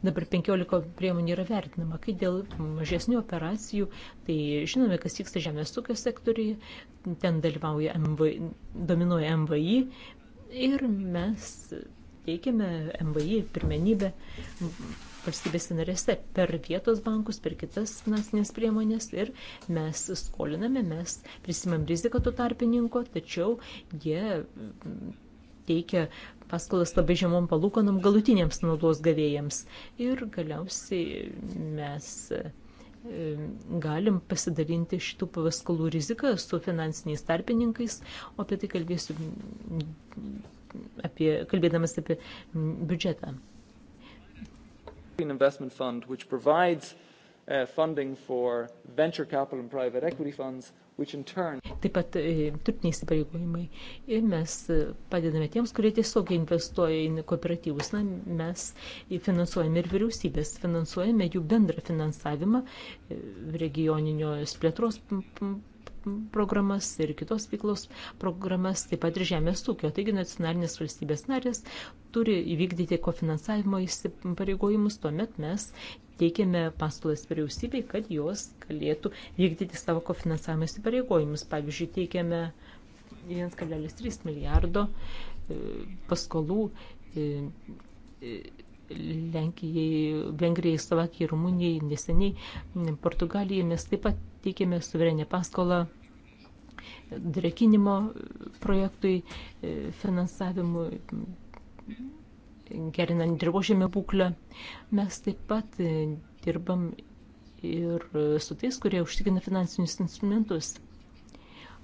Dabar 15 priemonių yra vertinama. Kai dėl mažesnių operacijų, tai žinome, kas vyksta žemės ūkio sektoriuje, ten dalyvauja MVI, dominuoja MVI ir mes teikiame MVI pirmenybę valstybės narėse per vietos bankus, per kitas finansinės priemonės ir mes skoliname, mes prisimam riziką to tarpininko, tačiau jie teikia paskolas labai žemom palūkanom galutiniams naudos gavėjams. Ir galiausiai mes e, galim pasidalinti šitų paskolų riziką su finansiniais tarpininkais, o apie tai kalbėsiu apie, kalbėdamas apie biudžetą. Investment fund, which provides uh, funding for venture capital and private equity funds, which in turn. Taip pat e, turtiniai įsipareigojimai. Ir mes e, padedame tiems, kurie tiesiog investuoja į kooperatyvus. Na, mes finansuojame ir vyriausybės, finansuojame jų bendrą finansavimą e, regioninio plėtros programas ir kitos veiklos programas, taip pat ir žemės ūkio. Taigi nacionalinės valstybės narės turi įvykdyti kofinansavimo įsipareigojimus, tuomet mes teikėme paskolas vyriausybei, kad jos galėtų vykdyti savo kofinansavimo įsipareigojimus. Pavyzdžiui, teikėme 1,3 milijardo e, paskolų e, e, Lenkijai, Vengrijai, Slovakijai, Rumunijai, neseniai Portugalijai mes taip pat teikėme suverenę paskolą drekinimo projektui, e, finansavimui, gerinant dirbožėmio būklę. Mes taip pat e, dirbam ir su tais, kurie užtikrina finansinius instrumentus.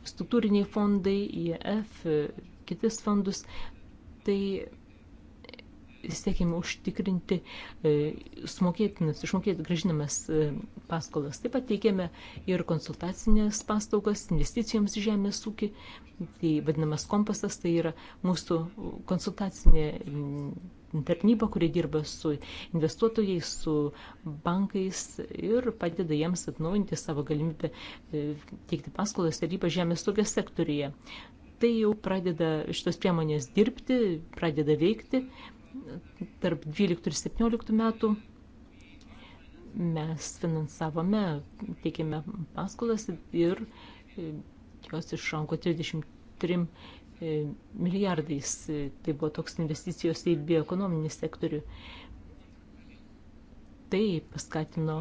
Struktūriniai fondai, IEF, e, kitis fondus. Tai siekėme užtikrinti e, sumokėtinas, išmokėti gražinamas e, paskolas. Taip pat teikėme ir konsultacinės paslaugas investicijoms į žemės ūkį, tai vadinamas kompasas, tai yra mūsų konsultacinė tarnyba, kuri dirba su investuotojais, su bankais ir padeda jiems atnaujinti savo galimybę e, teikti paskolas ir ypač žemės ūkio sektorija. Tai jau pradeda šitos priemonės dirbti, pradeda veikti tarp 12 ir 17 metų mes finansavome, teikėme paskolas ir e, jos išranko 33 e, milijardais. Tai buvo toks investicijos į bioekonominį sektorių. Tai paskatino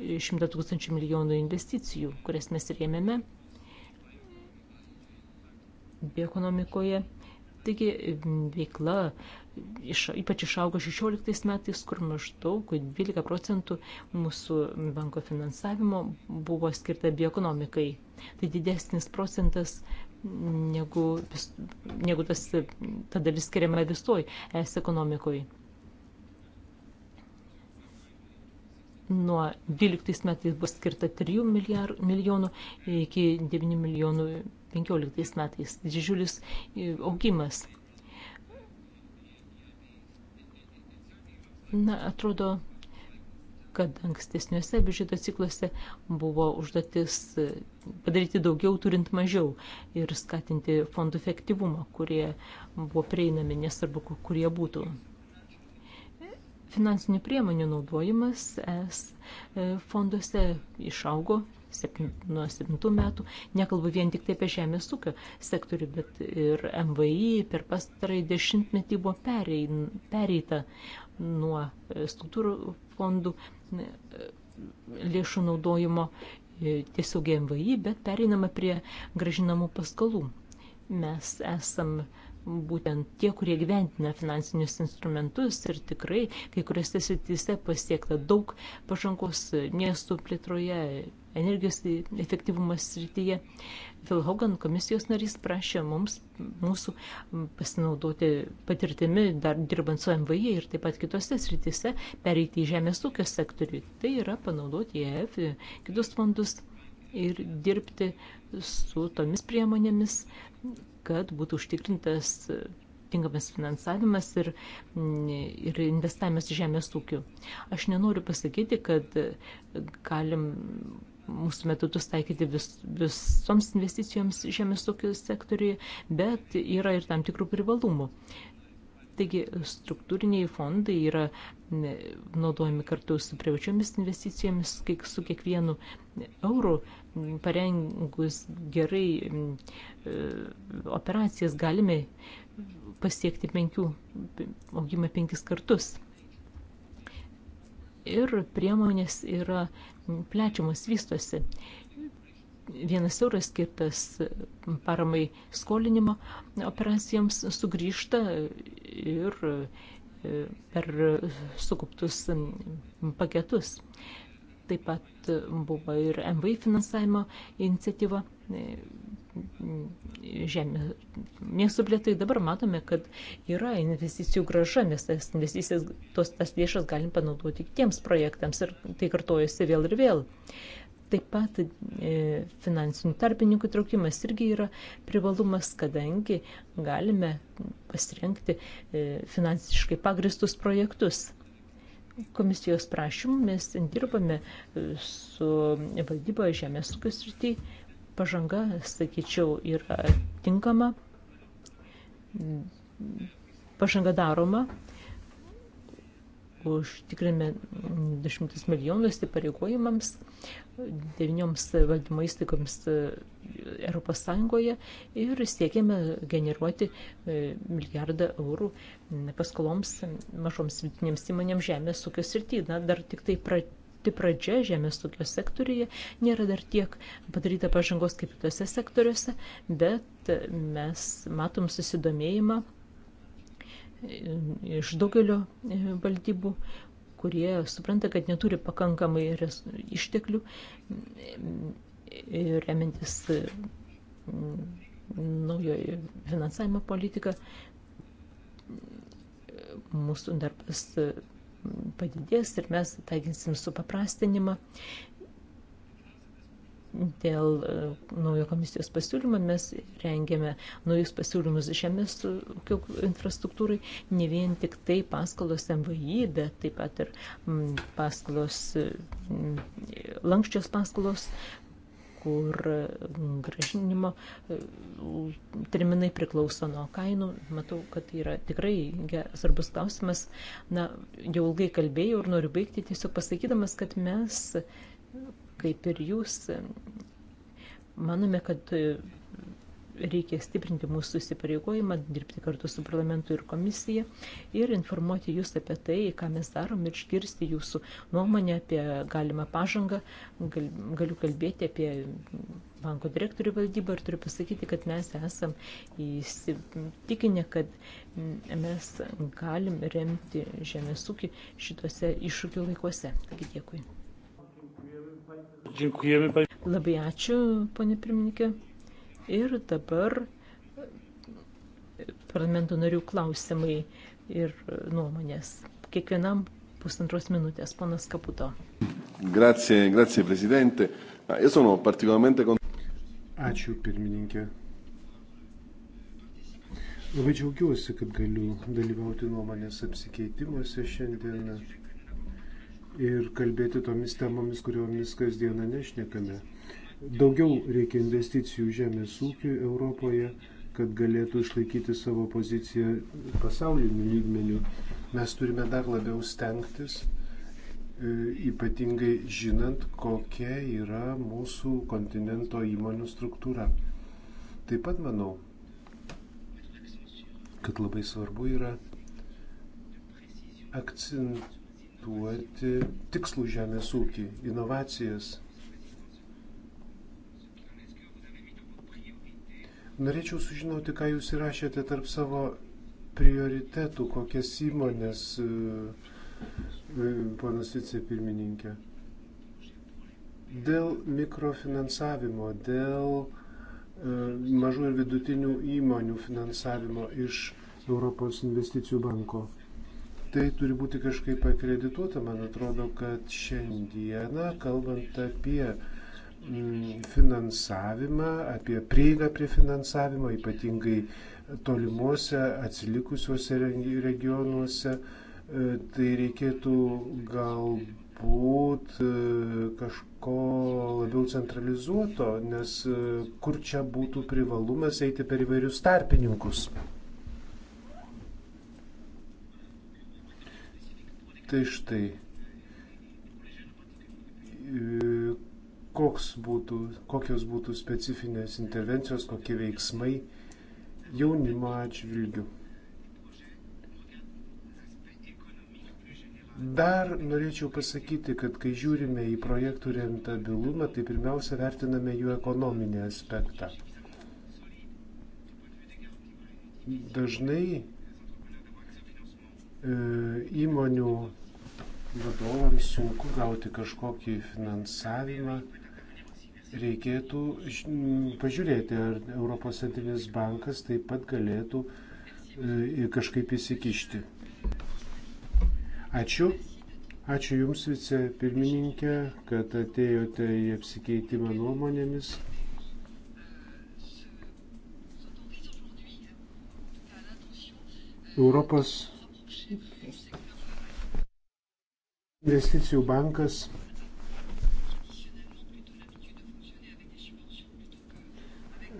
100 tūkstančių milijonų investicijų, kurias mes rėmėme bioekonomikoje. Taigi veikla iš, ypač išaugo 16 metais, kur maždaug 12 procentų mūsų banko finansavimo buvo skirta bioekonomikai. Tai didesnis procentas negu, negu tas, ta dalis skiriama visoj es ekonomikoje. Nuo 12 metais buvo skirta 3 milijonų iki 9 milijonų 15 metais. Didžiulis e, augimas. Na, atrodo, kad ankstesniuose biudžeto cikluose buvo užduotis e, padaryti daugiau turint mažiau ir skatinti fondų efektyvumą, kurie buvo prieinami, nesvarbu, kurie būtų. Finansinių priemonių naudojimas es e, fonduose išaugo 7, nuo 7 metų. Nekalbu vien tik tai apie žemės ūkio sektorių, bet ir MVI per pastarąjį dešimtmetį buvo pereita nuo e, struktūrų fondų e, lėšų naudojimo e, tiesiog MVI, bet pereinama prie gražinamų paskolų. Mes esam būtent tie, kurie gyventina finansinius instrumentus ir tikrai kai kuriuose srityse pasiekta daug pažangos miestų plėtroje, energijos tai efektyvumo srityje. Phil Hogan, komisijos narys, prašė mums, mūsų pasinaudoti patirtimi, dar dirbant su MVI ir taip pat kitose srityse, pereiti į žemės ūkio sektorių. Tai yra panaudoti EF, kitus fondus ir dirbti su tomis priemonėmis, kad būtų užtikrintas tinkamas finansavimas ir, ir investavimas į žemės ūkių. Aš nenoriu pasakyti, kad galim mūsų metodus taikyti vis, visoms investicijoms žemės ūkio sektoriuje, bet yra ir tam tikrų privalumų. Taigi struktūriniai fondai yra naudojami kartu su privačiomis investicijomis, kaip su kiekvienu euru parengus gerai e, operacijas galime pasiekti penkių, augimą penkis kartus. Ir priemonės yra plečiamas, vystosi. Vienas euras skirtas paramai skolinimo operacijoms sugrįžta ir e, per sukauptus paketus. Taip pat buvo ir MVI finansavimo iniciatyva e, Mm, žemės miesto plėtai. Dabar matome, kad yra investicijų graža, nes tas investicijas, tos, tas lėšas galim panaudoti kitiems projektams ir tai kartojasi vėl ir vėl. Taip pat e, finansinių tarpininkų traukimas irgi yra privalumas, kadangi galime pasirinkti e, finansiškai pagristus projektus komisijos prašymu mes dirbame e, su valdyboje žemės ūkio srity pažanga, sakyčiau, yra tinkama, pažanga daroma, užtikrime 200 milijonus įpareigojimams, devinioms valdymo įstaigoms e, Europos Sąjungoje ir siekėme generuoti e, milijardą eurų paskoloms mažoms vidutinėms įmonėms žemės ūkio srity. Na, dar tik tai pra, pati pradžia žemės ūkio sektoriuje, nėra dar tiek padaryta pažangos kaip kitose sektoriuose, bet mes matom susidomėjimą e, iš daugelio e, valdybų kurie supranta, kad neturi pakankamai išteklių e, remintis naujojo finansavimo politiką. Mūsų darbas padidės ir mes taikinsim supaprastinimą. Dėl e, naujo komisijos pasiūlymo mes rengėme naujus pasiūlymus žemės infrastruktūrai, ne vien tik tai paskolos MVI, bet taip pat ir paskolos, lankščios paskolos, kur mm, gražinimo e, terminai priklauso nuo kainų. Matau, kad tai yra tikrai svarbus klausimas. Na, jau ilgai kalbėjau ir noriu baigti tiesiog pasakydamas, kad mes, kaip ir jūs, manome, kad reikia stiprinti mūsų įsipareigojimą, dirbti kartu su parlamentu ir komisija ir informuoti jūs apie tai, ką mes darom ir išgirsti jūsų nuomonę apie galimą pažangą. Gal, galiu kalbėti apie banko direktorių valdybą ir turiu pasakyti, kad mes esam įsitikinę, kad mes galim remti žemės ūkį šituose iššūkių laikuose. Taigi dėkui. Labai ačiū, ponė pirmininkė. Ir dabar parlamento narių klausimai ir nuomonės. Kiekvienam pusantros minutės, panas Kaputo. Grazie, grazie, prezidente. Io sono particolarmente con... Ačiū, pirmininkė. Labai džiaugiuosi, kad galiu dalyvauti nuomonės apsikeitimuose šiandien ir kalbėti tomis temomis, kuriomis kasdieną nešnekame. Daugiau reikia investicijų žemės ūkiui Europoje, kad galėtų išlaikyti savo poziciją pasauliniu lygmeniu. Mes turime dar labiau stengtis, e, ypatingai žinant, kokia yra mūsų kontinento įmonių struktūra. Taip pat manau, kad labai svarbu yra akcentuoti tikslų žemės ūkį, inovacijas Norėčiau sužinoti, ką jūs įrašėte tarp savo prioritetų, kokias įmonės, e, e, ponas vicepirmininkė. Dėl mikrofinansavimo, dėl e, mažų ir vidutinių įmonių finansavimo iš Europos investicijų banko. Tai turi būti kažkaip akredituota, man atrodo, kad šiandieną, kalbant apie finansavimą, apie prieigą prie finansavimo, ypatingai tolimuose, atsilikusiuose regionuose. E, tai reikėtų galbūt e, kažko labiau centralizuoto, nes e, kur čia būtų privalumas eiti per įvairius tarpininkus. Tai štai koks būtų, kokios būtų specifinės intervencijos, kokie veiksmai jaunimo atžvilgių. Dar norėčiau pasakyti, kad kai žiūrime į projektų rentabilumą, tai pirmiausia vertiname jų ekonominį aspektą. Dažnai e, įmonių vadovams sunku gauti kažkokį finansavimą reikėtų pažiūrėti, ar Europos centrinis bankas taip pat galėtų e, kažkaip įsikišti. Ačiū. Ačiū Jums, vicepirmininkė, kad atėjote į apsikeitimą nuomonėmis. Europos investicijų bankas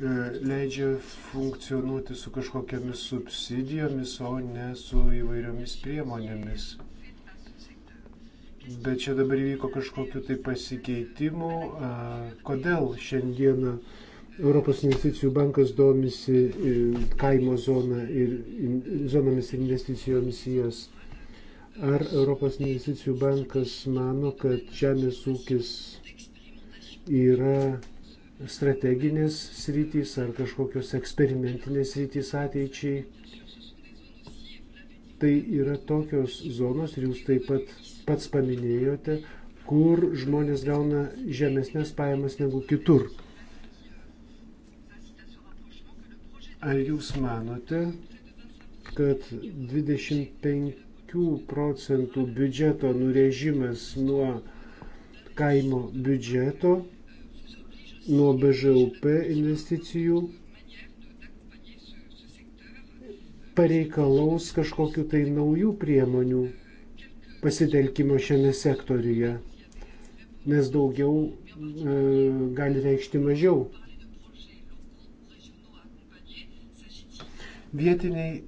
E, leidžia funkcionuoti su kažkokiamis subsidijomis, o ne su įvairiomis priemonėmis. Bet čia dabar įvyko kažkokiu tai pasikeitimu. Kodėl šiandieną Europos investicijų bankas domisi e, kaimo zoną ir zonomis ir investicijomis į jas? Ar Europos investicijų bankas mano, kad žemės ūkis yra strateginės sritys ar kažkokios eksperimentinės sritys ateičiai. Tai yra tokios zonos, ir jūs taip pat pats paminėjote, kur žmonės gauna žemesnės pajamas negu kitur. Ar jūs manote, kad 25 procentų biudžeto nurežimas nuo kaimo biudžeto nuo BŽUP investicijų pareikalaus kažkokiu tai naujų priemonių pasitelkimo šiame sektoriuje, nes daugiau e, gali reikšti mažiau. Vietiniai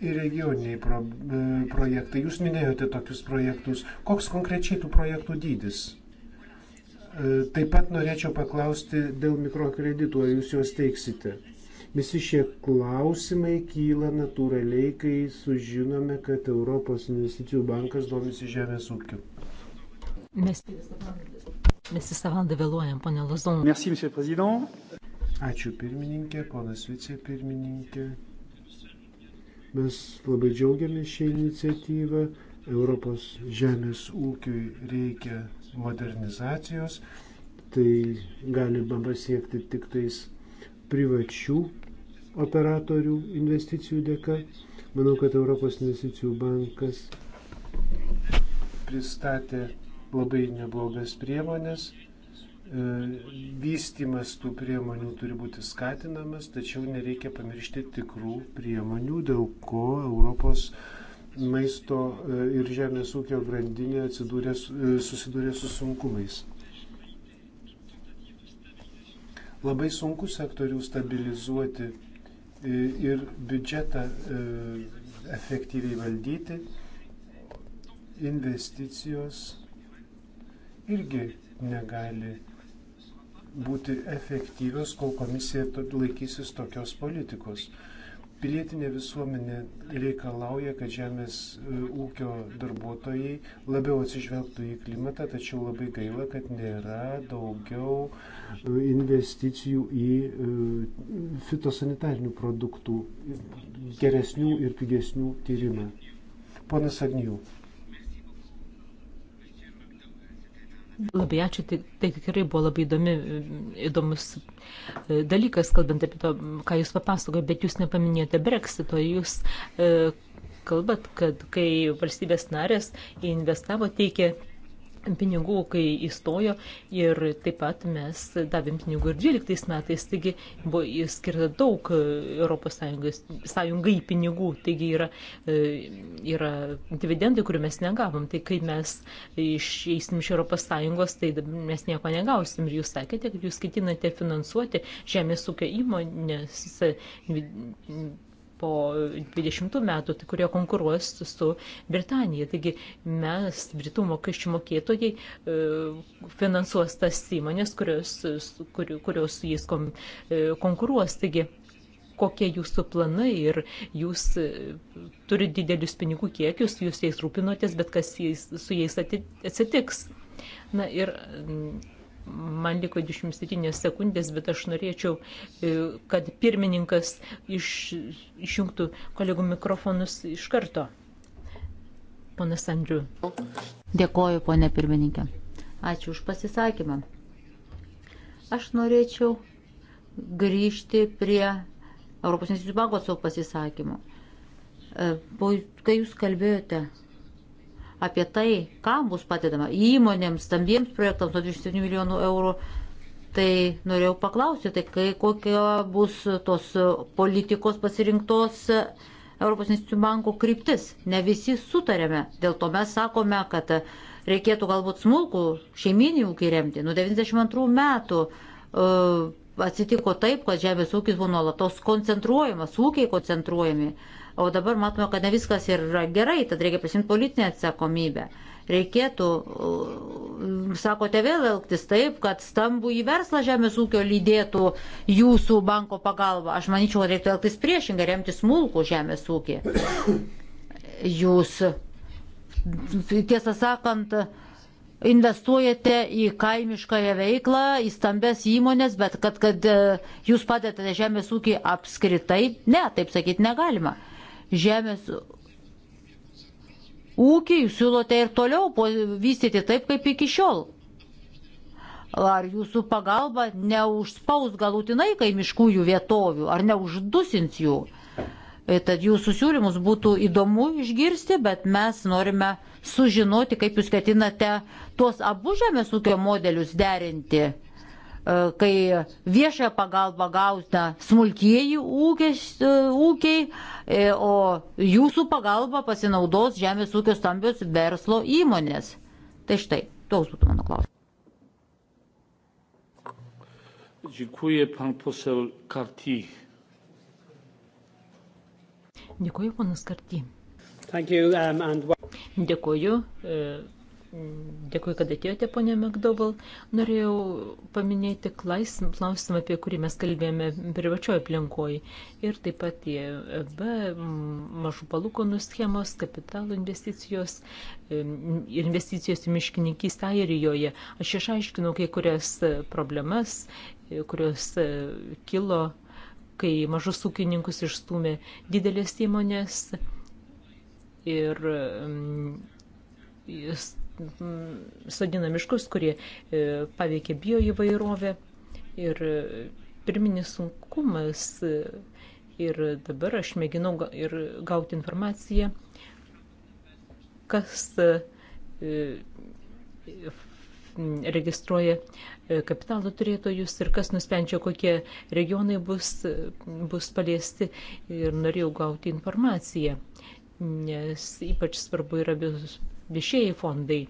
ir regioniniai pro, e, projektai. Jūs minėjote tokius projektus. Koks konkrečiai tų projektų dydis? E, taip pat norėčiau paklausti dėl mikrokreditų, ar jūs juos teiksite. Visi šie klausimai kyla natūraliai, kai sužinome, kad Europos investicijų bankas domisi žemės ūkiu. Mes, mes visą valandą vėluojam, ponė Lazon. Merci, monsieur président. Ačiū pirmininkė, ponas vicepirmininkė. Mes labai džiaugiamės šią iniciatyvą. Europos žemės ūkiui reikia modernizacijos, tai galima pasiekti tik tais privačių operatorių investicijų dėka. Manau, kad Europos investicijų bankas pristatė labai neblogas priemonės. E, vystimas tų priemonių turi būti skatinamas, tačiau nereikia pamiršti tikrų priemonių, dėl ko Europos uh, maisto e, ir žemės ūkio grandinė atsidūrė, e, susidūrė su sunkumais. Labai sunku sektorių stabilizuoti e, ir biudžetą efektyviai valdyti. Investicijos irgi negali būti efektyvios, kol komisija laikysis tokios politikos. Pilietinė visuomenė reikalauja, kad žemės e, ūkio darbuotojai labiau atsižvelgtų į klimatą, tačiau labai gaila, kad nėra daugiau e, investicijų į e, fitosanitarinių produktų geresnių ir pigesnių tyrimą. Ponas Agnių. Labai ačiū, tai, tai tikrai buvo labai įdomi, įdomus e, dalykas, kalbant apie to, ką jūs papasakojo, bet jūs nepaminėjote breksito, jūs e, kalbat, kad kai valstybės narės investavo, teikė pinigų, kai įstojo ir taip pat mes davėm pinigų ir 12 metais, taigi buvo skirta daug ES sąjungai pinigų, taigi yra, e, yra dividendai, kurių mes negavom, tai kai mes išeisim iš ES, tai mes nieko negausim ir jūs sakėte, kad jūs ketinate finansuoti žemės ūkio įmonės po 20 metų, tai kurie konkuruos su Britanija. Taigi mes, Britų mokesčių mokėtojai, e, finansuos tas įmonės, kurios, kur, kurios su jais kom, e, konkuruos. Taigi kokie jūsų planai ir jūs e, turite didelius pinigų kiekius, jūs jais rūpinotės, bet kas jais, su jais atsitiks. Na ir man liko 27 sekundės, bet aš norėčiau, e, kad pirmininkas iš, išjungtų kolegų mikrofonus iš karto. Ponas Andriu. Dėkoju, ponė pirmininkė. Ačiū už pasisakymą. Aš norėčiau grįžti prie Europos Nesijų banko savo pasisakymų. E, po, kai jūs kalbėjote apie tai, kam bus padedama įmonėms, stambiems projektams nuo 27 milijonų eurų. Tai norėjau paklausti, tai kai, kokia bus tos politikos pasirinktos Europos institucijų banko kryptis. Ne visi sutarėme. Dėl to mes sakome, kad reikėtų galbūt smulkų šeiminį ūkį remti. Nuo 92 metų uh, atsitiko taip, kad žemės ūkis buvo nuolatos koncentruojamas, ūkiai koncentruojami. Uh, O dabar matome, kad ne viskas yra gerai, tad reikia prisimti politinę atsakomybę. Reikėtų, uh, sakote, vėl elgtis taip, kad stambų į verslą žemės ūkio lydėtų jūsų banko pagalba. Aš manyčiau, kad reikėtų elgtis priešingai, remti smulkų žemės ūkį. (coughs) Jūs, tiesą sakant, investuojate į kaimiškąją veiklą, į stambes įmonės, bet kad, kad uh, jūs padedate žemės ūkį apskritai, ne, taip sakyti negalima žemės ūkį jūs siūlote ir toliau vystyti taip, kaip iki šiol. Ar jūsų pagalba neužspaus galutinai kaimiškų jų vietovių, ar neuždusins jų? E, tad jūsų siūlymus būtų įdomu išgirsti, bet mes norime sužinoti, kaip jūs ketinate tuos abu žemės ūkio modelius derinti E, kai viešąją pagalbą gauna smulkieji ūkės, e, ūkiai, e, o jūsų pagalba pasinaudos žemės ūkio stambios verslo įmonės. Tai štai, toks būtų mano klausimas. Dziękuję pan poseł Karti. Dziękuję panu Skarti. Thank you, um, and... Dziękuję. Uh Dėkui, kad atėjote, ponė McDowell. Norėjau paminėti klausimą, apie kurį mes kalbėjome privačioje aplinkoje. Ir taip pat EB, mažų palūkonų schemos, kapitalo investicijos ir investicijos į miškininkystę Airijoje. Aš išaiškinau kai kurias problemas, kurios e, kilo, kai mažus ūkininkus išstumė didelės įmonės. Ir jis sodina miškus, kurie e, paveikia bioįvairovę. Ir e, pirminis sunkumas e, ir dabar aš mėginau ir gauti informaciją, kas registruoja kapitalo turėtojus ir kas nusprendžia, kokie regionai bus, bus paliesti ir norėjau gauti informaciją, nes ypač svarbu yra viešieji fondai.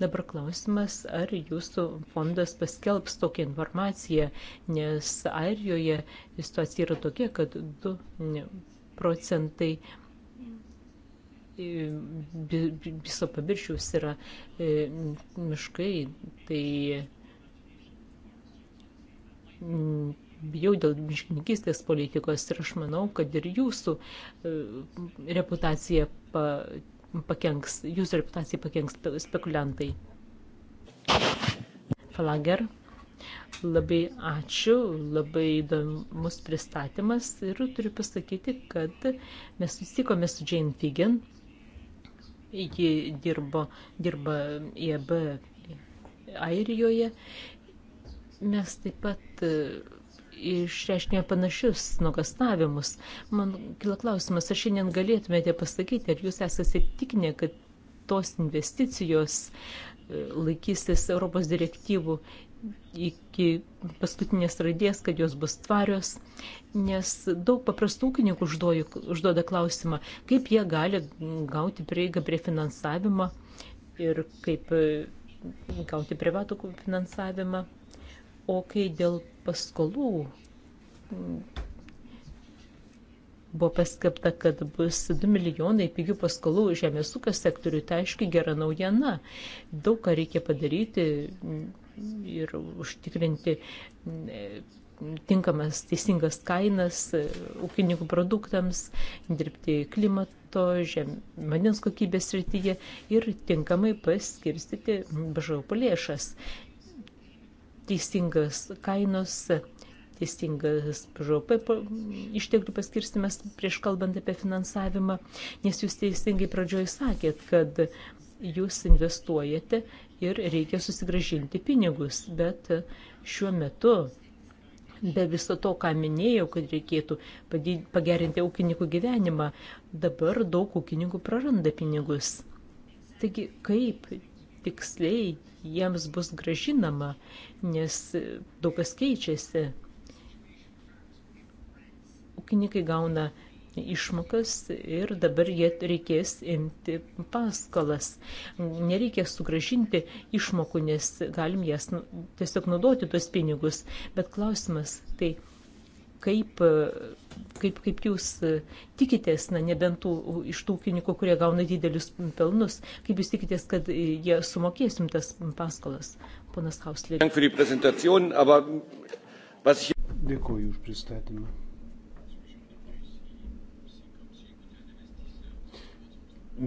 Dabar klausimas, ar jūsų fondas paskelbs tokią informaciją, nes Airijoje situacija yra tokia, kad 2 procentai e, viso paviršiaus yra e, miškai, tai mm, bijau dėl miškininkistės politikos ir aš manau, kad ir jūsų e, reputacija pakenks, jūsų reputacijai pakenks spekuliantai. Falager, labai ačiū, labai įdomus pristatymas ir turiu pasakyti, kad mes susitikome su Jane Figen, ji dirbo, dirba IAB Airijoje. Mes taip pat išreiškėme panašius nuogastavimus. Man kila klausimas, ar šiandien galėtumėte pasakyti, ar jūs esate tikinę, kad tos investicijos e, laikysis Europos direktyvų iki paskutinės raidės, kad jos bus tvarios, nes daug paprastų ūkininkų užduoda klausimą, kaip jie gali gauti prieigą prie finansavimo ir kaip e, gauti privatų finansavimą. O kai dėl paskolų buvo paskelbta, kad bus 2 milijonai pigių paskolų žemės ūkio sektoriui. Tai aiškiai gera naujiena. Daug ką reikia padaryti ir užtikrinti mm, tinkamas, teisingas kainas e, ūkininkų produktams, dirbti klimato, vandens kokybės srityje ir tinkamai paskirstyti BŽP lėšas teisingas kainos, teisingas PŽP išteklių paskirstimas prieš kalbant apie finansavimą, nes jūs teisingai pradžioj sakėt, kad jūs investuojate ir reikia susigražinti pinigus, bet šiuo metu be viso to, ką minėjau, kad reikėtų pagerinti ūkininkų gyvenimą, dabar daug ūkininkų praranda pinigus. Taigi kaip tiksliai jiems bus gražinama, nes daug kas keičiasi. Ūkininkai gauna išmokas ir dabar jie reikės imti paskolas. Nereikia sugražinti išmokų, nes galim jas nu, tiesiog naudoti tuos pinigus. Bet klausimas, tai kaip, e, kaip, kaip jūs e, tikitės, na, nebent tų, iš tų ūkininkų, kurie gauna didelius pelnus, kaip jūs tikitės, kad e, jie sumokės jums tas paskolas, ponas Hauslė. Dėkuoju už pristatymą.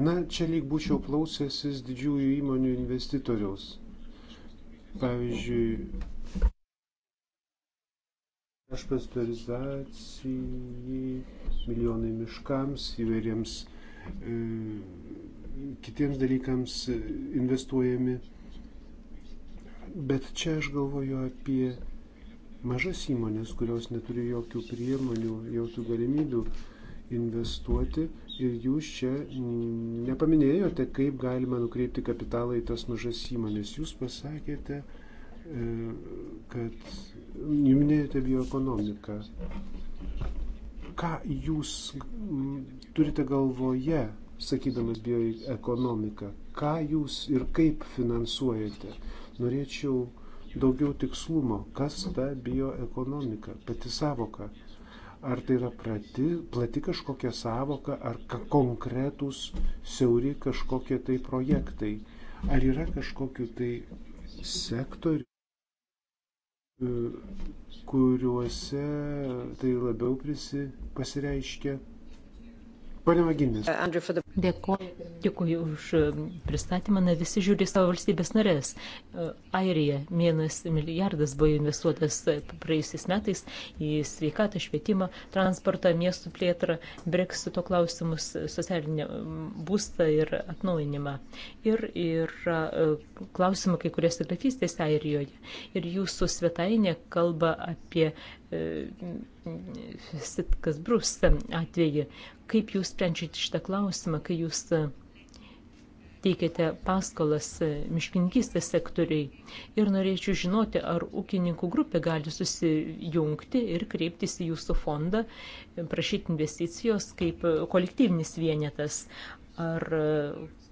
Na, čia lyg būčiau klausęsis didžiųjų įmonių investitoriaus. Pavyzdžiui, Aš pastorizacijai milijonai miškams įvairiems e, kitiems dalykams e, investuojami. Bet čia aš galvoju apie mažas įmonės, kurios neturi jokių priemonių, jokių galimybių investuoti. Ir jūs čia nepaminėjote, kaip galima nukreipti kapitalą į tas mažas įmonės. Jūs pasakėte, E, kad minėjote bioekonomiką. Ką jūs turite galvoje, sakydamas bioekonomiką? Ką jūs ir kaip finansuojate? Norėčiau daugiau tikslumo. Kas ta bioekonomika? Pati savoka. Ar tai yra prati, plati kažkokia savoka, ar konkretūs, siauri kažkokie tai projektai? Ar yra kažkokiu tai sektoriu? kuriuose tai labiau prisi, pasireiškia. Pone Maginės. Uh, dėkuoju, dėkuoju už um, pristatymą. Na, visi žiūri savo valstybės narės. Uh, Airija mėnes milijardas buvo investuotas uh, praėjusiais metais į sveikatą, švietimą, transportą, miestų plėtrą, breksito klausimus, socialinį um, būstą ir atnaujinimą. Ir yra klausimai kai kuriuose grafystėse Airijoje. Ir jūsų svetainė kalba apie E, Sitkas Brus e, atveju. Kaip jūs sprendžiate šitą klausimą, kai jūs e, teikiate paskolas miškininkystės sektoriai? Ir norėčiau žinoti, ar ūkininkų grupė gali susijungti ir kreiptis į jūsų fondą, prašyti investicijos kaip kolektyvinis vienetas ar,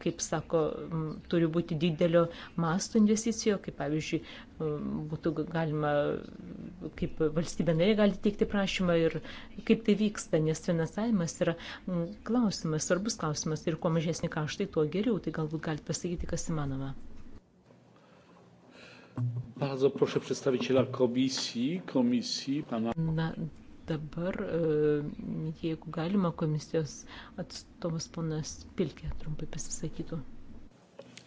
kaip sako, turi būti didelio masto investicijo, kaip pavyzdžiui, būtų galima, kaip valstybė nariai gali teikti prašymą ir kaip tai vyksta, nes finansavimas yra klausimas, svarbus klausimas ir kuo mažesni kaštai, tuo geriau, tai galbūt galite pasakyti, kas įmanoma. Bardzo proszę przedstawiciela komisji, komisji pana. Na, dabar, e, jeigu galima, komisijos atstovas ponas Pilkė trumpai pasisakytų.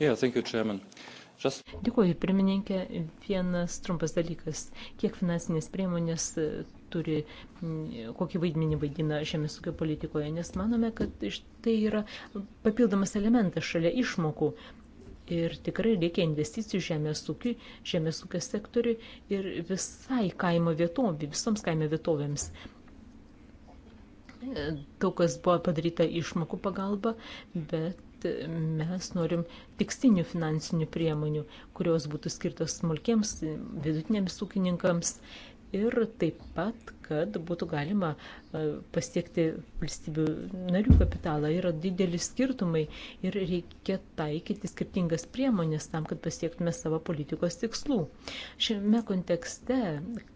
Yeah, thank you, Chairman. Just... Dėkuoju, pirmininkė. Vienas trumpas dalykas. Kiek finansinės priemonės e, turi, kokį vaidmenį vaidina žemės ūkio politikoje, nes manome, kad tai yra papildomas elementas šalia išmokų. Ir tikrai reikia investicijų žemės ūkiui, žemės ūkio sektoriui ir visai kaimo vietovė, visoms kaimo vietovėms. E, daug kas buvo padaryta išmokų pagalba, bet mes norim tikstinių finansinių priemonių, kurios būtų skirtos smulkiems, vidutiniams ūkininkams ir taip pat, kad būtų galima e, pasiekti valstybių narių kapitalą. Yra dideli skirtumai ir reikia taikyti skirtingas priemonės tam, kad pasiektume savo politikos tikslų. Šiame kontekste,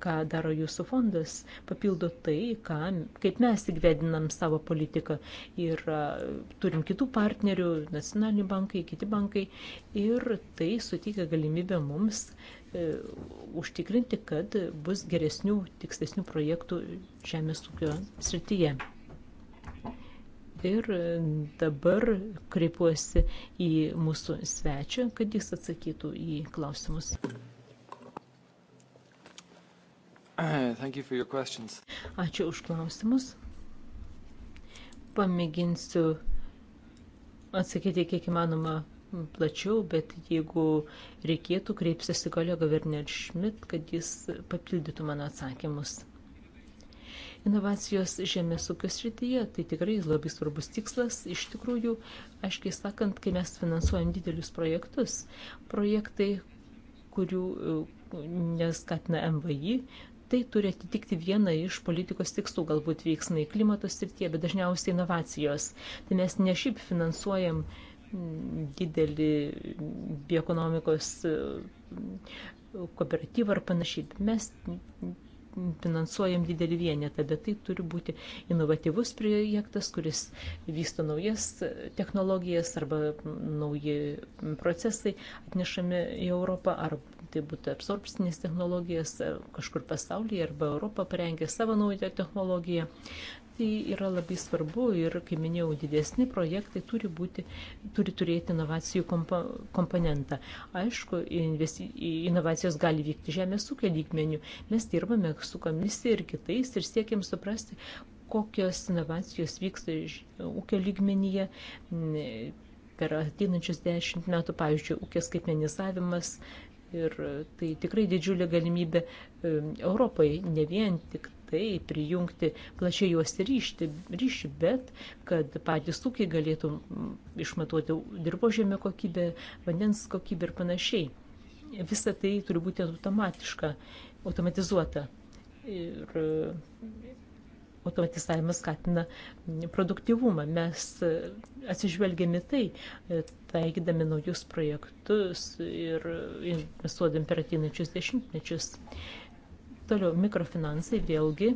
ką daro jūsų fondas, papildo tai, ką, kaip mes įgyvedinam savo politiką. Ir turim kitų partnerių, nacionaliniai bankai, kiti bankai. Ir tai suteikia galimybę mums E, užtikrinti, kad bus geresnių, tikslesnių projektų žemės ūkio srityje. Ir e, dabar kreipiuosi į mūsų svečią, kad jis atsakytų į klausimus. You Ačiū už klausimus. Pamėginsiu atsakyti kiek įmanoma plačiau, bet jeigu reikėtų, kreipsiuosi kolegą Werner Schmidt, kad jis papildytų mano atsakymus. Inovacijos žemės ūkio srityje tai tikrai labai svarbus tikslas. Iš tikrųjų, aiškiai sakant, kai mes finansuojam didelius projektus, projektai, kurių neskatina MVI, tai turi atitikti vieną iš politikos tikslų, galbūt veiksmai klimatos srityje, bet dažniausiai inovacijos. Tai mes ne šiaip finansuojam uh, didelį bioekonomikos e, kooperatyvą ar panašiai. Mes finansuojam didelį vienetą, bet tai turi būti inovatyvus projektas, kuris vysto naujas technologijas arba nauji procesai atnešami į Europą, ar tai būtų absorpcinės technologijas kažkur pasaulyje, arba Europą parengė savo naują technologiją tai yra labai svarbu ir, kaip minėjau, didesni projektai turi, būti, turi turėti inovacijų kompo, komponentą. Aišku, investi, inovacijos gali vykti žemės ūkio lygmenių. Mes dirbame su komisija ir kitais ir siekiam suprasti, kokios inovacijos vyksta ūkio lygmenyje per ateinančius dešimt metų, pavyzdžiui, ūkio skaitmenizavimas. Ir tai tikrai didžiulė galimybė e, Europai, ne vien tik tai prijungti plačiai juos ryšti, ryšį, bet kad patys ūkiai galėtų mm, išmatuoti dirbožėmio kokybę, vandens kokybę ir panašiai. Visa tai turi būti automatiška, automatizuota. Ir e, automatizavimas skatina mm, produktivumą. Mes e, atsižvelgiame tai, e, taikydami naujus projektus ir investuodami per ateinančius dešimtmečius. Toliau mikrofinansai vėlgi.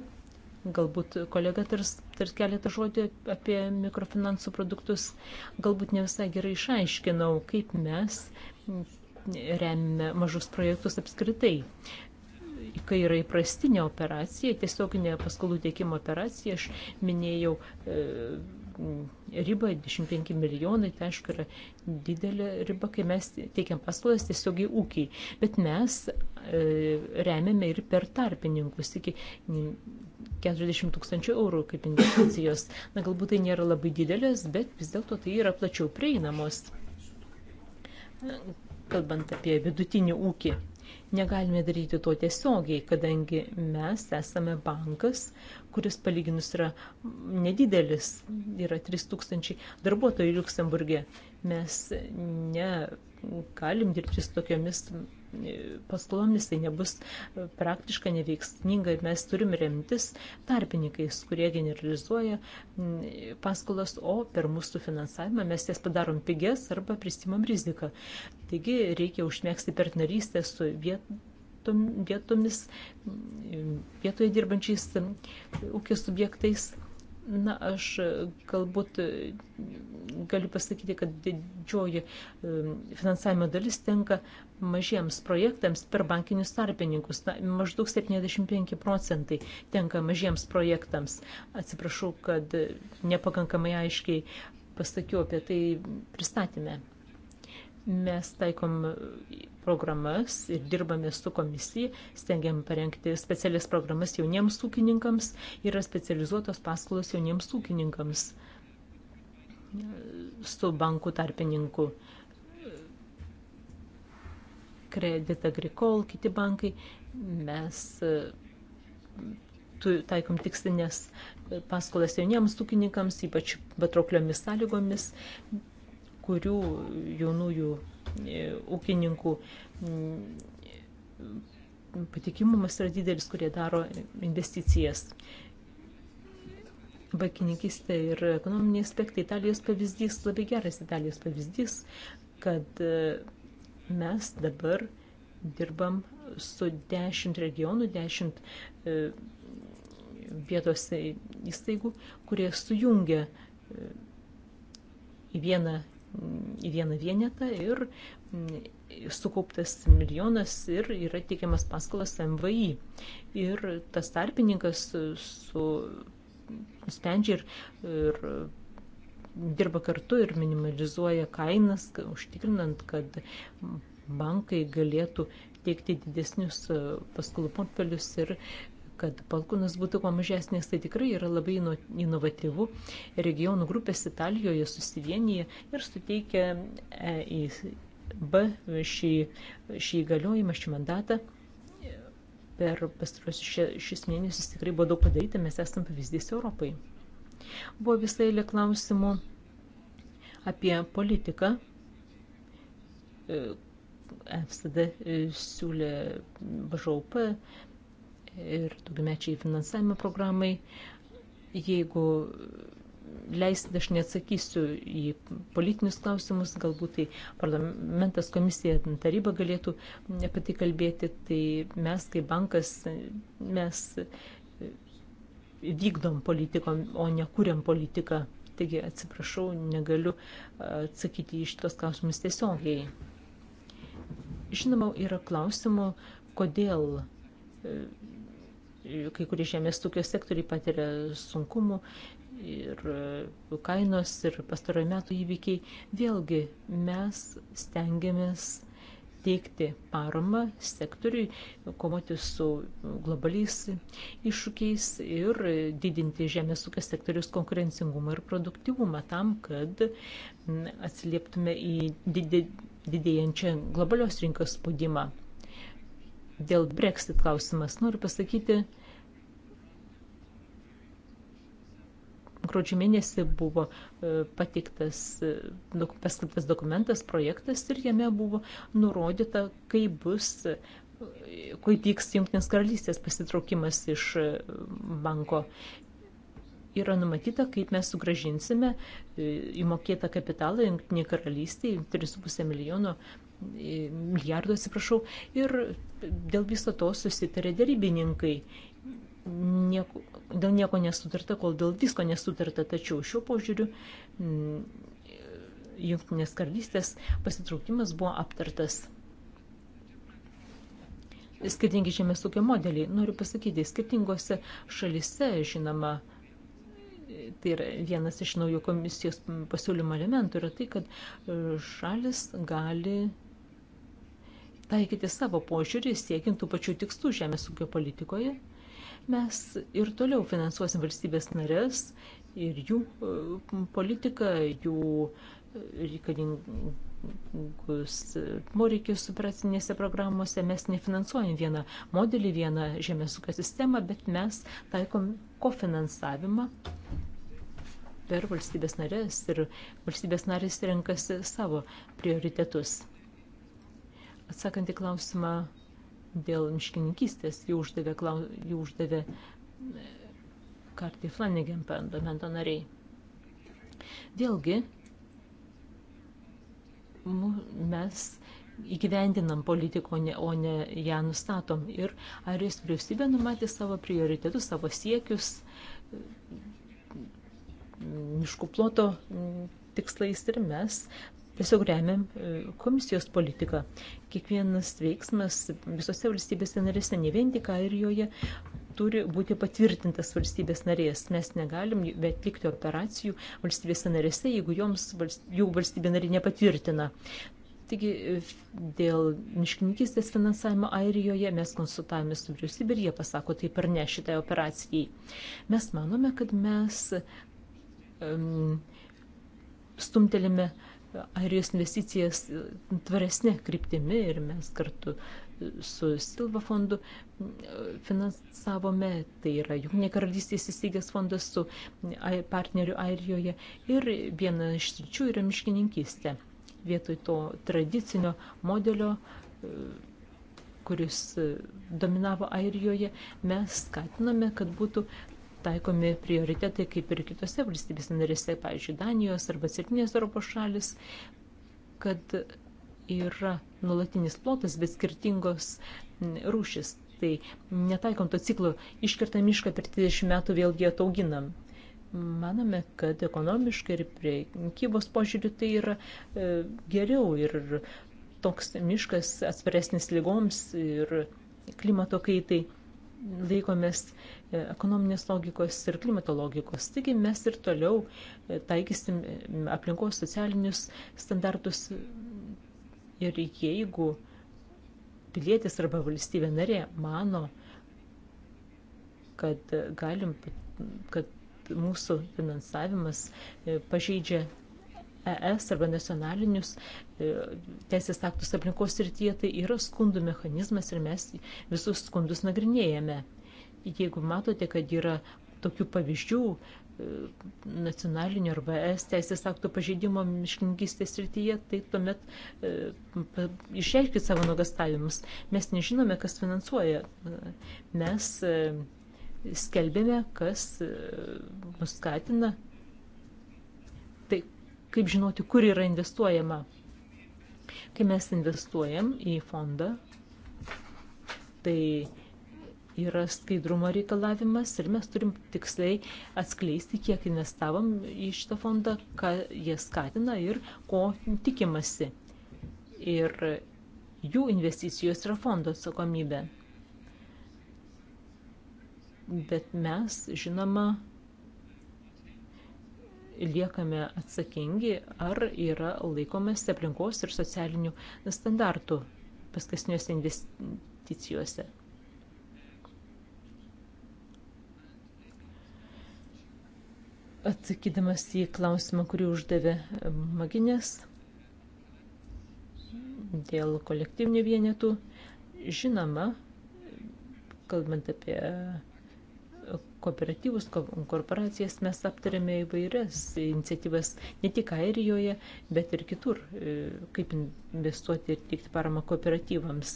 Galbūt kolega tars, tars keletą žodį apie mikrofinansų produktus. Galbūt ne visai gerai išaiškinau, kaip mes remiame mažus projektus apskritai. Kai yra įprastinė operacija, tiesioginė paskolų teikimo operacija, aš minėjau e, ribą, 25 milijonai, tai aišku yra didelė riba, kai mes teikiam paskolas tiesiog į ūkį, bet mes e, remiame ir per tarpininkus iki 40 tūkstančių eurų kaip investicijos. Na, galbūt tai nėra labai didelės, bet vis dėlto tai yra plačiau prieinamos, kalbant apie vidutinį ūkį. Negalime daryti to tiesiogiai, kadangi mes esame bankas, kuris palyginus yra nedidelis, yra 3000 darbuotojų Luksemburgė. Mes negalim dirbti su tokiamis paskolomis, tai nebus praktiška, neveiksminga ir mes turim remtis tarpininkais, kurie generalizuoja paskolas, o per mūsų finansavimą mes jas padarom pigias arba prisimam riziką. Taigi reikia užmėgsti partnerystę su vietu vietomis, vietoje dirbančiais ūkio subjektais Na, aš e, galbūt e, galiu pasakyti, kad didžioji e, finansavimo dalis tenka mažiems projektams per bankinius tarpininkus. Na, maždaug 75 procentai tenka mažiems projektams. Atsiprašau, kad nepakankamai aiškiai pasakiau apie tai pristatymę. Mes taikom programas ir dirbame su komisija, stengiam parengti specialias programas jauniems ūkininkams, yra specializuotos paskolos jauniems ūkininkams su bankų tarpininku. Credit Agricole, kiti bankai, mes taikom tikslinės paskolas jauniems ūkininkams, ypač patraukliomis sąlygomis, kurių jaunųjų E, ūkininkų patikimumas yra didelis, kurie daro investicijas. Bankininkistė ir ekonominiai aspektai. Italijos pavyzdys, labai geras Italijos pavyzdys, kad e, mes dabar dirbam su 10 regionų, 10 e, vietos įstaigų, kurie sujungia į vieną į vieną vienetą ir mm, sukauptas milijonas ir yra teikiamas paskolas MVI. Ir tas tarpininkas su sprendžia ir, ir dirba kartu ir minimalizuoja kainas, užtikrinant, kad bankai galėtų teikti didesnius paskolų portfelius ir kad palkūnas būtų kuo mažesnis, tai tikrai yra labai inovatyvu. Regionų grupės Italijoje susivienyje ir suteikia EIB šį, šį įgaliojimą, šį mandatą. Per pastarosius šis mėnesius tikrai buvo daug padaryta, mes esam pavyzdys Europai. Buvo visai lė klausimų apie politiką, e, FSD e, siūlė BŽP, ir daugiamečiai finansavimo programai. Jeigu leisit, aš neatsakysiu į politinius klausimus, galbūt tai parlamentas, komisija, taryba galėtų apie tai kalbėti, tai mes kaip bankas, mes vykdom politiką, o ne kuriam politiką. Taigi atsiprašau, negaliu atsakyti iš tos klausimus tiesiogiai. Žinoma, yra klausimų, kodėl kai kurie žemės ūkio sektoriai patiria sunkumų ir e, kainos ir pastarojo metų įvykiai. Vėlgi mes stengiamės teikti paramą sektoriui, kovoti su globaliais iššūkiais ir didinti žemės ūkio sektorius konkurencingumą ir produktivumą tam, kad atsilieptume į didėjančią globalios rinkos spaudimą dėl Brexit klausimas noriu pasakyti, gruodžio mėnesį buvo e, patiktas, e, paskelbtas dokumentas, projektas ir jame buvo nurodyta, kaip bus, e, kai vyks Junktinės karalystės pasitraukimas iš banko. Yra numatyta, kaip mes sugražinsime įmokėtą kapitalą Junktinė karalystė 3,5 milijono milijardų, atsiprašau, ir dėl viso to susitarė dėrybininkai. Nieko, dėl nieko nesutarta, kol dėl visko nesutarta, tačiau šiuo požiūriu mm, Junktinės karalystės pasitraukimas buvo aptartas. Skirtingi žemės ūkio modeliai, noriu pasakyti, skirtingose šalise, žinoma, tai yra vienas iš naujo komisijos pasiūlymo elementų, yra tai, kad e, šalis gali taikyti savo požiūrį siekintų pačių tikslų žemės ūkio politikoje. Mes ir toliau finansuosim valstybės narės ir jų e, politiką, jų e, reikalingus poreikius supratinėse programuose. Mes nefinansuojam vieną modelį, vieną žemės ūkio sistemą, bet mes taikom kofinansavimą per valstybės narės ir valstybės narės renkasi savo prioritetus. Atsakant į klausimą dėl miškininkystės, jų uždavė, klau, jų uždavė Kartai mm, Flanagan parlamento nariai. Vėlgi, mes įgyvendinam politiką, o ne ją nustatom. Ir Arijos vyriausybė numatė savo prioritetus, savo siekius, mm, miškų ploto mm, tikslais ir mes tiesiog remiam e, komisijos politiką kiekvienas veiksmas visose valstybėse narėse, ne vien tik Airijoje, turi būti patvirtintas valstybės narės. Mes negalim atlikti operacijų valstybėse narėse, jeigu joms jų valstybė narė nepatvirtina. Taigi dėl miškininkystės finansavimo Airijoje mes konsultavome su vyriausybė ir jie pasako taip ar ne šitai operacijai. Mes manome, kad mes um, stumtelėme uh, Airijos investicijas e, tvaresnė kryptimi ir mes kartu e, su Silva fondu e, finansavome, tai yra Junkinė karalystė įsisteigęs fondas su partneriu Airijoje ir viena iš sričių yra miškininkystė. Vietoj to tradicinio modelio, kuris dominavo Airijoje, mes skatiname, kad būtų taikomi prioritetai kaip ir kitose valstybės narėse, pavyzdžiui, Danijos arba Centrinės Europos šalis, kad yra nulatinis plotas, bet skirtingos rūšis. Tai netaikom to ciklo, iškertam mišką per 30 metų vėlgi atauginam. Manome, kad ekonomiškai ir priekybos požiūriu tai yra e, geriau ir toks miškas atsparesnis lygoms ir klimato kaitai laikomės e, ekonominės logikos ir klimato logikos. Taigi mes ir toliau e, taikysim e, aplinkos socialinius standartus ir jeigu pilietis arba valstybė narė mano, kad galim, kad mūsų finansavimas pažeidžia ES arba nacionalinius E, teisės aktus aplinkos srityje, tai yra skundų mechanizmas ir mes visus skundus nagrinėjame. Jeigu matote, kad yra tokių pavyzdžių e, nacionalinio arba es teisės aktų pažeidimo miškininkystės srityje, tai tuomet e, išreiškit savo nuogastavimus. Mes nežinome, kas finansuoja. Mes e, skelbėme, kas e, mus skatina. Tai kaip žinoti, kur yra investuojama. Kai mes investuojam į fondą, tai yra skaidrumo reikalavimas ir mes turim tiksliai atskleisti, kiek investavom į šitą fondą, ką jie skatina ir ko tikimasi. Ir jų investicijos yra fondo atsakomybė. Bet mes, žinoma, liekame atsakingi, ar yra laikomas aplinkos ir socialinių standartų paskesniuose investicijose. Atsakydamas į klausimą, kurį uždavė Maginės dėl kolektyvinių vienetų, žinoma, kalbant apie kooperatyvus, korporacijas mes aptarėme įvairias iniciatyvas ne tik Airijoje, bet ir kitur, e, kaip investuoti ir teikti paramą kooperatyvams.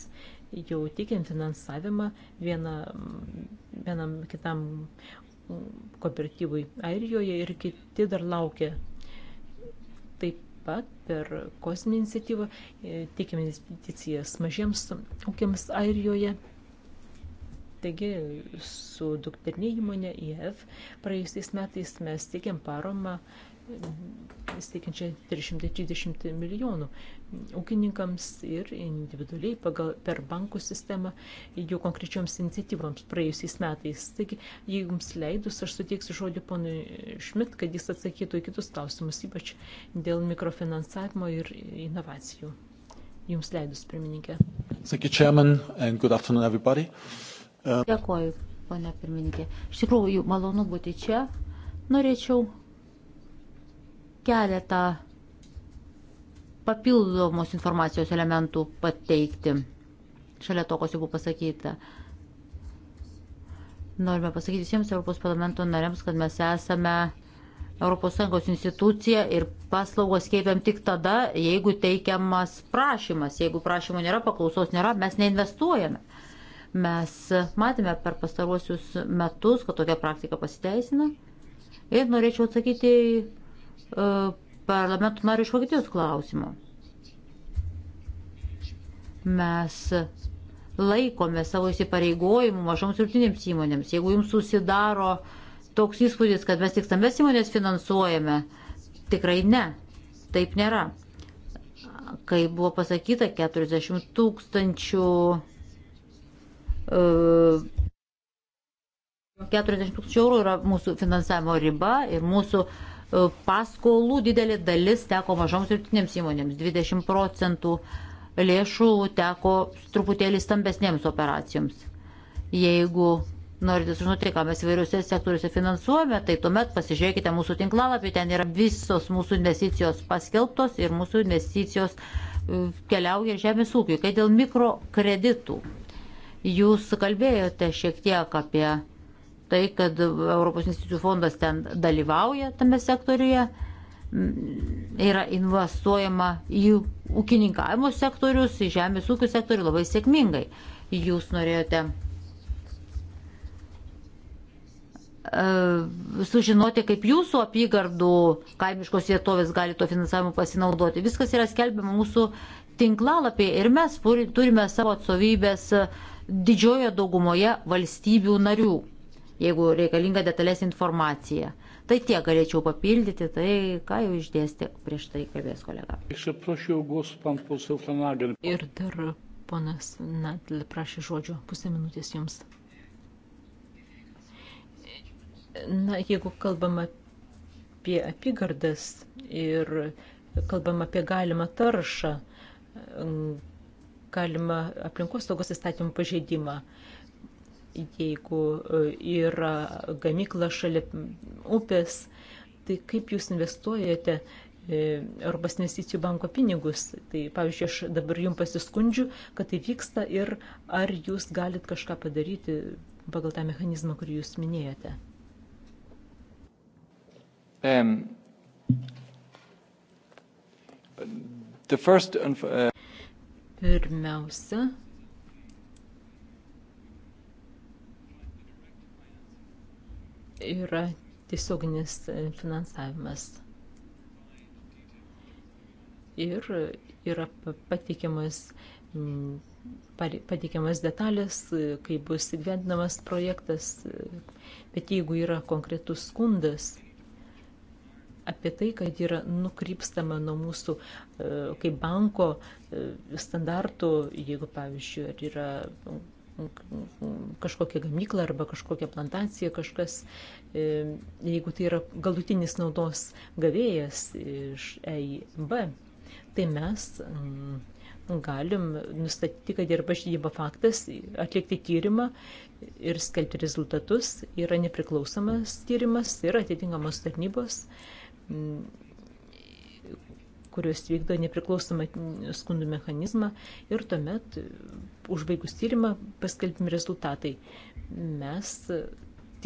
Jau teikiant finansavimą viena, vienam kitam kooperatyvui Airijoje ir kiti dar laukia. Taip pat per kosminį iniciatyvą e, teikiame investicijas mažiems ūkiams Airijoje Taigi, su dukterinė įmonė IF praėjusiais metais mes teikėm paramą mm, siekiančią 330 milijonų ūkininkams ir individualiai pagal, per bankų sistemą jų konkrečioms iniciatyvams praėjusiais metais. Taigi, jeigu jums leidus, aš suteiksiu žodį ponui Šmit, kad jis atsakytų į kitus klausimus, ypač dėl mikrofinansavimo ir inovacijų. Jums leidus, pirmininkė. Thank you, Chairman, and good afternoon, everybody. Uh, Dėkuoju, ponia pirmininkė. Iš tikrųjų, malonu būti čia. Norėčiau keletą papildomos informacijos elementų pateikti. Šalia to, kas jau buvo pasakyta. Norime pasakyti visiems Europos parlamento nariams, kad mes esame ES institucija ir paslaugos keipiam tik tada, jeigu teikiamas prašymas. Jeigu prašymo nėra, paklausos nėra, mes neinvestuojame. Mes matėme per pastaruosius metus, kad tokia praktika pasiteisina. Ir norėčiau atsakyti į e, uh, parlamento narių iš Vokietijos klausimą. Mes laikome savo įsipareigojimų mažoms ir tinėms įmonėms. Jeigu jums susidaro toks įspūdis, kad mes tik stambes įmonės finansuojame, tikrai ne. Taip nėra. Kai buvo pasakyta 40 tūkstančių 000 40 tūkstančių eurų yra mūsų finansavimo riba ir mūsų paskolų didelė dalis teko mažoms ir vidutinėms įmonėms. 20 procentų lėšų teko truputėlį stambesnėms operacijoms. Jeigu norite sužinoti, ką mes įvairiuose sektoriuose finansuojame, tai tuomet pasižiūrėkite mūsų tinklalapį, ten yra visos mūsų investicijos paskelbtos ir mūsų investicijos keliauja žemės ūkiui. Kai dėl mikrokreditų Jūs kalbėjote šiek tiek apie tai, kad Europos institucijų fondas ten dalyvauja tame sektoriuje, mm, yra investuojama į ūkininkavimo sektorius, į žemės ūkio sektorių labai sėkmingai. Jūs norėjote e, sužinoti, kaip jūsų apygardų kaimiškos vietovės gali to finansavimu pasinaudoti. Viskas yra skelbiama mūsų tinklalapyje ir mes turime savo atsovybės uh, didžiojo daugumoje valstybių narių, jeigu reikalinga detalės informacija. Tai tie galėčiau papildyti, tai ką jau išdėstė prieš tai kalbės kolega. Ir dar ponas Natel prašė žodžio pusę minutės jums. Na, jeigu kalbam apie apygardas ir kalbam apie galimą taršą, galima aplinkos saugos įstatymų pažeidimą, jeigu e, yra gamykla šalia upės, tai kaip jūs investuojate e, Europos investicijų banko pinigus. Tai pavyzdžiui, aš dabar jums pasiskundžiu, kad tai vyksta ir ar jūs galit kažką padaryti pagal tą mechanizmą, kurį jūs minėjote. Um, first, uh... Pirmiausia, yra tiesioginis finansavimas. Ir yra pateikiamas, mm, pateikiamas detalės, kai bus įgyvendinamas projektas, bet jeigu yra konkretus skundas, apie tai, kad yra nukrypstama nuo mūsų e, kaip banko e, standartų, jeigu, pavyzdžiui, ar yra kažkokia gamykla arba kažkokia plantacija, kažkas, e, jeigu tai yra galutinis naudos gavėjas iš EIB, tai mes galim nustatyti, kad yra pažydimo faktas, atlikti tyrimą ir skelbti rezultatus. Yra nepriklausomas tyrimas, yra atitinkamos tarnybos. E, Mm, kurios vykdo nepriklausomą skundų mechanizmą ir tuomet e, užbaigus tyrimą paskelbimi rezultatai. Mes e,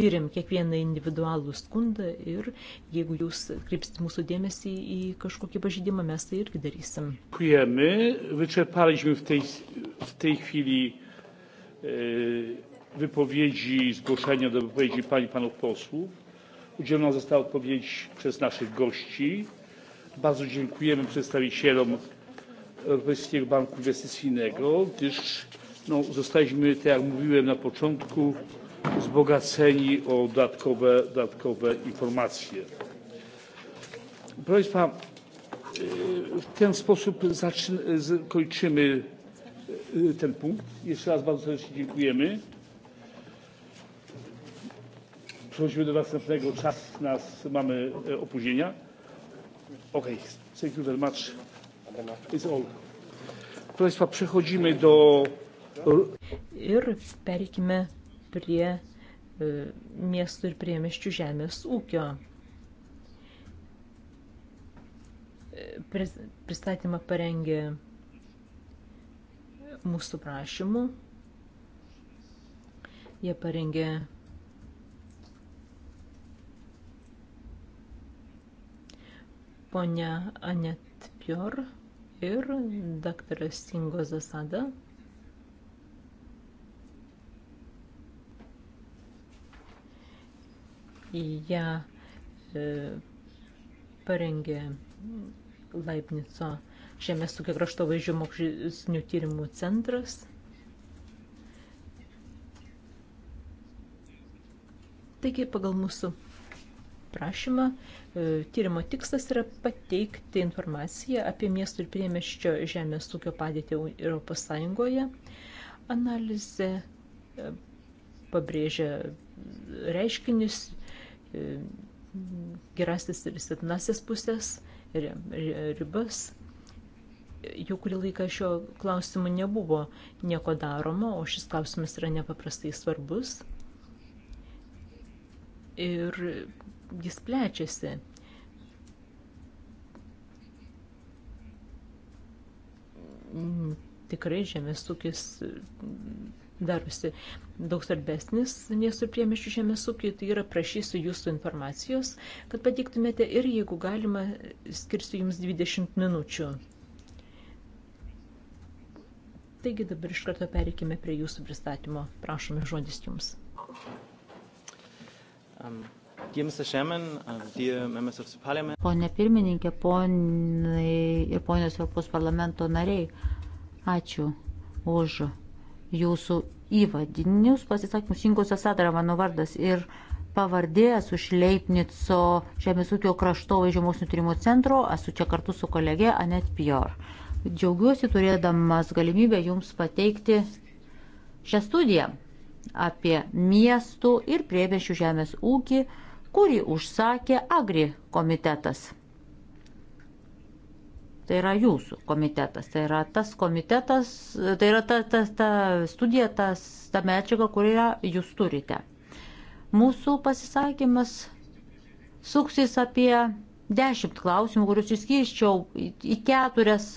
tyriam kiekvieną individualų skundą ir jeigu jūs kreipsit mūsų dėmesį į kažkokį pažydimą, mes tai irgi darysim. Dziękujemy. Wyczerpaliśmy w tej, w tej chwili e, wypowiedzi, zgłoszenia do wypowiedzi pań i panów posłów. Udzielona została odpowiedź przez naszych gości. Bardzo dziękujemy przedstawicielom Europejskiego Banku Inwestycyjnego, gdyż no, zostaliśmy, tak jak mówiłem na początku, wzbogaceni o dodatkowe, dodatkowe informacje. Proszę Państwa, w ten sposób zaczyn, kończymy ten punkt. Jeszcze raz bardzo serdecznie dziękujemy. Przechodzimy do następnego. Czas nas, mamy e, opóźnienia. Okay, thank you very much. It's all. Proszę Państwa, przechodzimy do... Ir perikime e, prie miestų ir priemiščių žemės ūkio. E, pristatymą parengė mūsų prašymų. Jie parengė ponia Anet Pior ir daktaras Singo Zasada. Ja e, parengė Leibnico Žemės ūkio kraštovaizdžio mokslinių tyrimų centras. Taigi pagal mūsų prašymą E, tyrimo tikslas yra pateikti informaciją apie miestų ir priemeščio žemės ūkio padėtį Europos Sąjungoje. Analizė e, pabrėžia reiškinius, e, gerasis ir silpnasis pusės, ribas. Jau kurį laiką šio klausimu nebuvo nieko daroma, o šis klausimas yra nepaprastai svarbus. Ir jis plečiasi. Mm, tikrai žemės ūkis mm, darosi daug svarbesnis miestų ir priemiščių žemės ūkiai, tai yra prašysiu jūsų informacijos, kad patiktumėte ir jeigu galima, skirsiu jums 20 minučių. Taigi dabar iš karto pereikime prie jūsų pristatymo. Prašome žodis jums. Um. Uh, Pone pirmininkė, ponai ir ponios Europos parlamento nariai, ačiū už jūsų įvadinius pasisakymus. Ingus Asadra mano vardas ir pavardė, esu iš Leipnico Žemės ūkio kraštovaizdžio mokslinio tyrimų centro, esu čia kartu su kolege Anet Pior. Džiaugiuosi turėdamas galimybę jums pateikti šią studiją apie miestų ir priebešių žemės ūkį kurį užsakė Agri komitetas. Tai yra jūsų komitetas, tai yra tas komitetas, tai yra ta, ta, ta studija, tas, ta medžiaga, kurią jūs turite. Mūsų pasisakymas suksis apie dešimt klausimų, kuriuos išskirščiau į keturias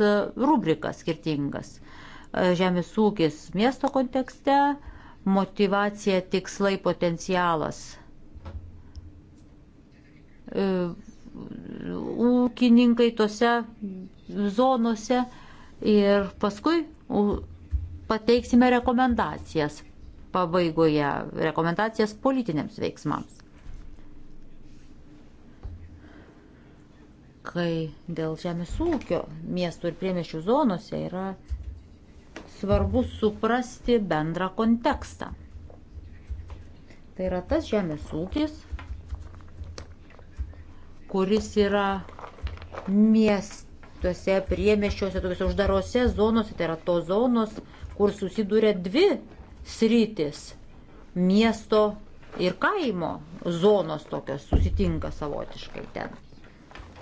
rubrikas skirtingas. Žemės ūkis miesto kontekste, motivacija, tikslai, potencialas E, ūkininkai tose zonose ir paskui pateiksime rekomendacijas pabaigoje, rekomendacijas politiniams veiksmams. Kai dėl žemės ūkio miestų ir priemešių zonose yra svarbu suprasti bendrą kontekstą. Tai yra tas žemės ūkis, kuris yra miestuose, priemeščiuose, tokiuose uždarose zonose, tai yra tos zonos, kur susiduria dvi sritis - miesto ir kaimo zonos tokios susitinka savotiškai ten.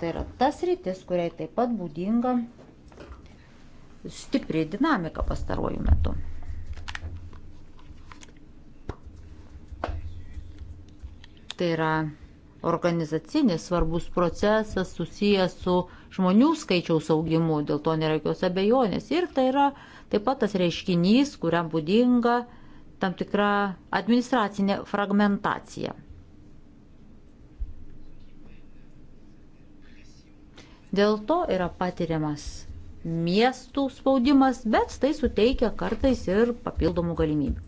Tai yra tas rytis, kuriai taip pat būdinga stipri dinamika pastaruoju metu. Tai yra organizacinis svarbus procesas susijęs su žmonių skaičiaus augimu, dėl to nėra jokios abejonės. Ir tai yra taip pat tas reiškinys, kuriam būdinga tam tikra administracinė fragmentacija. Dėl to yra patiriamas miestų spaudimas, bet tai suteikia kartais ir papildomų galimybių.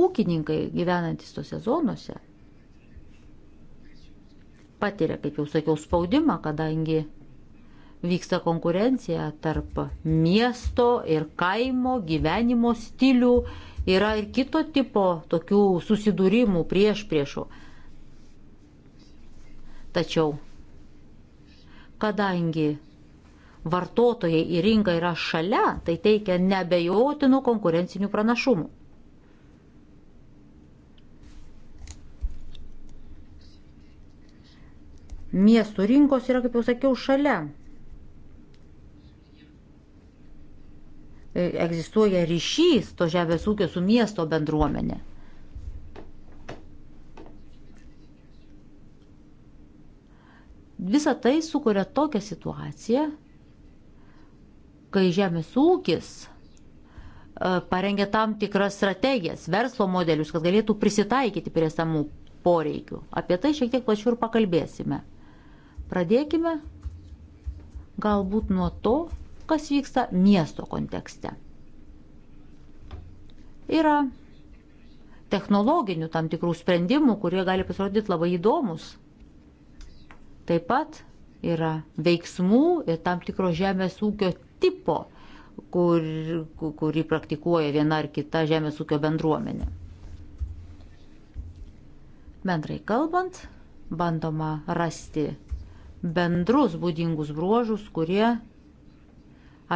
Ūkininkai gyvenantis tose zonose patiria, kaip jau sakiau, spaudimą, kadangi vyksta konkurencija tarp miesto ir kaimo gyvenimo stilių, yra ir kito tipo tokių susidūrimų prieš priešų. Tačiau, kadangi vartotojai į rinką yra šalia, tai teikia nebejotinų konkurencinių pranašumų. Miestų rinkos yra, kaip jau sakiau, šalia. E, egzistuoja ryšys to žemės ūkio su miesto bendruomenė. Visa tai sukuria tokią situaciją, kai žemės ūkis e, parengė tam tikras strategijas, verslo modelius, kad galėtų prisitaikyti prie samų poreikių. Apie tai šiek tiek plačiau ir pakalbėsime. Pradėkime galbūt nuo to, kas vyksta miesto kontekste. Yra technologinių tam tikrų sprendimų, kurie gali pasirodyti labai įdomus. Taip pat yra veiksmų ir tam tikro žemės ūkio tipo, kur, kurį praktikuoja viena ar kita žemės ūkio bendruomenė. Bendrai kalbant, bandoma rasti bendrus būdingus bruožus, kurie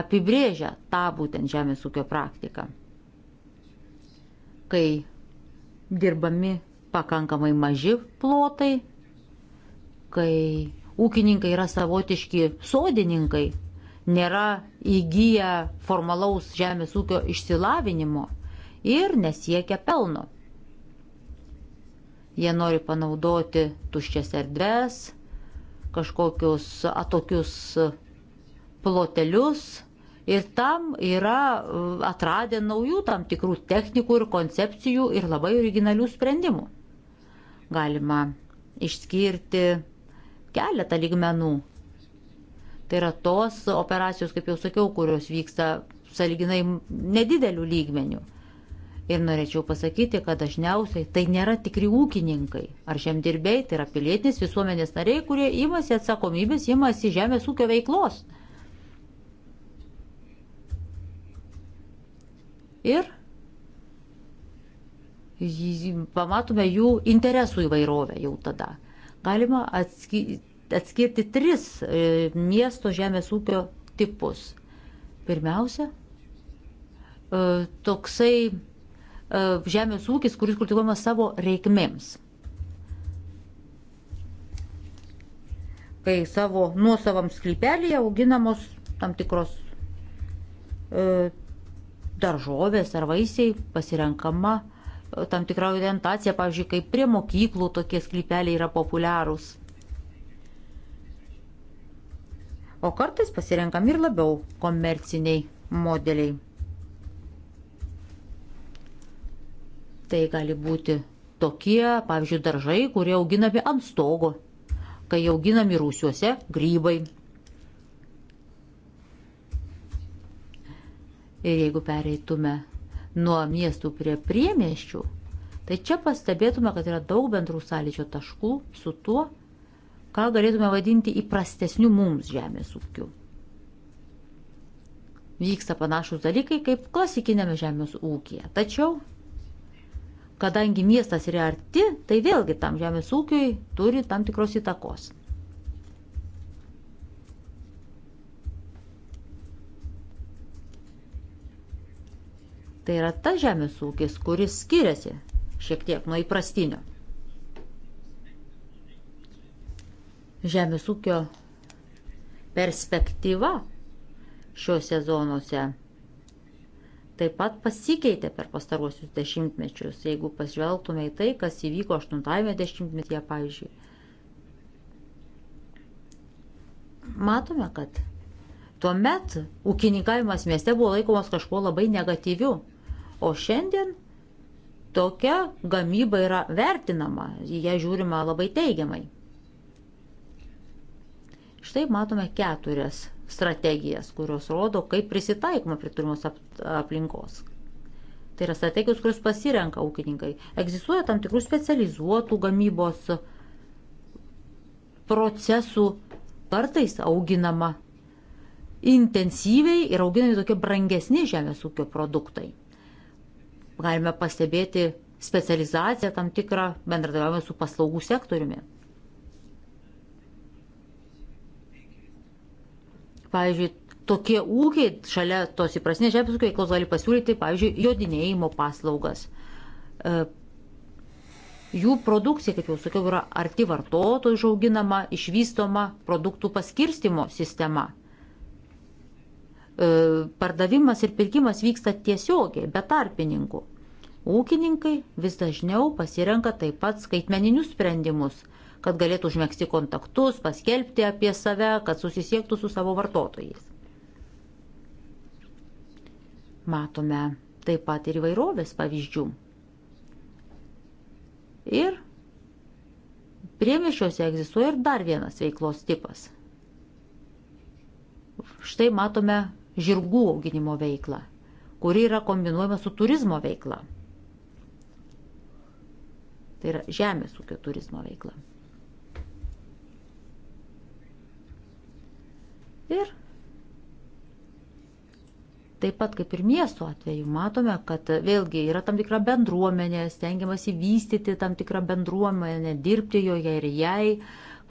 apibrėžia tą būtent žemės ūkio praktiką. Kai dirbami pakankamai maži plotai, kai ūkininkai yra savotiški sodininkai, nėra įgyję formalaus žemės ūkio išsilavinimo ir nesiekia pelno. Jie nori panaudoti tuščias erdves, kažkokius atokius plotelius ir tam yra e, atradę naujų tam tikrų technikų ir koncepcijų ir labai originalių sprendimų. Galima išskirti keletą lygmenų. Tai yra tos operacijos, kaip jau sakiau, kurios vyksta saliginai nedidelių lygmenių. Ir norėčiau pasakyti, kad dažniausiai tai nėra tikri ūkininkai ar žemdirbiai, tai yra pilietinės visuomenės nariai, kurie imasi atsakomybės, imasi žemės ūkio veiklos. Ir pamatome jų interesų įvairovę jau tada. Galima atskirti tris e, miesto žemės ūkio tipus. Pirmiausia, e, toksai E, žemės ūkis, kuris kultivuojamas savo reikmėms. Kai savo nuosavam sklypelėje auginamos tam tikros e, daržovės ar vaisiai, pasirenkama e, tam tikra orientacija, pavyzdžiui, kaip prie mokyklų tokie sklypeliai yra populiarūs. O kartais pasirenkami ir labiau komerciniai modeliai. Tai gali būti tokie, pavyzdžiui, daržai, kurie auginami ant stogo, kai auginami rūsiuose grybai. Ir jeigu pereitume nuo miestų prie priemieščių, tai čia pastebėtume, kad yra daug bendrų sąlyčio taškų su tuo, ką galėtume vadinti įprastesniu mums žemės ūkiu. Vyksta panašus dalykai kaip klasikinėme žemės ūkija. Tačiau kadangi miestas yra arti, tai vėlgi tam žemės ūkiui turi tam tikros įtakos. Tai yra ta žemės ūkis, kuris skiriasi šiek tiek nuo įprastinio. Žemės ūkio perspektyva šiuose zonuose taip pat pasikeitė per pastaruosius dešimtmečius. Jeigu pažvelgtume į tai, kas įvyko 80-ame dešimtmetyje, pavyzdžiui, matome, kad tuomet ūkininkavimas mieste buvo laikomas kažkuo labai negatyviu, o šiandien tokia gamyba yra vertinama, jie žiūrima labai teigiamai. Štai matome keturias strategijas, kurios rodo, kaip prisitaikoma prie turimos aplinkos. Tai yra strategijos, kurios pasirenka ūkininkai. Egzistuoja tam tikrų specializuotų gamybos procesų, kartais auginama intensyviai ir auginami tokie brangesni žemės ūkio produktai. Galime pastebėti specializaciją tam tikrą bendradarbiavimą su paslaugų sektoriumi. pavyzdžiui, tokie ūkiai šalia tos įprasnės žemės ūkio veiklos gali pasiūlyti, pavyzdžiui, jodinėjimo paslaugas. E, jų produkcija, kaip jau sakiau, yra arti vartotojų išauginama, išvystoma produktų paskirstimo sistema. E, pardavimas ir pirkimas vyksta tiesiogiai, be tarpininkų. Ūkininkai vis dažniau pasirenka taip pat skaitmeninius sprendimus – kad galėtų užmėgsti kontaktus, paskelbti apie save, kad susisiektų su savo vartotojais. Matome taip pat ir įvairovės pavyzdžių. Ir priemišiuose egzistuoja ir dar vienas veiklos tipas. Štai matome žirgų auginimo veiklą, kuri yra kombinuojama su turizmo veikla. Tai yra žemės ūkio turizmo veikla. Ir taip pat kaip ir miesto atveju matome, kad vėlgi yra tam tikra bendruomenė, stengiamasi vystyti tam tikrą bendruomenę, dirbti joje ir jai,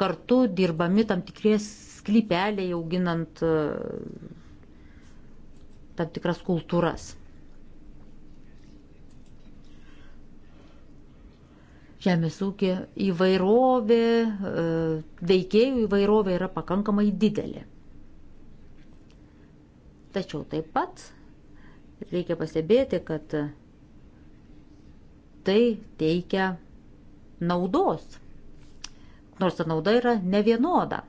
kartu dirbami tam tikries sklypeliai auginant e, tam tikras kultūras. Žemės ūkio įvairovė, e, veikėjų įvairovė yra pakankamai didelė. Tačiau taip pat reikia pastebėti, kad tai teikia naudos, nors ta nauda yra nevienoda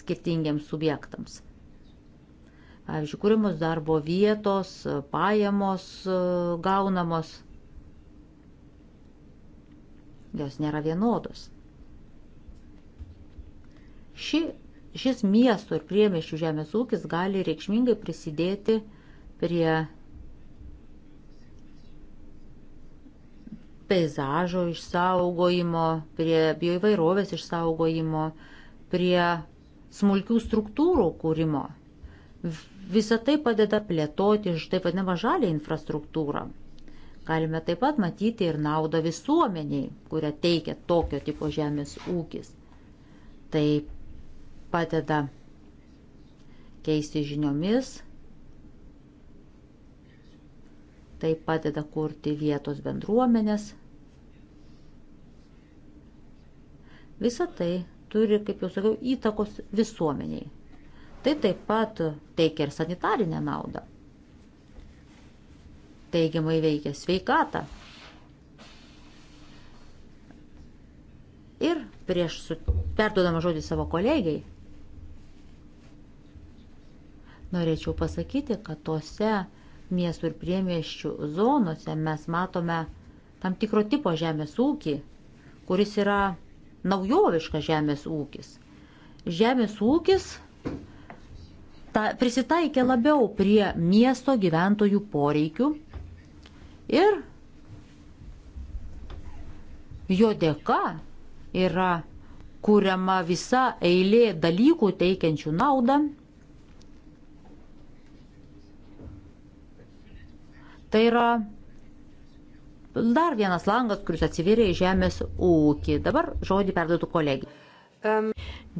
skirtingiems subjektams. Pavyzdžiui, kūrimos darbo vietos, pajamos e, gaunamos, jos nėra vienodos. Ši šis miesto ir priemeščių žemės ūkis gali reikšmingai prisidėti prie peizažo išsaugojimo, prie bioįvairovės išsaugojimo, prie smulkių struktūrų kūrimo. Visą tai padeda plėtoti iš taip vadinamą žalę infrastruktūrą. Galime taip pat matyti ir naudą visuomeniai, kurią teikia tokio tipo žemės ūkis. Taip padeda keisti žiniomis, tai padeda kurti vietos bendruomenės. Visa tai turi, kaip jau sakiau, įtakos visuomeniai. Tai taip pat teikia ir sanitarinę naudą. Teigiamai veikia sveikatą. Ir prieš perduodama žodį savo kolegiai, Norėčiau pasakyti, kad tose miestų ir priemieščių zonose mes matome tam tikro tipo žemės ūkį, kuris yra naujoviškas žemės ūkis. Žemės ūkis ta, prisitaikė labiau prie miesto gyventojų poreikių ir jo dėka yra kuriama visa eilė dalykų teikiančių naudą Tai yra dar vienas langas, kuris atsivėrė į žemės ūkį. Dabar žodį perduotų kolegijai. Um.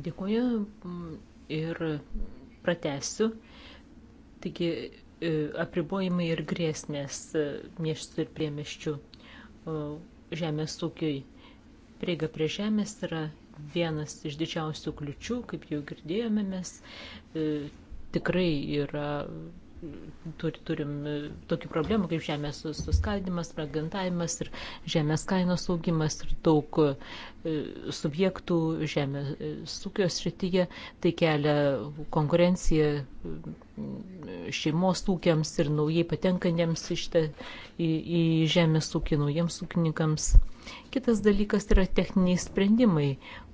Dėkuoju ir pratesiu. Taigi e, apribojimai ir grėsmės e, miestų ir priemiščių žemės ūkiui. Prieiga prie žemės yra vienas iš didžiausių kliučių, kaip jau girdėjome mes, e, tikrai yra turim e, tokių problemų kaip žemės suskaldimas, fragmentavimas ir žemės kainos augimas ir daug e, subjektų žemės e, ūkio srityje. Tai kelia konkurenciją šeimos ūkiams ir naujai patenkantiems į, šitą, į, į žemės ūkį naujiems ūkininkams. Kitas dalykas yra techniniai sprendimai,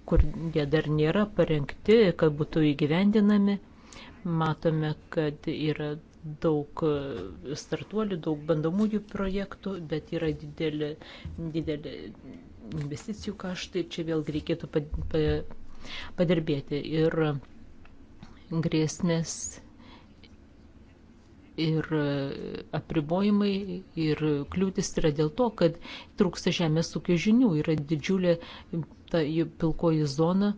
kur jie dar nėra parengti, kad būtų įgyvendinami. Matome, kad yra daug e, startuolių, daug bandomųjų projektų, bet yra didelė, didelė investicijų kaštai, čia vėlgi reikėtų padirbėti ir grėsmės. Ir apribojimai ir kliūtis yra dėl to, kad trūksta žemės ūkio žinių, yra didžiulė ta pilkoji zona,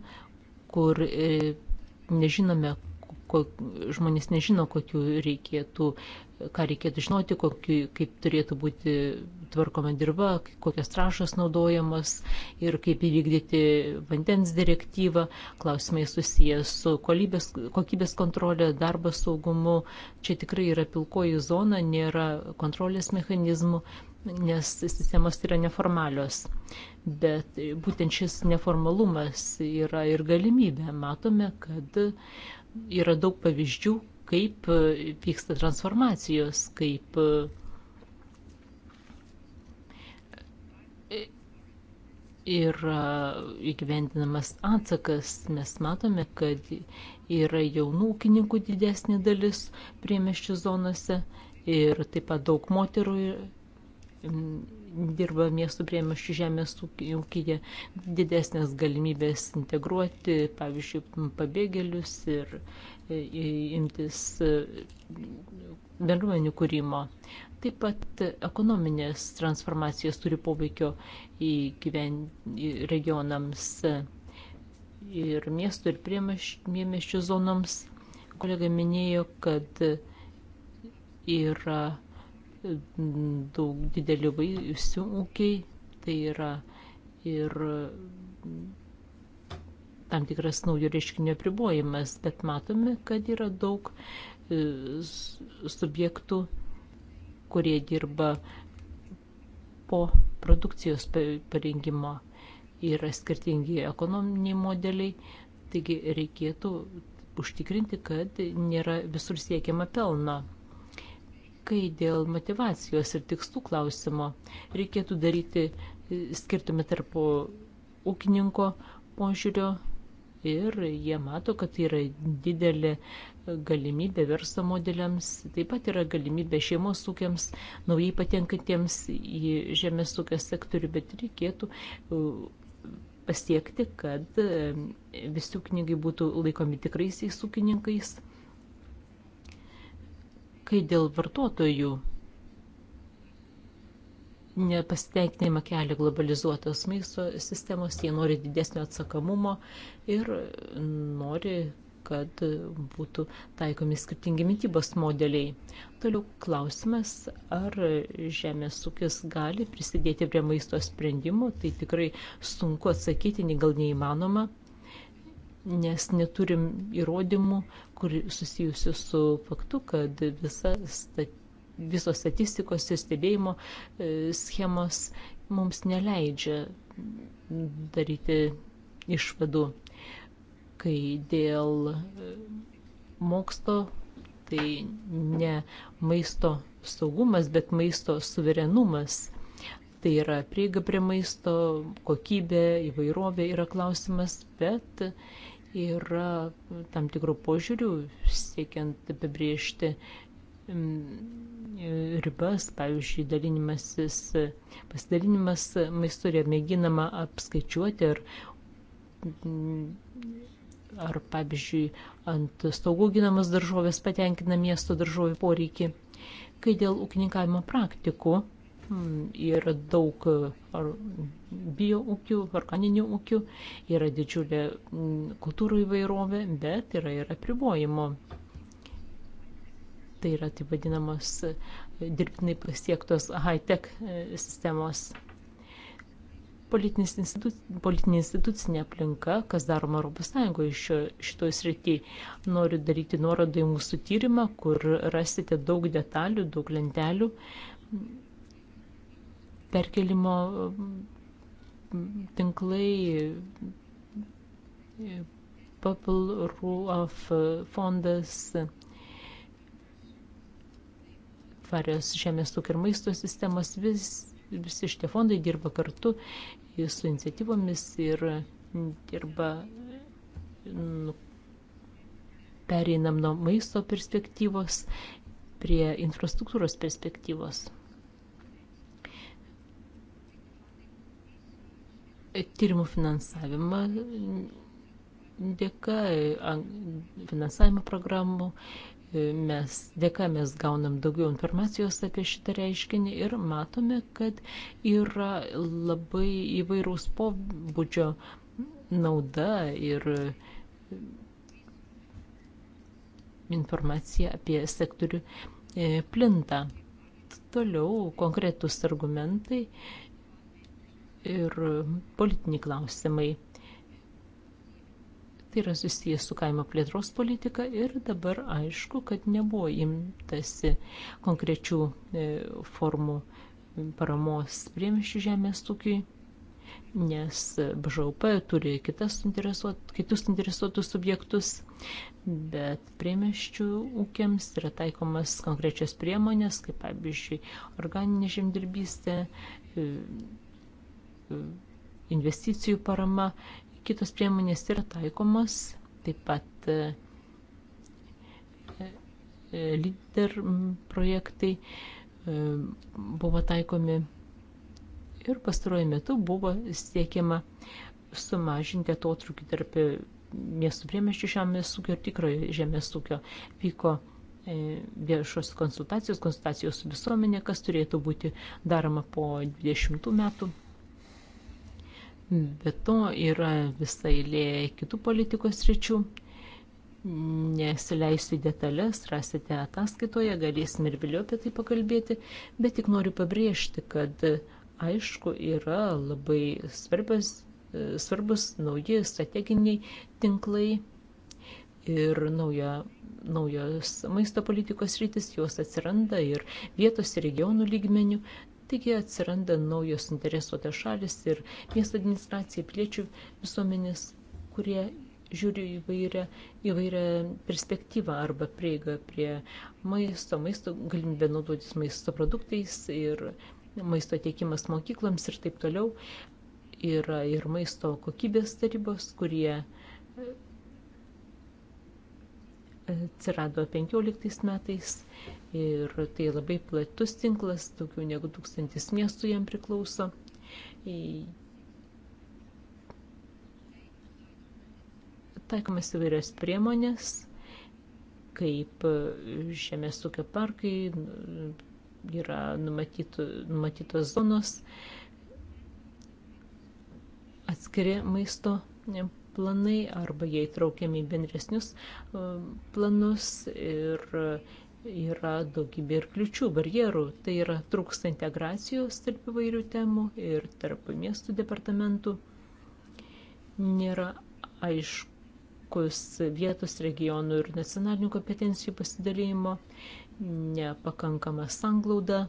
kur e, nežinome, ko, žmonės nežino, kokiu reikėtų, ką reikėtų žinoti, kokiu, kaip turėtų būti tvarkoma dirba, kokias trašas naudojamas ir kaip įvykdyti vandens direktyvą, klausimai susijęs su kolybės, kokybės kontrolė, darbo saugumu. Čia tikrai yra pilkoji zona, nėra kontrolės mechanizmų nes sistemos yra neformalios. Bet būtent šis neformalumas yra ir galimybė. Matome, kad yra daug pavyzdžių, kaip e, vyksta transformacijos, kaip e, yra įgyvendinamas atsakas. Mes matome, kad yra jaunų ūkininkų didesnė dalis priemeščių zonose ir taip pat daug moterų dirba miestų priemiščių žemės ūkyje, didesnės galimybės integruoti, pavyzdžiui, pabėgėlius ir e, imtis e, bendruomenių kūrimo. Taip pat ekonominės transformacijos turi poveikio į gyven... regionams ir miestų ir priemiščių zonoms. Kolega minėjo, kad yra daug didelių vaisių ūkiai, tai yra ir tam tikras naujo reiškinio pribojimas, bet matome, kad yra daug e, subjektų, kurie dirba po produkcijos parengimo. Yra skirtingi ekonominiai modeliai, taigi reikėtų užtikrinti, kad nėra visur siekiama pelno. Kai dėl motivacijos ir tikslų klausimo reikėtų daryti e, skirtumą tarp ūkininko požiūrio ir jie mato, kad tai yra didelė galimybė verslo modeliams, taip pat yra galimybė šeimos ūkiams, naujai patenkantiems į žemės ūkio sektorių, bet reikėtų e, pasiekti, kad e, visi ūkininkai būtų laikomi tikraisiais ūkininkais Kai dėl vartotojų nepasitenkinimą kelia globalizuotos maisto sistemos, jie nori didesnio atsakamumo ir nori, kad būtų taikomi skirtingi mytybos modeliai. Toliau klausimas, ar žemės ūkis gali prisidėti prie maisto sprendimų, tai tikrai sunku atsakyti, gal neįmanoma nes neturim įrodymų, kur susijusiu su faktu, kad visa stat, visos statistikos ir stebėjimo e, schemos mums neleidžia daryti išvadų. Kai dėl e, mokslo, tai ne maisto saugumas, bet maisto suverenumas Tai yra prieiga prie maisto, kokybė, įvairovė yra klausimas, bet yra tam tikrų požiūrių, siekiant apibriežti mm, ribas, pavyzdžiui, dalinimasis, pasidalinimas maistu yra mėginama apskaičiuoti ar mm, ar, pavyzdžiui, ant stogų ginamas daržovės patenkina miesto daržovių poreikį. Kai dėl ūkininkavimo praktikų, yra daug ar bio ūkių, organinių ūkių, yra didžiulė kultūrų įvairovė, bet yra ir apribojimo. Tai yra taip vadinamos e, dirbtinai pasiektos high-tech e, sistemos. Politinis institu, politinė institucinė aplinka, kas daroma Europos Sąjungoje šio, šitoje srityje, noriu daryti nuorodą į mūsų tyrimą, kur rasite daug detalių, daug lentelių, perkelimo tinklai, Papil Ruaf fondas, tvarios žemės ūkio ir maisto sistemos, vis, visi šitie fondai dirba kartu su iniciatyvomis ir dirba nu, pereinam nuo maisto perspektyvos prie infrastruktūros perspektyvos. tyrimų finansavimą dėka finansavimo programų. Mes dėka mes gaunam daugiau informacijos apie šitą reiškinį ir matome, kad yra labai įvairaus pobūdžio nauda ir informacija apie sektorių e, plinta. Toliau konkretus argumentai ir e, politiniai klausimai. Tai yra susijęs su kaimo plėtros politika ir dabar aišku, kad nebuvo imtasi konkrečių e, formų paramos priemišių žemės ūkiui, nes BŽP turi suinteresuot, kitus interesuotus subjektus, bet priemiščių ūkiams yra taikomas konkrečios priemonės, kaip pavyzdžiui, organinė žemdirbystė, e, E, investicijų parama, kitos priemonės yra taikomos, taip pat e, e, lyder projektai buvo taikomi ir pastaruoju metu buvo siekiama sumažinti atotrukį tarp miestų priemeščių žemės ūkio ir tikrojo žemės ūkio. Vyko viešos konsultacijos, konsultacijos su visuomenė, kas turėtų būti daroma po 20 metų. Be to yra visa eilė kitų politikos ryčių. Nesileisiu į detalės, rasite ataskaitoje, galėsim ir vėliau apie tai pakalbėti, bet tik noriu pabrėžti, kad aišku yra labai svarbios, svarbus nauji strateginiai tinklai ir nauja, naujos maisto politikos rytis, jos atsiranda ir vietos ir regionų lygmenių, Taigi atsiranda naujos interesuotės šalis ir miesto administracija, piliečių visuomenės, kurie žiūri įvairią, įvairią perspektyvą arba prieigą prie maisto, maisto galimybę naudotis maisto produktais ir maisto tiekimas mokyklams ir taip toliau. Yra ir maisto kokybės tarybos, kurie atsirado 15 metais ir tai labai platus tinklas, daugiau negu tūkstantis miestų jam priklauso. Taikomas įvairios priemonės, kaip e, žemės ūkio parkai, yra numatytų, numatytos zonos, atskiri maisto planai arba jie įtraukiami į bendresnius e, planus ir yra daugybė ir kliučių, barjerų. Tai yra trūksta integracijos tarp įvairių temų ir tarp miestų departamentų. Nėra aiškus vietos regionų ir nacionalinių kompetencijų pasidalymo, nepakankama sanglauda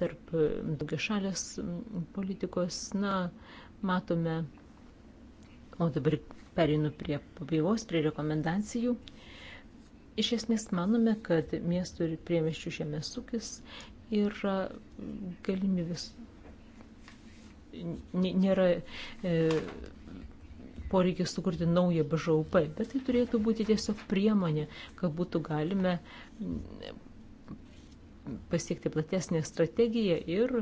tarp daugiašalės politikos. Na, matome O dabar perinu prie pabaigos, prie rekomendacijų. Iš esmės manome, kad miestų ir priemeščių žemės ūkis yra galimybės, nėra e, poreikis sukurti naują BŽUP, bet tai turėtų būti tiesiog priemonė, kad būtų galime pasiekti platesnę strategiją ir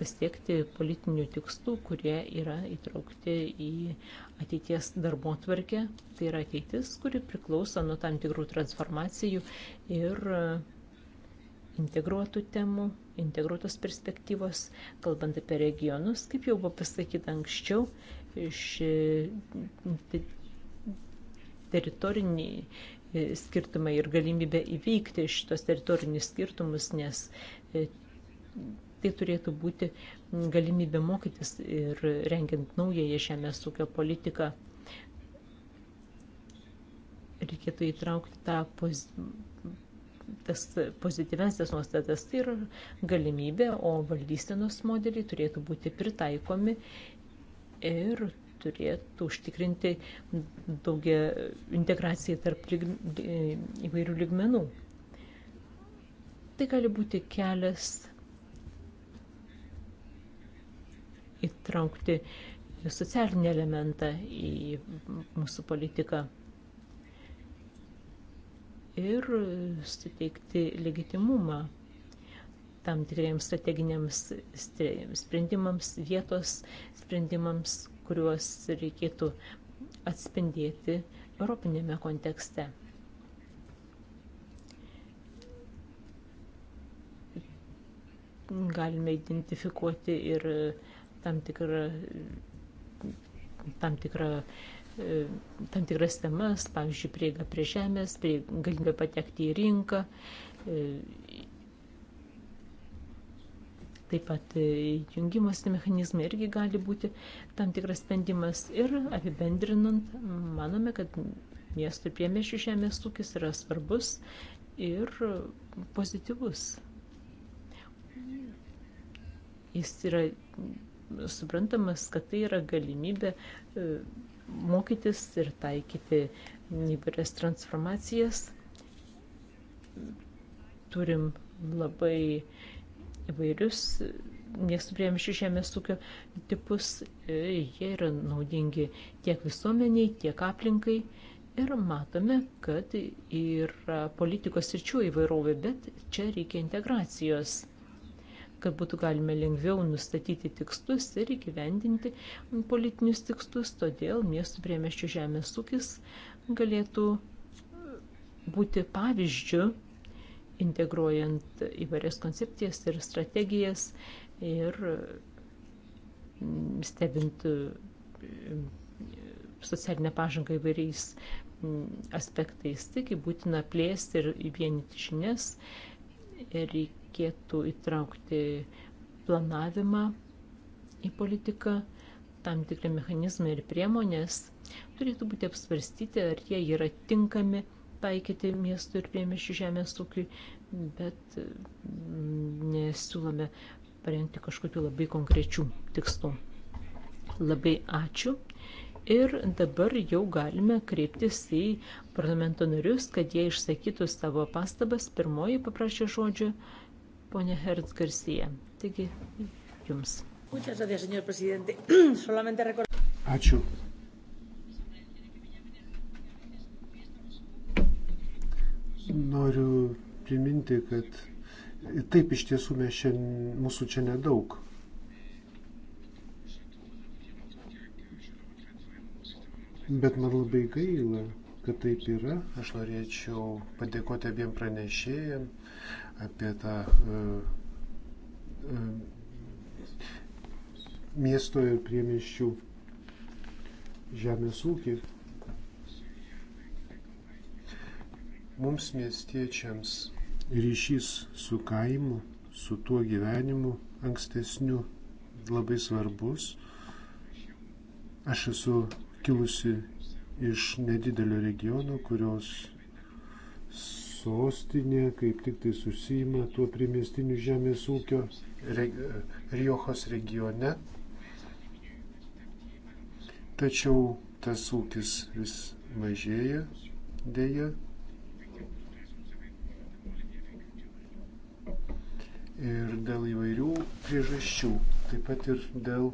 pasiekti politinių tikslų, kurie yra įtraukti į ateities darbo tvarkę. Tai yra ateitis, kuri priklauso nuo tam tikrų transformacijų ir integruotų temų, integruotos perspektyvos, kalbant apie regionus, kaip jau buvo pasakyta anksčiau, ši teritoriniai e, skirtumai ir galimybė įveikti šitos teritorinius skirtumus, nes e, tai turėtų būti galimybė mokytis ir rengiant naująją žemės ūkio politiką. Reikėtų įtraukti tą poz, tas pozityvesnės nuostatas, tai yra galimybė, o valdysenos modeliai turėtų būti pritaikomi ir turėtų užtikrinti daugia integraciją tarp lyg, įvairių ligmenų. Tai gali būti kelias įtraukti socialinį elementą į mūsų politiką ir suteikti legitimumą tam tikriems strateginiams sprendimams, vietos sprendimams, kuriuos reikėtų atspindėti europinėme kontekste. Galime identifikuoti ir uh, tam tikrą tam tikrą e, tam tikras temas, pavyzdžiui, prieiga prie žemės, prie galimybę patekti į rinką. E, taip pat e, jungimosi mechanizmai irgi gali būti tam tikras sprendimas. Ir apibendrinant, manome, kad miestų priemešių žemės ūkis yra svarbus ir pozityvus. Jis yra suprantamas, kad tai yra galimybė e, mokytis ir taikyti įvairias transformacijas. Turim labai įvairius nesubrėmšių žemės ūkio tipus. E, jie yra naudingi tiek visuomeniai, tiek aplinkai. Ir matome, kad yra politikos ryčių įvairovė, bet čia reikia integracijos kad būtų galima lengviau nustatyti tikslus ir įgyvendinti politinius tikslus, todėl miestų priemeščių žemės ūkis galėtų būti pavyzdžių, integruojant įvairias koncepcijas ir strategijas ir mm, stebint mm, socialinę pažangą įvairiais mm, aspektais. Taigi būtina plėsti ir vienyti žinias, ir reikėtų įtraukti planavimą į politiką, tam tikri mechanizmai ir priemonės turėtų būti apsvarstyti, ar jie yra tinkami taikyti miestų ir priemišių žemės ūkiui, bet mm, nesiūlome parengti kažkokių labai konkrečių tikslų. Labai ačiū. Ir dabar jau galime kreiptis į parlamento narius, kad jie išsakytų savo pastabas. Pirmoji paprašė žodžio ponė Hertz Garcia. Taigi, jums. (clears throat) Ačiū. Noriu priminti, kad taip iš tiesų mes čia, mūsų čia nedaug. Bet man labai gaila, kad taip yra. Aš norėčiau padėkoti abiem pranešėjim apie tą e, e, miesto ir priemiščių žemės ūkį. Mums miestiečiams ryšys su kaimu, su tuo gyvenimu ankstesniu labai svarbus. Aš esu kilusi iš nedidelio regiono, kurios sostinė kaip tik tai susima tuo primestiniu žemės ūkio reg, Riohos regione. Tačiau tas ūkis vis mažėja dėja. Ir dėl įvairių priežasčių, taip pat ir dėl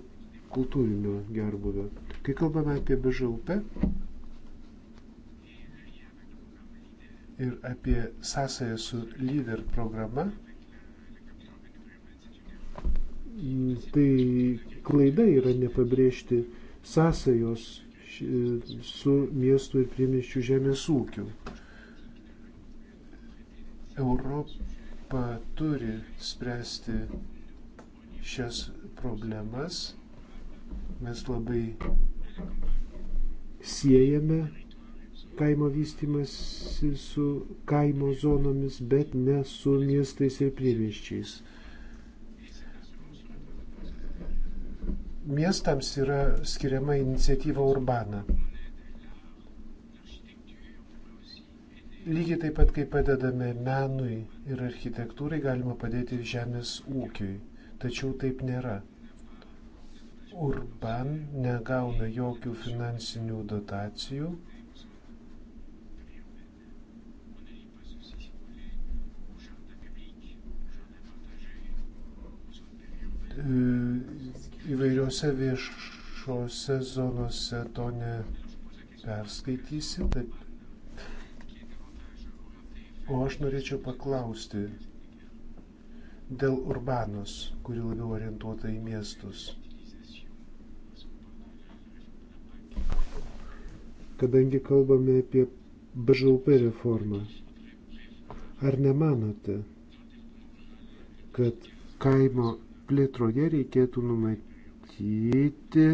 kultūrinio gerbuvio. Kai kalbame apie bežaupę, ir apie sąsąją su lyder programa. Mm, tai klaida yra nepabrėžti sąsajos su miestų ir priemiščių žemės ūkiu. Europa turi spręsti šias problemas. Mes labai siejame kaimo vystimasi su kaimo zonomis, bet ne su miestais ir priemiščiais. Miestams yra skiriama iniciatyva urbana. Lygiai taip pat, kaip padedame menui ir architektūrai, galima padėti ir žemės ūkiui. Tačiau taip nėra. Urban negauna jokių finansinių dotacijų, E, įvairiose viešose zonose to neperskaitysi. Taip. O aš norėčiau paklausti dėl urbanos, kuri labiau orientuota į miestus. Kadangi kalbame apie BŽUP reformą, ar nemanote, kad kaimo plėtroje reikėtų numatyti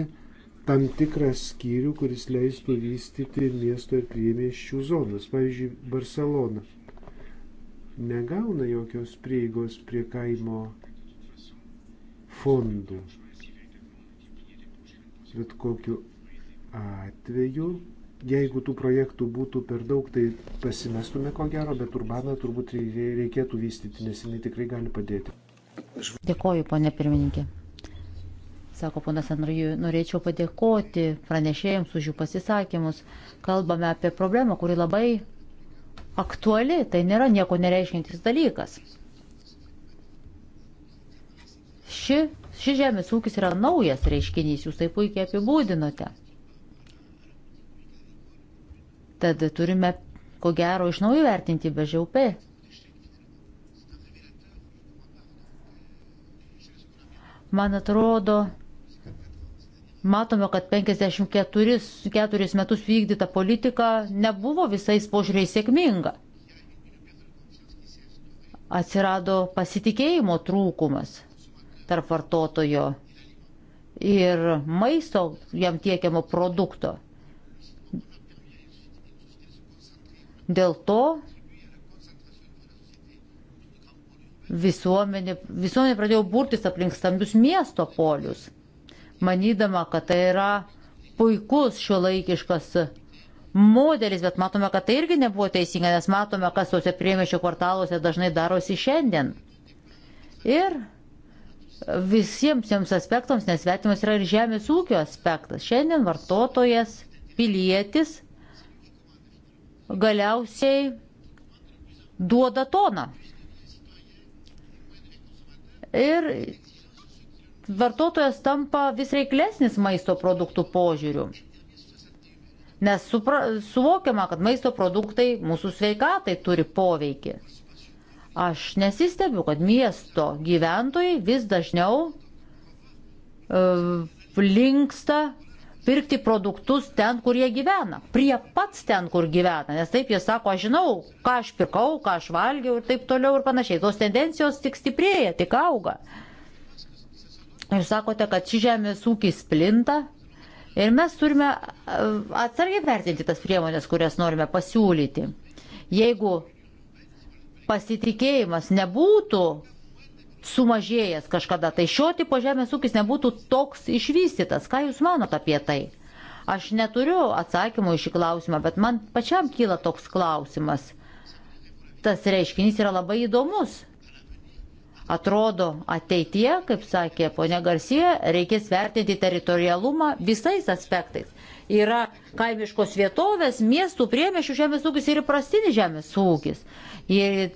tam tikrą skyrių, kuris leistų vystyti miesto ir priemiesčių zonas. Pavyzdžiui, Barcelona negauna jokios prieigos prie kaimo fondų. Bet kokiu atveju, jeigu tų projektų būtų per daug, tai pasimestume ko gero, bet urbaną turbūt reikėtų vystyti, nes jinai tikrai gali padėti. Dėkoju, ponė pirmininkė. Sako ponas Andriju, norėčiau padėkoti pranešėjams už jų pasisakymus. Kalbame apie problemą, kuri labai aktuali, tai nėra nieko nereiškintis dalykas. Ši, ši žemės ūkis yra naujas reiškinys, jūs tai puikiai apibūdinote. Tad turime, ko gero, iš naujo vertinti BŽUP Man atrodo, matome, kad 54 metus vykdyta politika nebuvo visais požiūriais sėkminga. Atsirado pasitikėjimo trūkumas tarp vartotojo ir maisto jam tiekiamo produkto. Dėl to visuomenė, visuomenė pradėjo burtis aplink stambius miesto polius, manydama, kad tai yra puikus šio laikiškas modelis, bet matome, kad tai irgi nebuvo teisinga, nes matome, kas tuose priemiešio kvartaluose dažnai darosi šiandien. Ir visiems jiems aspektams nesvetimas yra ir žemės ūkio aspektas. Šiandien vartotojas, pilietis galiausiai duoda toną. Ir vartotojas tampa vis reiklesnis maisto produktų požiūrių. Nes supra, suvokiama, kad maisto produktai mūsų sveikatai turi poveikį. Aš nesistebiu, kad miesto gyventojai vis dažniau uh, linksta pirkti produktus ten, kur jie gyvena, prie pats ten, kur gyvena, nes taip jie sako, aš žinau, ką aš pirkau, ką aš valgiau ir taip toliau ir panašiai. Tos tendencijos tik stiprėja, tik auga. Jūs sakote, kad ši žemės ūkis plinta ir mes turime e, atsargiai vertinti tas priemonės, kurias norime pasiūlyti. Jeigu pasitikėjimas nebūtų sumažėjęs kažkada, tai šio tipo žemės ūkis nebūtų toks išvystytas. Ką Jūs manote apie tai? Aš neturiu atsakymų iš šį klausimą, bet man pačiam kyla toks klausimas. Tas reiškinys yra labai įdomus. Atrodo, ateitie, kaip sakė ponia Garcija, reikės vertinti teritorialumą visais aspektais. Yra kaimiškos vietovės, miestų priemešių žemės ūkis ir įprastinis žemės ūkis. Ir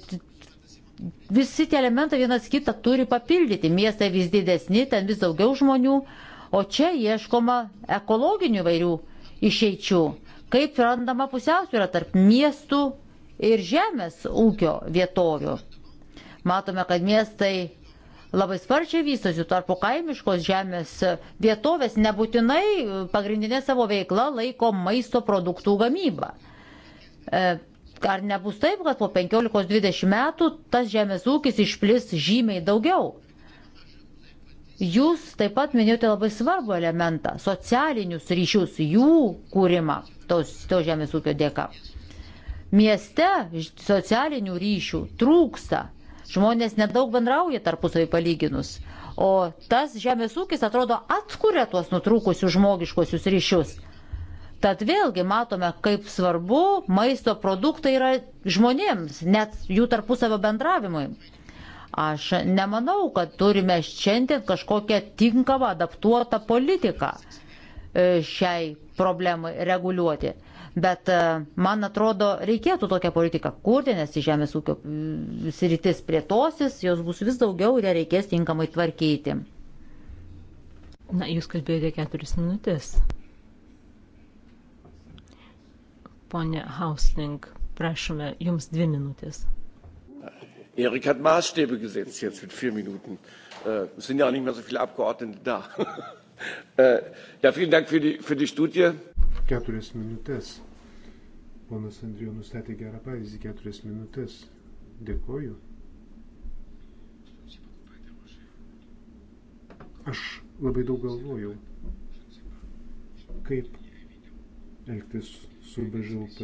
visi tie elementai vienas kitą turi papildyti. Miestai vis didesni, ten vis daugiau žmonių, o čia ieškoma ekologinių vairių išeičių. Kaip randama pusiausvyrą tarp miestų ir žemės ūkio vietovių. Matome, kad miestai labai sparčiai vystosi, tarpu kaimiškos žemės vietovės nebūtinai pagrindinė savo veikla laiko maisto produktų gamybą. E, ar nebus taip, kad po 15-20 metų tas žemės ūkis išplis žymiai daugiau? Jūs taip pat minėjote labai svarbų elementą - socialinius ryšius, jų kūrimą tos, to žemės ūkio dėka. Mieste socialinių ryšių trūksta, žmonės nedaug bendrauja tarpusavį palyginus, o tas žemės ūkis atrodo atkuria tuos nutrūkusius žmogiškosius ryšius. Tad vėlgi matome, kaip svarbu maisto produktai yra žmonėms, net jų tarpusavio bendravimui. Aš nemanau, kad turime šiandien kažkokią tinkamą adaptuotą politiką e, šiai problemai reguliuoti. Bet e, man atrodo, reikėtų tokią politiką kurti, nes į žemės ūkio sritis plėtosis, jos bus vis daugiau ir ją reikės tinkamai tvarkyti. Na, jūs kalbėjote keturis minutės. Pone Hausling, prašome, jums dvi minutės. Erik hat Maßstäbe gesetzt jetzt mit vier Minuten. Äh, es sind ja auch nicht mehr so viele Abgeordnete da. (laughs) äh, ja, vielen Dank für die, für die Studie. Keturias minutės. Ponas Andrijo nustatė gerą pavyzdį. Keturias minutės. Dėkoju. Aš labai daug galvojau, kaip elgtis su BŽLP?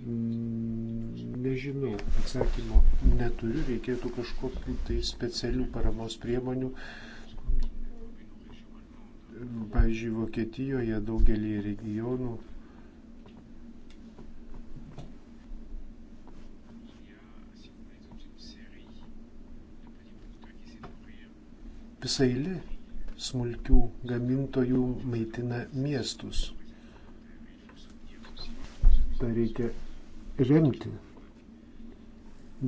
Mm, nežinau, atsakymo neturiu, reikėtų kažkokiu tai specialių paramos priemonių. Pavyzdžiui, Vokietijoje daugelį regionų visai li smulkių gamintojų maitina miestus tą reikia remti.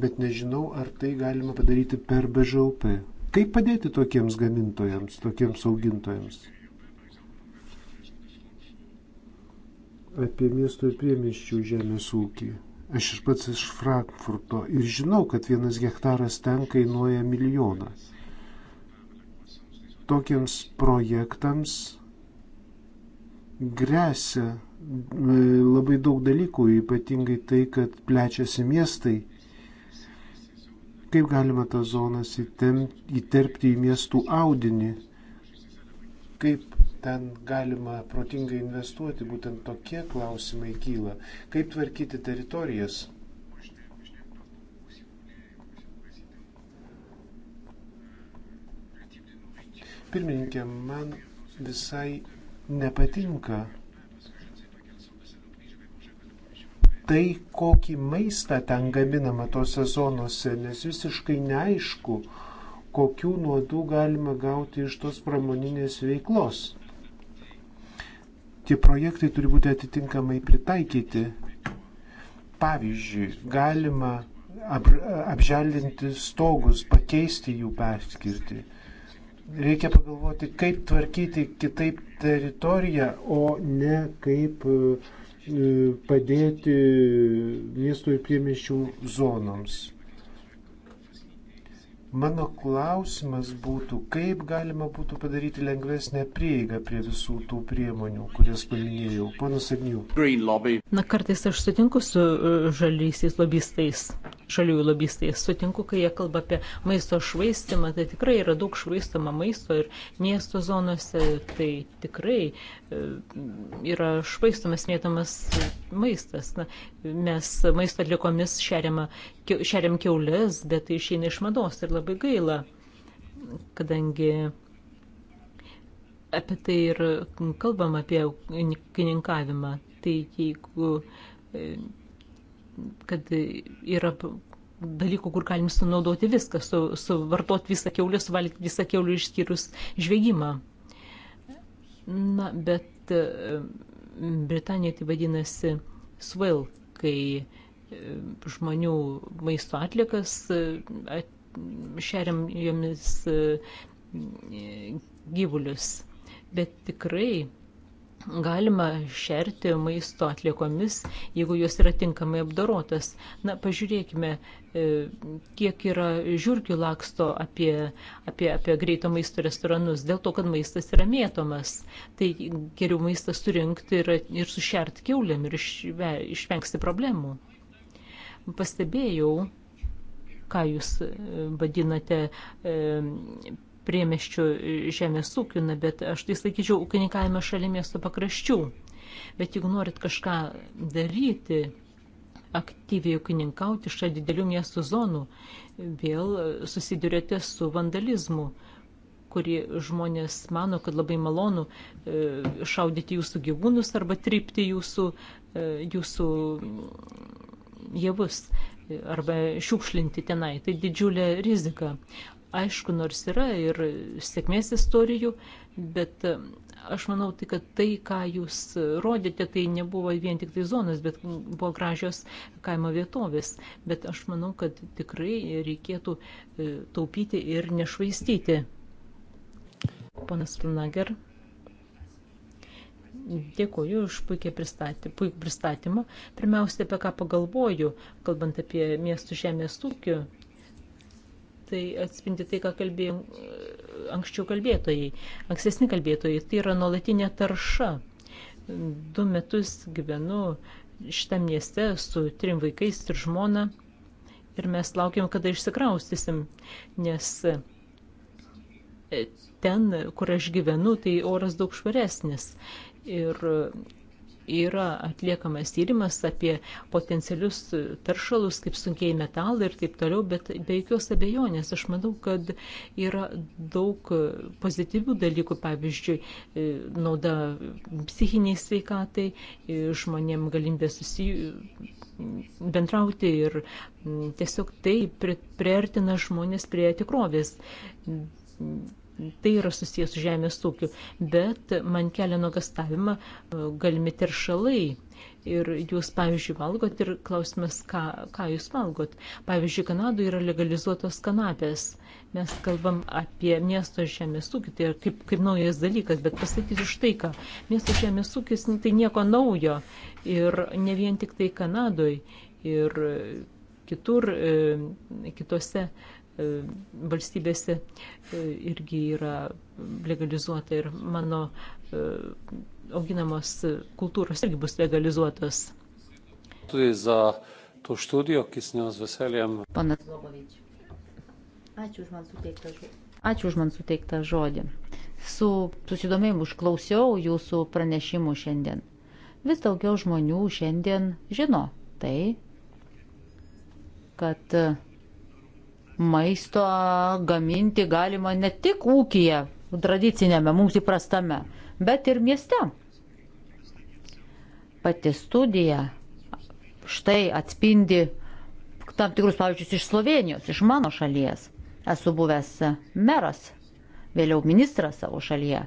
Bet nežinau, ar tai galima padaryti per BŽUP. Kaip padėti tokiems gamintojams, tokiems augintojams? Apie miestų ir priemiščių žemės ūkį. Aš ir pats iš Frankfurto ir žinau, kad vienas hektaras ten kainuoja milijoną. Tokiems projektams grėsia labai daug dalykų, ypatingai tai, kad plečiasi miestai. Kaip galima tas zonas įterpti į miestų audinį? Kaip ten galima protingai investuoti? Būtent tokie klausimai kyla. Kaip tvarkyti teritorijas? Pirmininkė, man visai nepatinka tai, kokį maistą ten gaminama tose zonose, nes visiškai neaišku, kokių nuodų galima gauti iš tos pramoninės veiklos. Tie projektai turi būti atitinkamai pritaikyti. Pavyzdžiui, galima ap, apželdinti stogus, pakeisti jų perskirtį. Reikia pagalvoti, kaip tvarkyti kitaip teritoriją, o ne kaip uh, E, padėti miestų ir priemišių zonoms. Mano klausimas būtų, kaip galima būtų padaryti lengvesnę prieigą prie visų tų priemonių, kurias paminėjau. Ponas Agnių. Na, kartais aš sutinku su e, žaliaisiais lobistais, žaliųjų lobistais. Sutinku, kai jie kalba apie maisto švaistimą, tai tikrai yra daug švaistama maisto ir miesto zonose. Tai tikrai yra švaistomas, mėtomas maistas. Na, mes maisto atlikomis šeriam, šeriam keulės, bet tai išeina iš mados ir labai gaila, kadangi apie tai ir kalbam apie kininkavimą. Tai jeigu e, kad yra dalykų, kur galim sunaudoti viską, su, suvartoti visą keulį, suvalgyti visą keulį išskyrus žvėgymą. Na, bet e, Britanija tai vadinasi swell, kai e, žmonių maisto atlikas e, šeriam jomis gyvulius. Bet tikrai galima šerti maisto atliekomis, jeigu jos yra tinkamai apdorotas. Na, pažiūrėkime E, kiek yra žiūrkių laksto apie, apie, apie greito maisto restoranus, dėl to, kad maistas yra mėtomas. Tai geriau maistą surinkti ir, ir sušert keuliam ir išve, išvengsti problemų. Pastebėjau, ką jūs e, vadinate e, priemeščių e, žemės ūkiu, na, bet aš tai sakyčiau, ūkininkavimą šalia miesto pakraščių. Bet jeigu norit kažką daryti, aktyviai ūkininkauti šalia didelių miestų zonų, vėl susidurėte su vandalizmu, kurį žmonės mano, kad labai malonu e, šaudyti jūsų gyvūnus arba tripti jūsų, e, jūsų javus arba šiukšlinti tenai. Tai didžiulė rizika. Aišku, nors yra ir sėkmės istorijų, bet Aš manau, tai, kad tai, ką jūs rodėte, tai nebuvo vien tik tai zonas, bet buvo gražios kaimo vietovės. Bet aš manau, kad tikrai reikėtų e, taupyti ir nešvaistyti. Ponas Lunager, dėkuoju už puikiai pristatymą. Puik pristatymą. Pirmiausia, apie ką pagalvoju, kalbant apie miestų žemės ūkio tai atspindi tai, ką kalbėjom e, anksčiau kalbėtojai, ankstesni kalbėtojai. Tai yra nuolatinė tarša. Du metus gyvenu šitam mieste su trim vaikais ir žmona ir mes laukiam, kada išsikraustysim, nes e, ten, kur aš gyvenu, tai oras daug švaresnis ir yra atliekamas tyrimas apie potencialius taršalus, kaip sunkiai metalai ir taip toliau, bet be jokios abejonės aš manau, kad yra daug pozityvių dalykų, pavyzdžiui, e, nauda psichiniai sveikatai, e, žmonėm galimybė susijų bendrauti ir tiesiog tai priartina žmonės prie tikrovės tai yra susijęs su žemės ūkiu, bet man kelia nuogastavimą e, galimi teršalai. Ir jūs, pavyzdžiui, valgot ir klausimas, ką, ką jūs valgot. Pavyzdžiui, Kanadoje yra legalizuotos kanapės. Mes kalbam apie miesto žemės ūkį, tai kaip, kaip naujas dalykas, bet pasakysiu štai ką. Miesto žemės ūkis nu, tai nieko naujo. Ir ne vien tik tai Kanadoje. Ir kitur, e, kitose E, valstybėse e, irgi yra legalizuota ir mano e, auginamos kultūros irgi bus legalizuotos. Tudi za to študijo, ki s njo z veseljem. Panas Lobovič. Ačiū už man suteiktą žodį. Ačiū už man suteiktą žodį. Su susidomėjimu išklausiau jūsų pranešimų šiandien. Vis daugiau žmonių šiandien žino tai, kad uh, maisto gaminti galima ne tik ūkija, tradicinėme, mums įprastame, bet ir mieste. Pati studija štai atspindi tam tikrus pavyzdžius iš Slovenijos, iš mano šalies. Esu buvęs meras, vėliau ministras savo šalyje.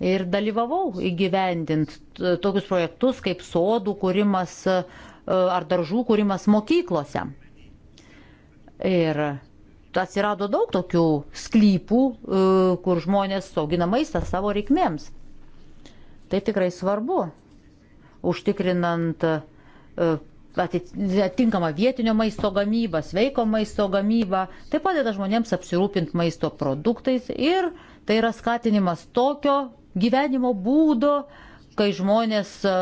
Ir dalyvavau įgyvendint tokius projektus kaip sodų kūrimas e, ar daržų kūrimas mokyklose. Ir atsirado daug tokių sklypų, e, kur žmonės augina maistą savo reikmėms. Tai tikrai svarbu, užtikrinant e, atitinkamą vietinio maisto gamybą, sveiko maisto gamybą. Tai padeda žmonėms apsirūpinti maisto produktais ir tai yra skatinimas tokio gyvenimo būdo, kai žmonės e,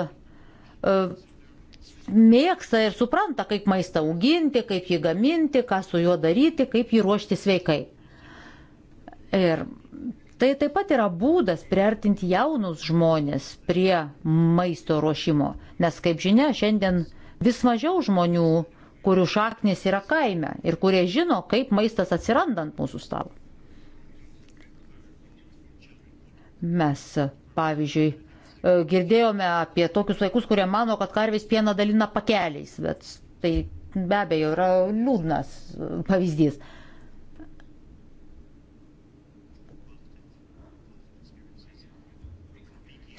mėgsta ir supranta, kaip maistą auginti, kaip jį gaminti, ką su juo daryti, kaip jį ruošti sveikai. Ir tai taip pat yra būdas priartinti jaunus žmonės prie maisto ruošimo, nes, kaip žinia, šiandien vis mažiau žmonių, kurių šaknis yra kaime ir kurie žino, kaip maistas atsiranda ant mūsų stalo. Mes, pavyzdžiui, E, girdėjome apie tokius vaikus, kurie mano, kad karvės pieną dalina pakeliais, bet tai be abejo yra liūdnas e, pavyzdys.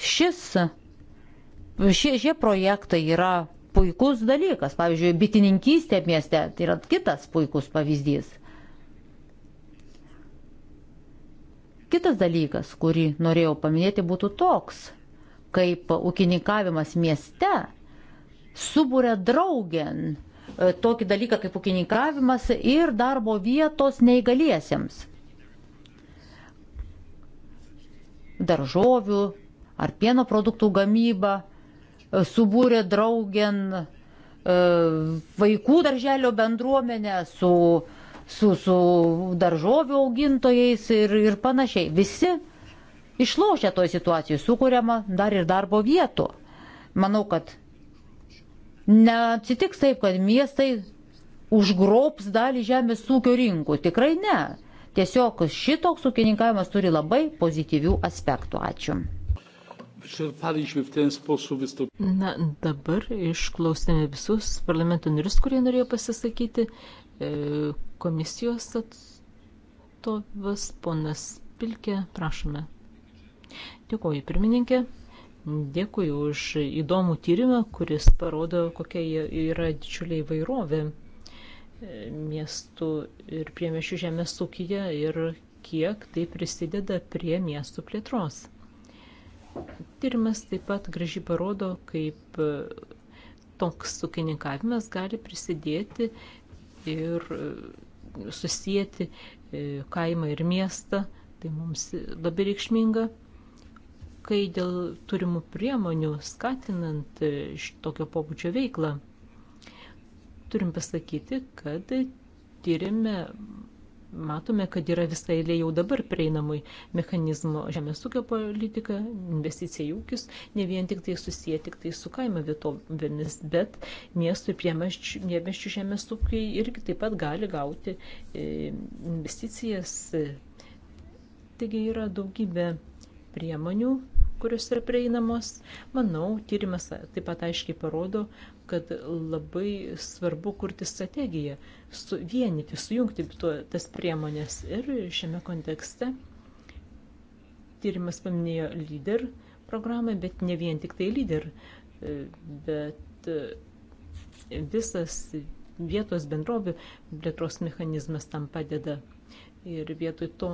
Šis, šie, šie projektai yra puikus dalykas. Pavyzdžiui, bitininkystė mieste tai yra kitas puikus pavyzdys. Kitas dalykas, kurį norėjau paminėti, būtų toks – kaip ūkininkavimas mieste subūrė draugien e, tokį dalyką kaip ūkininkavimas ir darbo vietos neįgaliesiems. Daržovių ar pieno produktų gamyba e, subūrė draugien e, vaikų darželio bendruomenę su, su, su daržovių augintojais ir, ir panašiai. Visi išlošia toj situacijai, sukūriama dar ir darbo vietų. Manau, kad neatsitiks taip, kad miestai užgrobs dalį žemės ūkio rinkų. Tikrai ne. Tiesiog šitoks ūkininkavimas turi labai pozityvių aspektų. Ačiū. Na, dabar išklausėme visus parlamento narius, kurie norėjo pasisakyti. E, komisijos atstovas, ponas Pilkė, prašome. Dėkuoju pirmininkė, dėkuoju už įdomų tyrimą, kuris parodo, kokia yra didžiulė įvairovė miestų ir priemešių žemės ūkyje ir kiek tai prisideda prie miestų plėtros. Tyrimas taip pat gražiai parodo, kaip toks ūkininkavimas gali prisidėti ir susijęti e, kaimą ir miestą, tai mums labai reikšminga kai dėl turimų priemonių skatinant e, šitokio pobūdžio veiklą. Turim pasakyti, kad tyrime matome, kad yra visa eilė jau dabar prieinamui mechanizmo žemės ūkio politika, investicija į ūkius, ne vien tik tai susiję tik tai su kaimo vietovėmis, bet miestų ir priemeščių žemės ūkiai irgi taip pat gali gauti e, investicijas. Taigi yra daugybė priemonių, kurios yra prieinamos. Manau, tyrimas taip pat aiškiai parodo, kad labai svarbu kurti strategiją, suvienyti, sujungti tuo, tas priemonės. Ir šiame kontekste tyrimas paminėjo lyder programą, bet ne vien tik tai lyder, bet e, visas vietos bendrovių plėtros mechanizmas tam padeda. Ir vietoj to,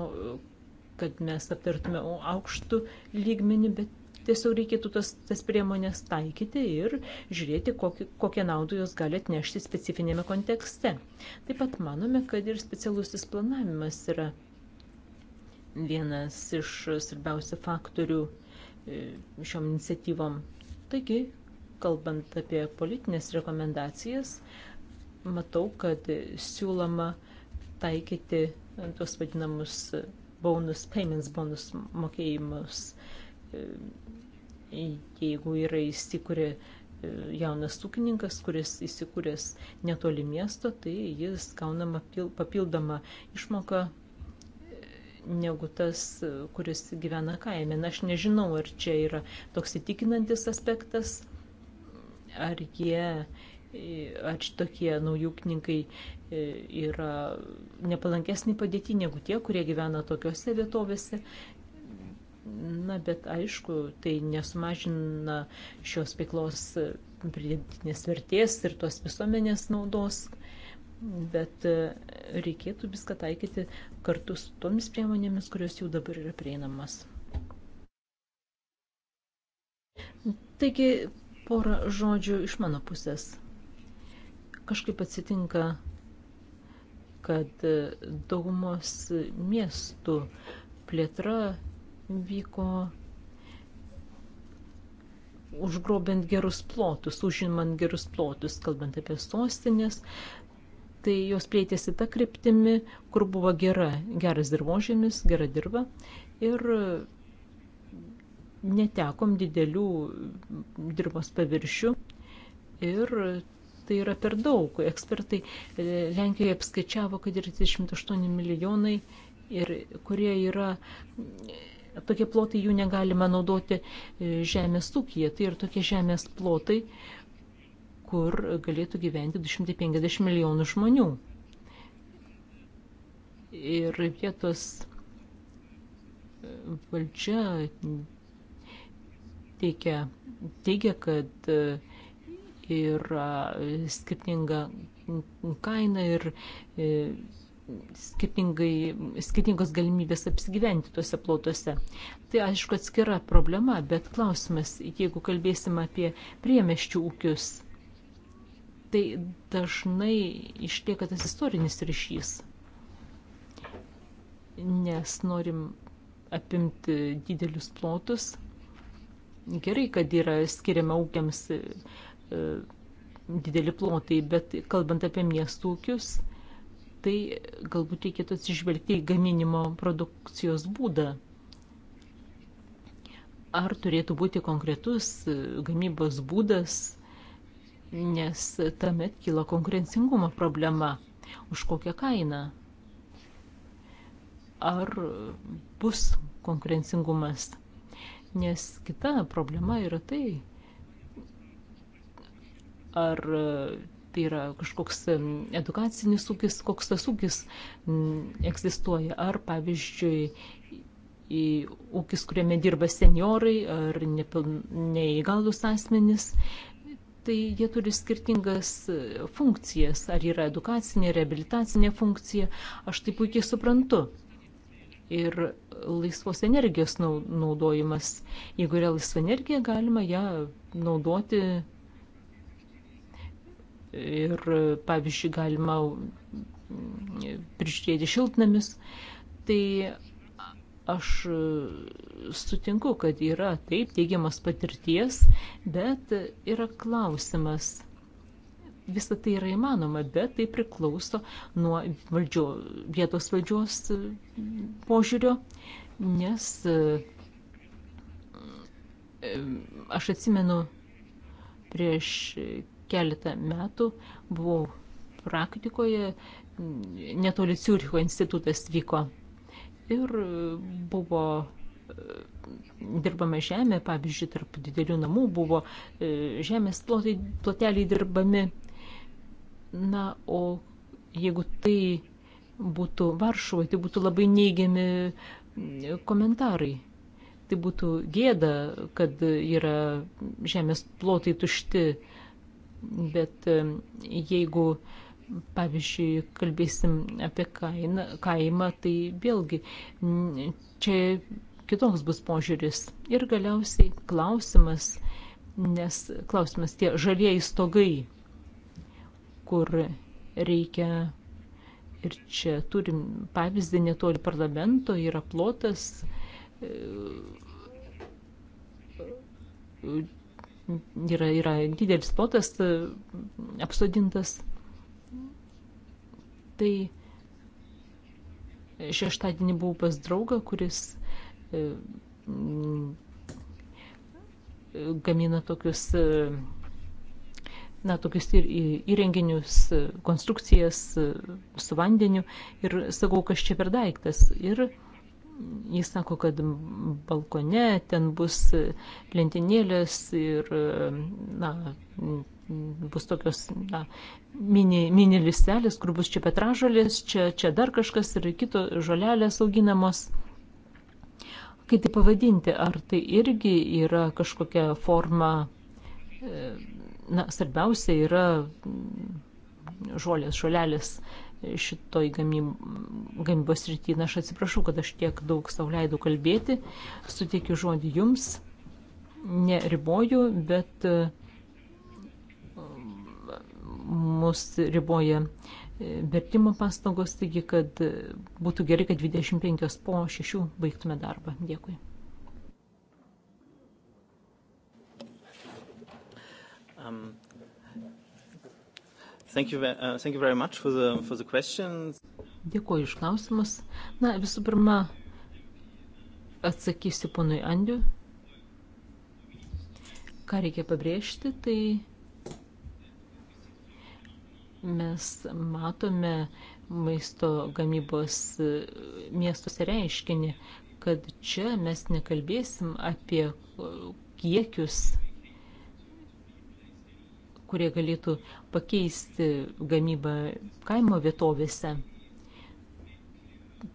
kad mes aptartume aukštų lygmenį, bet tiesiog reikėtų tas, tas priemonės taikyti ir žiūrėti, kokį, kokią naudą jos gali atnešti specifinėme kontekste. Taip pat manome, kad ir specialusis planavimas yra vienas iš svarbiausių faktorių e, šiom iniciatyvom. Taigi, kalbant apie politinės rekomendacijas, matau, kad siūloma taikyti tuos vadinamus bonus payments, bonus mokėjimus. E, jeigu yra įsikūrė e, jaunas ūkininkas, kuris įsikūręs netoli miesto, tai jis gaunama papildomą išmoką e, negu tas, kuris gyvena kaime. Na, aš nežinau, ar čia yra toks įtikinantis aspektas, ar jie, ar tokie naujų ūkininkai E, yra nepalankesnį padėtį negu tie, kurie gyvena tokiuose vietovėse. Na, bet aišku, tai nesumažina šios veiklos pridėtinės vertės ir tos visuomenės naudos, bet e, reikėtų viską taikyti kartu su tomis priemonėmis, kurios jau dabar yra prieinamas. Taigi, porą žodžių iš mano pusės. Kažkaip atsitinka kad daugumos miestų plėtra vyko užgrobint gerus plotus, užimant gerus plotus, kalbant apie sostinės, tai jos plėtėsi tą kryptimį, kur buvo gera, geras dirbožėmis, gera dirba ir netekom didelių dirbos paviršių ir tai yra per daug. Ekspertai e, Lenkijoje apskaičiavo, kad yra 38 milijonai ir kurie yra e, tokie plotai jų negalima naudoti e, žemės ūkyje. Tai ir tokie žemės plotai, kur galėtų gyventi 250 milijonų žmonių. Ir vietos valdžia teikia, teigia, kad uh, yra skirtinga kaina ir e, skirtingos galimybės apsigyventi tuose plotuose. Tai aišku atskira problema, bet klausimas, jeigu kalbėsim apie priemeščių ūkius, tai dažnai išlieka tas istorinis ryšys, nes norim apimti didelius plotus. Gerai, kad yra skiriama ūkiams E, dideli plotai, bet kalbant apie miestų ūkius, tai galbūt reikėtų atsižvelgti į gaminimo produkcijos būdą. Ar turėtų būti konkretus e, gamybos būdas, nes tamet kyla konkurencingumo problema. Už kokią kainą? Ar bus konkurencingumas? Nes kita problema yra tai, ar e, tai yra kažkoks edukacinis ūkis, koks tas ūkis egzistuoja, ar pavyzdžiui ūkis, kuriame dirba seniorai ar neįgalus asmenys, tai jie turi skirtingas e, funkcijas, ar yra edukacinė, rehabilitacinė funkcija, aš tai puikiai suprantu. Ir laisvos energijos naudojimas, jeigu yra laisva energija, galima ją naudoti ir, pavyzdžiui, galima mm, prižiūrėti šiltnamis. Tai aš sutinku, kad yra taip teigiamas patirties, bet yra klausimas. Visą tai yra įmanoma, bet tai priklauso nuo valdžio, vietos valdžios požiūrio, nes mm, aš atsimenu prieš keletą metų buvau praktikoje, netoli Ciuricho institutas vyko. Ir buvo e, dirbama žemė, pavyzdžiui, tarp didelių namų buvo e, žemės plotai, ploteliai dirbami. Na, o jeigu tai būtų Varšuvoje, tai būtų labai neigiami e, komentarai. Tai būtų gėda, kad yra žemės plotai tušti bet jeigu pavyzdžiui, kalbėsim apie kainą, kaimą, tai vėlgi čia kitoks bus požiūris. Ir galiausiai klausimas, nes klausimas tie žalieji stogai, kur reikia ir čia turim pavyzdį netoli parlamento, yra plotas e, yra, yra didelis plotas e, apsodintas. Tai šeštadienį buvau pas draugą, kuris e, gamina tokius, e, na, tokius įrenginius, konstrukcijas su vandeniu ir sakau, kas čia per daiktas. Ir jis sako, kad balkone ten bus lentynėlės ir, na, bus tokios, na, mini, mini listelis, kur bus čia petražolės, čia, čia dar kažkas ir kito žolelės auginamos. Kaip tai pavadinti, ar tai irgi yra kažkokia forma, e, na, svarbiausia yra žolės, žolelės šitoj gamybos rytį. Na, aš atsiprašau, kad aš tiek daug savo leidau kalbėti, suteikiu žodį jums, neriboju, bet mus riboja e, vertimo pastangos, taigi, kad būtų gerai, kad 25 po 6 baigtume darbą. Dėkui. Um. Thank you, uh, thank you very much for the, for the questions. Dėkuoju iš klausimus. Na, visų pirma, atsakysiu ponui Andiu. Ką reikia pabrėžti, tai mes matome maisto gamybos uh, miestuose reiškinį, kad čia mes nekalbėsim apie uh, kiekius kurie galėtų pakeisti gamybą kaimo vietovėse.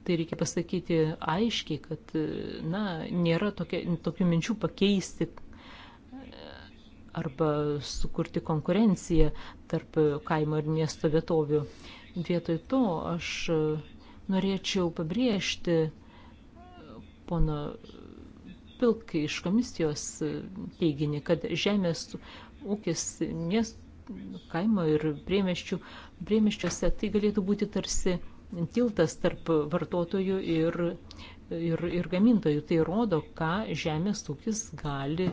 Tai reikia pasakyti aiškiai, kad na, nėra tokia, tokių minčių pakeisti arba sukurti konkurenciją tarp kaimo ir miesto vietovių. Vietoj to aš norėčiau pabrėžti pono Pilkai iš komisijos teiginį, kad žemės ūkis mies, kaimo ir priemiščių, priemiščiuose, tai galėtų būti tarsi tiltas tarp vartotojų ir, ir, ir gamintojų. Tai rodo, ką žemės ūkis gali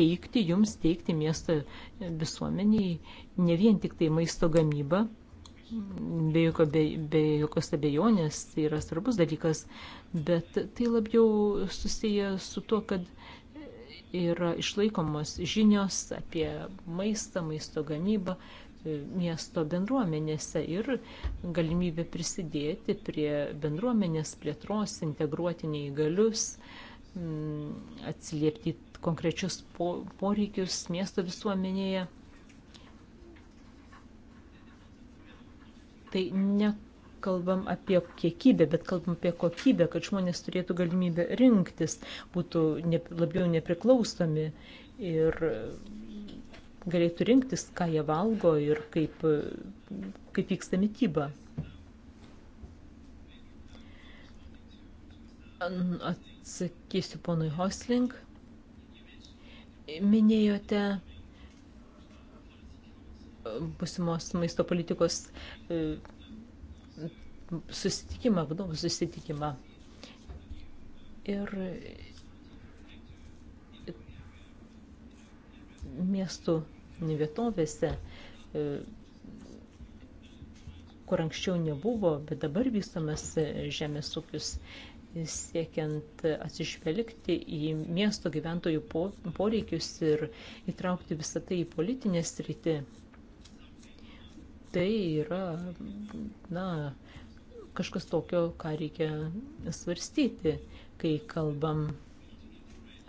teikti, jums teikti miesto visuomeniai, ne vien tik tai maisto gamyba, be, jokio, be, be jokios abejonės, tai yra svarbus dalykas, bet tai labiau susiję su tuo, kad yra išlaikomos žinios apie maistą, maisto gamybą e, miesto bendruomenėse ir galimybė prisidėti prie bendruomenės plėtros, integruoti neįgalius, mm, atsiliepti konkrečius poreikius miesto visuomenėje. Tai ne kalbam apie kiekybę, bet kalbam apie kokybę, kad žmonės turėtų galimybę rinktis, būtų ne, labiau nepriklausomi ir galėtų rinktis, ką jie valgo ir kaip, kaip vyksta mytyba. Atsakysiu ponui Hosling. Minėjote busimos maisto politikos susitikimą, vadovų susitikimą. Ir miestų vietovėse, e, kur anksčiau nebuvo, bet dabar vystomas žemės ūkis siekiant atsižvelgti į miesto gyventojų poreikius ir įtraukti visą tai į politinę sritį. Tai yra, na, kažkas tokio, ką reikia svarstyti, kai kalbam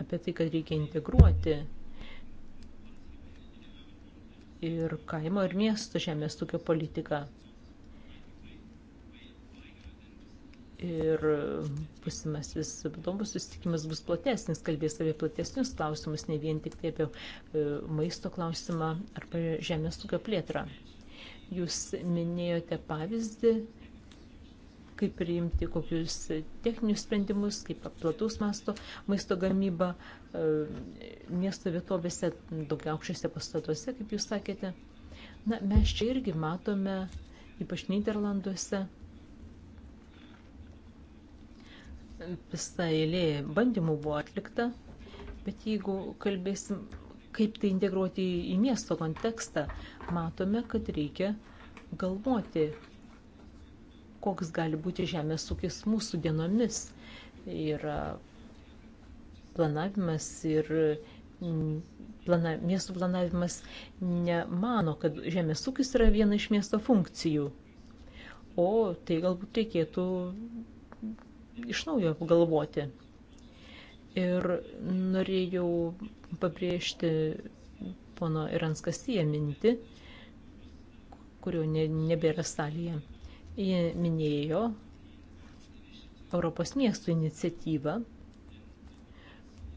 apie tai, kad reikia integruoti ir kaimo ir miesto žemės tokio politiką. Ir pusimasis vadovų susitikimas bus platesnis, kalbės apie platesnius klausimus, ne vien tik tai apie e, maisto klausimą arba žemės ūkio plėtrą. Jūs minėjote pavyzdį kaip priimti kokius techninius sprendimus, kaip plataus masto maisto gamyba e, miesto vietovėse, daugiaukščiuose pastatuose, kaip jūs sakėte. Na, mes čia irgi matome, ypač Niderlanduose, visa eilė bandymų buvo atlikta, bet jeigu kalbėsim, kaip tai integruoti į miesto kontekstą, matome, kad reikia galvoti, koks gali būti žemės ūkis mūsų dienomis. Yra planavimas ir plana, miestų planavimas nemano, kad žemės ūkis yra viena iš miesto funkcijų. O tai galbūt reikėtų iš naujo galvoti. Ir norėjau pabrėžti pono Iranskasiją mintį, kurio ne, nebėra salėje minėjo Europos miestų iniciatyvą,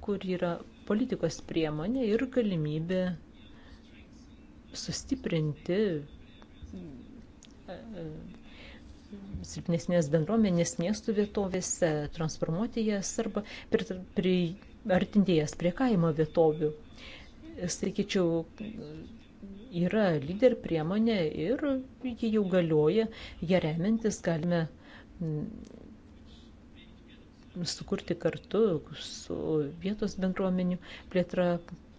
kur yra politikos priemonė ir galimybė sustiprinti e, e, silpnesnės bendruomenės miestų vietovėse, transformuoti jas arba priartinti jas prie kaimo vietovių. Sakyčiau, yra lyder priemonė ir ji jau galioja, ją remiantis galime mm, sukurti kartu su vietos bendruomenių plėtra,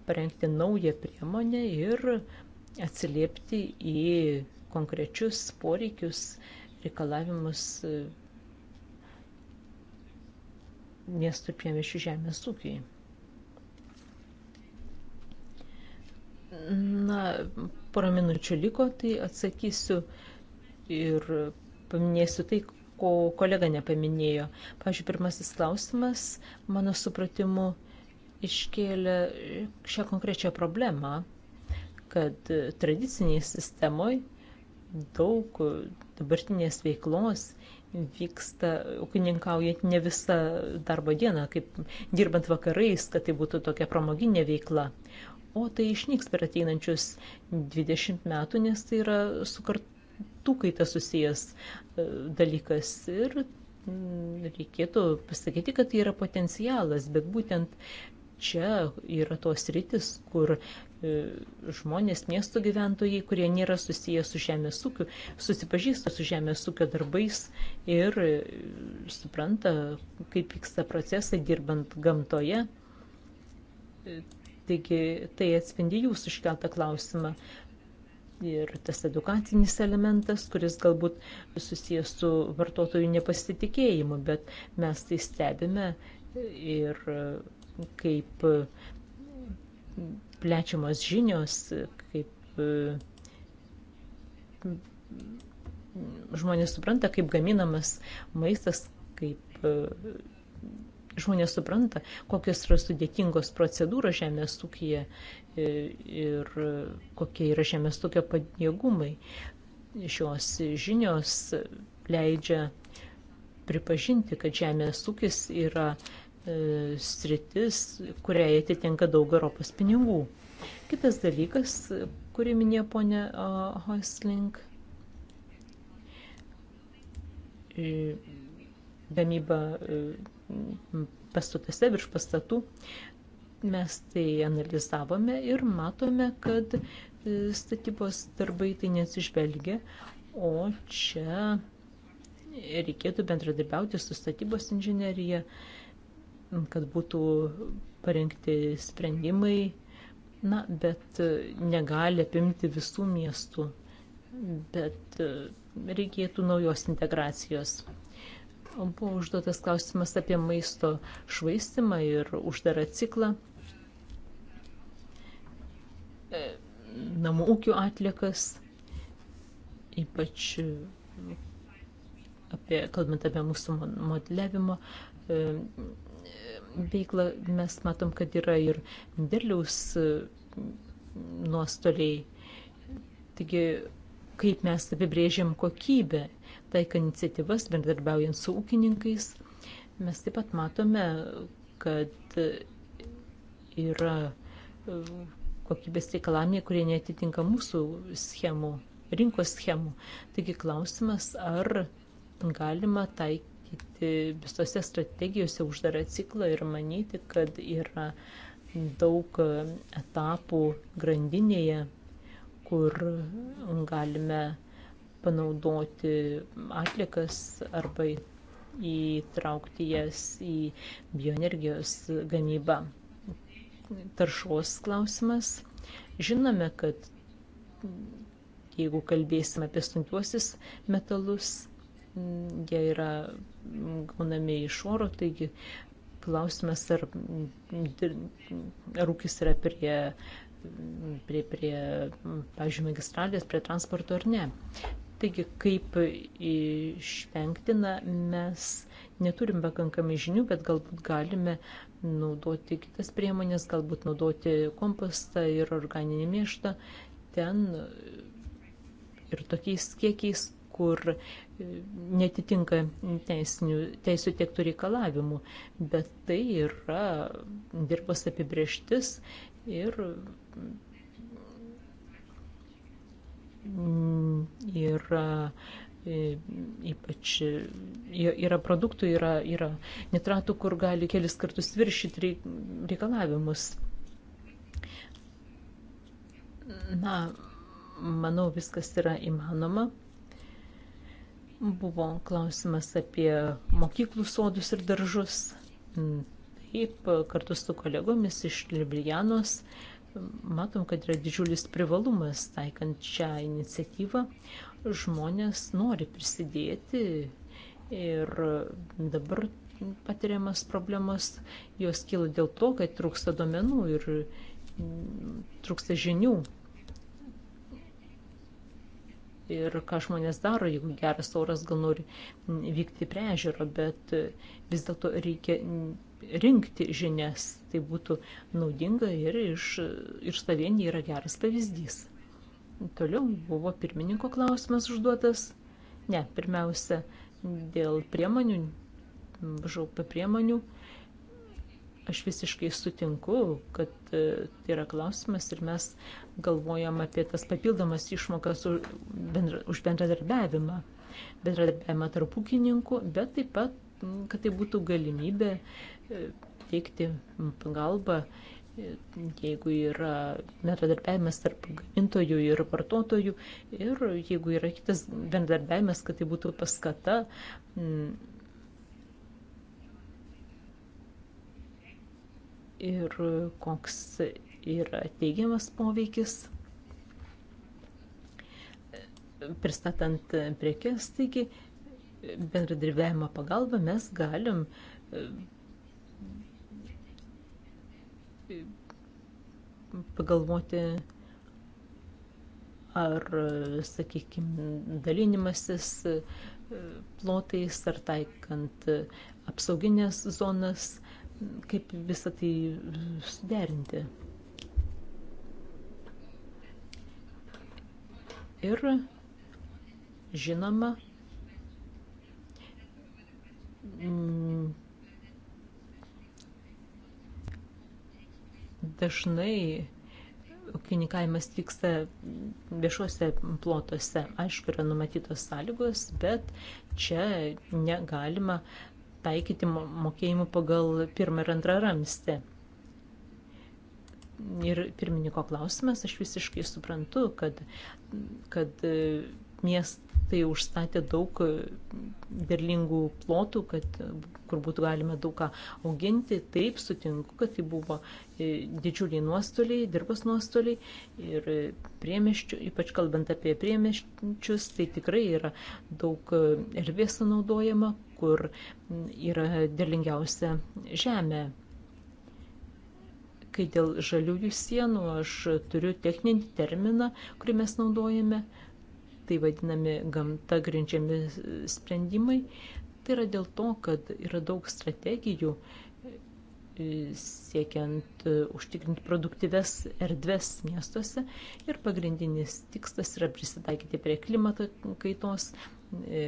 parengti naują priemonę ir atsiliepti į konkrečius poreikius, reikalavimus e, miestų priemešių žemės ūkiai. Na, porą minučių liko, tai atsakysiu ir paminėsiu tai, ko kolega nepaminėjo. Pavyzdžiui, pirmasis klausimas, mano supratimu, iškėlė šią konkrečią problemą, kad tradiciniai sistemoje daug dabartinės veiklos vyksta, ūkininkaujant ne visą darbo dieną, kaip dirbant vakarais, kad tai būtų tokia pramoginė veikla o tai išnyks per ateinančius 20 metų, nes tai yra su kartų kaita susijęs e, dalykas ir mm, reikėtų pasakyti, kad tai yra potencialas, bet būtent čia yra tos rytis, kur e, žmonės, miesto gyventojai, kurie nėra susiję su žemės ūkiu, susipažįsta su žemės ūkio darbais ir e, supranta, kaip vyksta procesai dirbant gamtoje. Taigi tai atspindi jūsų iškeltą klausimą. Ir tas edukacinis elementas, kuris galbūt susijęs su vartotojų nepasitikėjimu, bet mes tai stebime ir kaip plečiamos žinios, kaip žmonės supranta, kaip gaminamas maistas, kaip žmonės supranta, kokios yra sudėtingos procedūros žemės ūkija e, ir kokie yra žemės ūkio pajėgumai. Šios žinios leidžia pripažinti, kad žemės ūkis yra e, sritis, kuriai atitenka daug Europos pinigų. Kitas dalykas, kurį minėjo ponė Hoisling, e, gamyba pastatuose, virš pastatų. Mes tai analizavome ir matome, kad e, statybos darbai tai nesižvelgia, o čia reikėtų bendradarbiauti su statybos inžinierija, kad būtų parengti sprendimai, na, bet e, negali apimti visų miestų, bet e, reikėtų naujos integracijos. Buvo užduotas klausimas apie maisto švaistimą ir uždarą ciklą, e, namų ūkių atliekas, ypač apie, kalbant apie mūsų modeliavimo e, veiklą, mes matom, kad yra ir derliaus e, nuostoliai. Taigi, kaip mes apibrėžiam kokybę taiko iniciatyvas bendradarbiaujant su ūkininkais. Mes taip pat matome, kad yra e, kokybės reikalavimai, kurie netitinka mūsų schemų, rinkos schemų. Taigi klausimas, ar galima taikyti visose strategijose uždarą ciklą ir manyti, kad yra daug etapų grandinėje, kur galime panaudoti atlikas arba įtraukti jas į bioenergijos gamybą. Taršos klausimas. Žinome, kad jeigu kalbėsime apie sunkiuosius metalus, jie yra gaunami iš oro, taigi klausimas, ar, ar ūkis yra prie prie, prie pažiūrėjau, magistralės, prie transporto ar ne. Taigi, kaip išvengti, na, mes neturim pakankamai žinių, bet galbūt galime naudoti kitas priemonės, galbūt naudoti kompostą ir organinį mėštą ten ir tokiais kiekiais, kur netitinka teisinių, teisų tiektų reikalavimų, bet tai yra dirbos apibrieštis ir Mm, yra e, ypač e, yra produktų, yra, yra nitratų, kur gali kelis kartus viršyti reikalavimus. Na, manau, viskas yra įmanoma. Buvo klausimas apie mokyklų sodus ir daržus. Mm, taip, kartu su kolegomis iš Librianos matom, kad yra didžiulis privalumas taikant šią iniciatyvą. Žmonės nori prisidėti ir dabar patiriamas problemas, jos kyla dėl to, kad trūksta domenų ir mm, trūksta žinių. Ir ką žmonės daro, jeigu geras oras gal nori vykti prie ežero, bet vis dėlto reikia rinkti žinias. Tai būtų naudinga ir iš, iš savienį yra geras pavyzdys. Toliau buvo pirmininko klausimas užduotas. Ne, pirmiausia, dėl priemonių, žaupa priemonių. Aš visiškai sutinku, kad e, tai yra klausimas ir mes galvojam apie tas papildomas išmokas už, bendra, už bendradarbiavimą. Bendradarbiavimą tarp ūkininkų, bet taip pat, kad tai būtų galimybė teikti pagalbą, jeigu yra bendradarbiavimas tarp gamintojų ir vartotojų ir jeigu yra kitas bendradarbiavimas, kad tai būtų paskata. Mm, ir koks yra teigiamas poveikis pristatant prekes, taigi bendradarbiavimo pagalba mes galim pagalvoti, ar, sakykime, dalinimasis plotais, ar taikant apsauginės zonas, kaip visą tai suderinti. Ir žinoma, dažnai ūkininkavimas vyksta viešuose plotuose. Aišku, yra numatytos sąlygos, bet čia negalima taikyti mokėjimų pagal pirmą ir antrą ramstį. Ir pirmininko klausimas, aš visiškai suprantu, kad, kad e, miest, tai užstatė daug e, derlingų plotų, kad, e, kur būtų galima daug ką auginti. Taip sutinku, kad tai buvo e, didžiuliai nuostoliai, dirbos nuostoliai ir priemeščių, ypač kalbant apie priemeščius, tai tikrai yra daug erdvės sunaudojama, kur yra derlingiausia žemė kai dėl žaliųjų sienų aš turiu techninį terminą, kurį mes naudojame, tai vadinami gamta grindžiami sprendimai. Tai yra dėl to, kad yra daug strategijų e, siekiant e, užtikrinti produktyves erdves miestuose ir pagrindinis tikslas yra prisitaikyti prie klimato kaitos, e,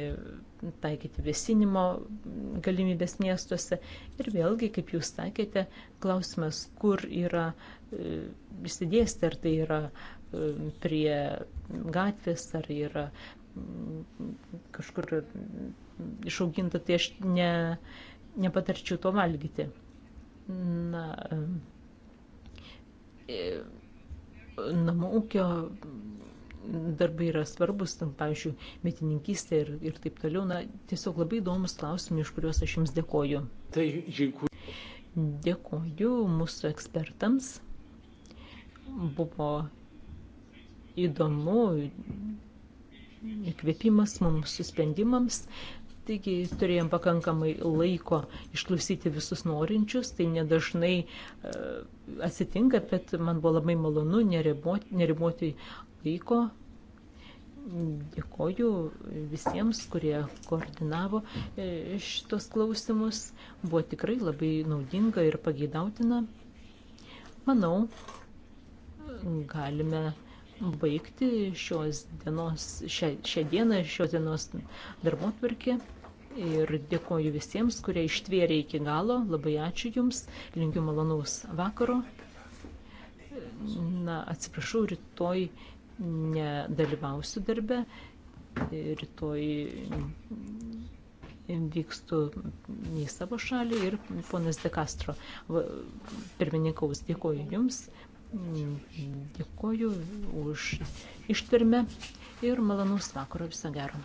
taikyti vėsinimo galimybės miestuose. Ir vėlgi, kaip jūs sakėte, klausimas, kur yra prisidėsti, ar tai yra prie gatvės ar yra kažkur išauginta, tai aš ne, nepatarčiau to valgyti. Na, e, namų ūkio darbai yra svarbus, tam, pavyzdžiui, metininkystė ir, ir taip toliau. Na, tiesiog labai įdomus klausimai, iš kuriuos aš Jums dėkoju. Tai dėkui. Dėkoju mūsų ekspertams. Buvo įdomu, įkvėpimas mums susprendimams. Taigi turėjom pakankamai laiko išklausyti visus norinčius, tai nedažnai e, atsitinka, bet man buvo labai malonu neriboti, neriboti laiko. Dėkoju visiems, kurie koordinavo e, šitos klausimus. Buvo tikrai labai naudinga ir pageidautina. Manau, galime baigti šios dienos, šią, šią dieną, šios dienos darbotvarkį. Ir dėkoju visiems, kurie ištvėrė iki galo. Labai ačiū Jums. Linkiu malonaus vakaro. Na, atsiprašau, rytoj nedalyvausiu darbe. Rytoj vykstu į savo šalį ir ponas De Castro pirmininkaus dėkoju Jums. Dėkoju už ištvermę ir malonaus vakaro viso gero.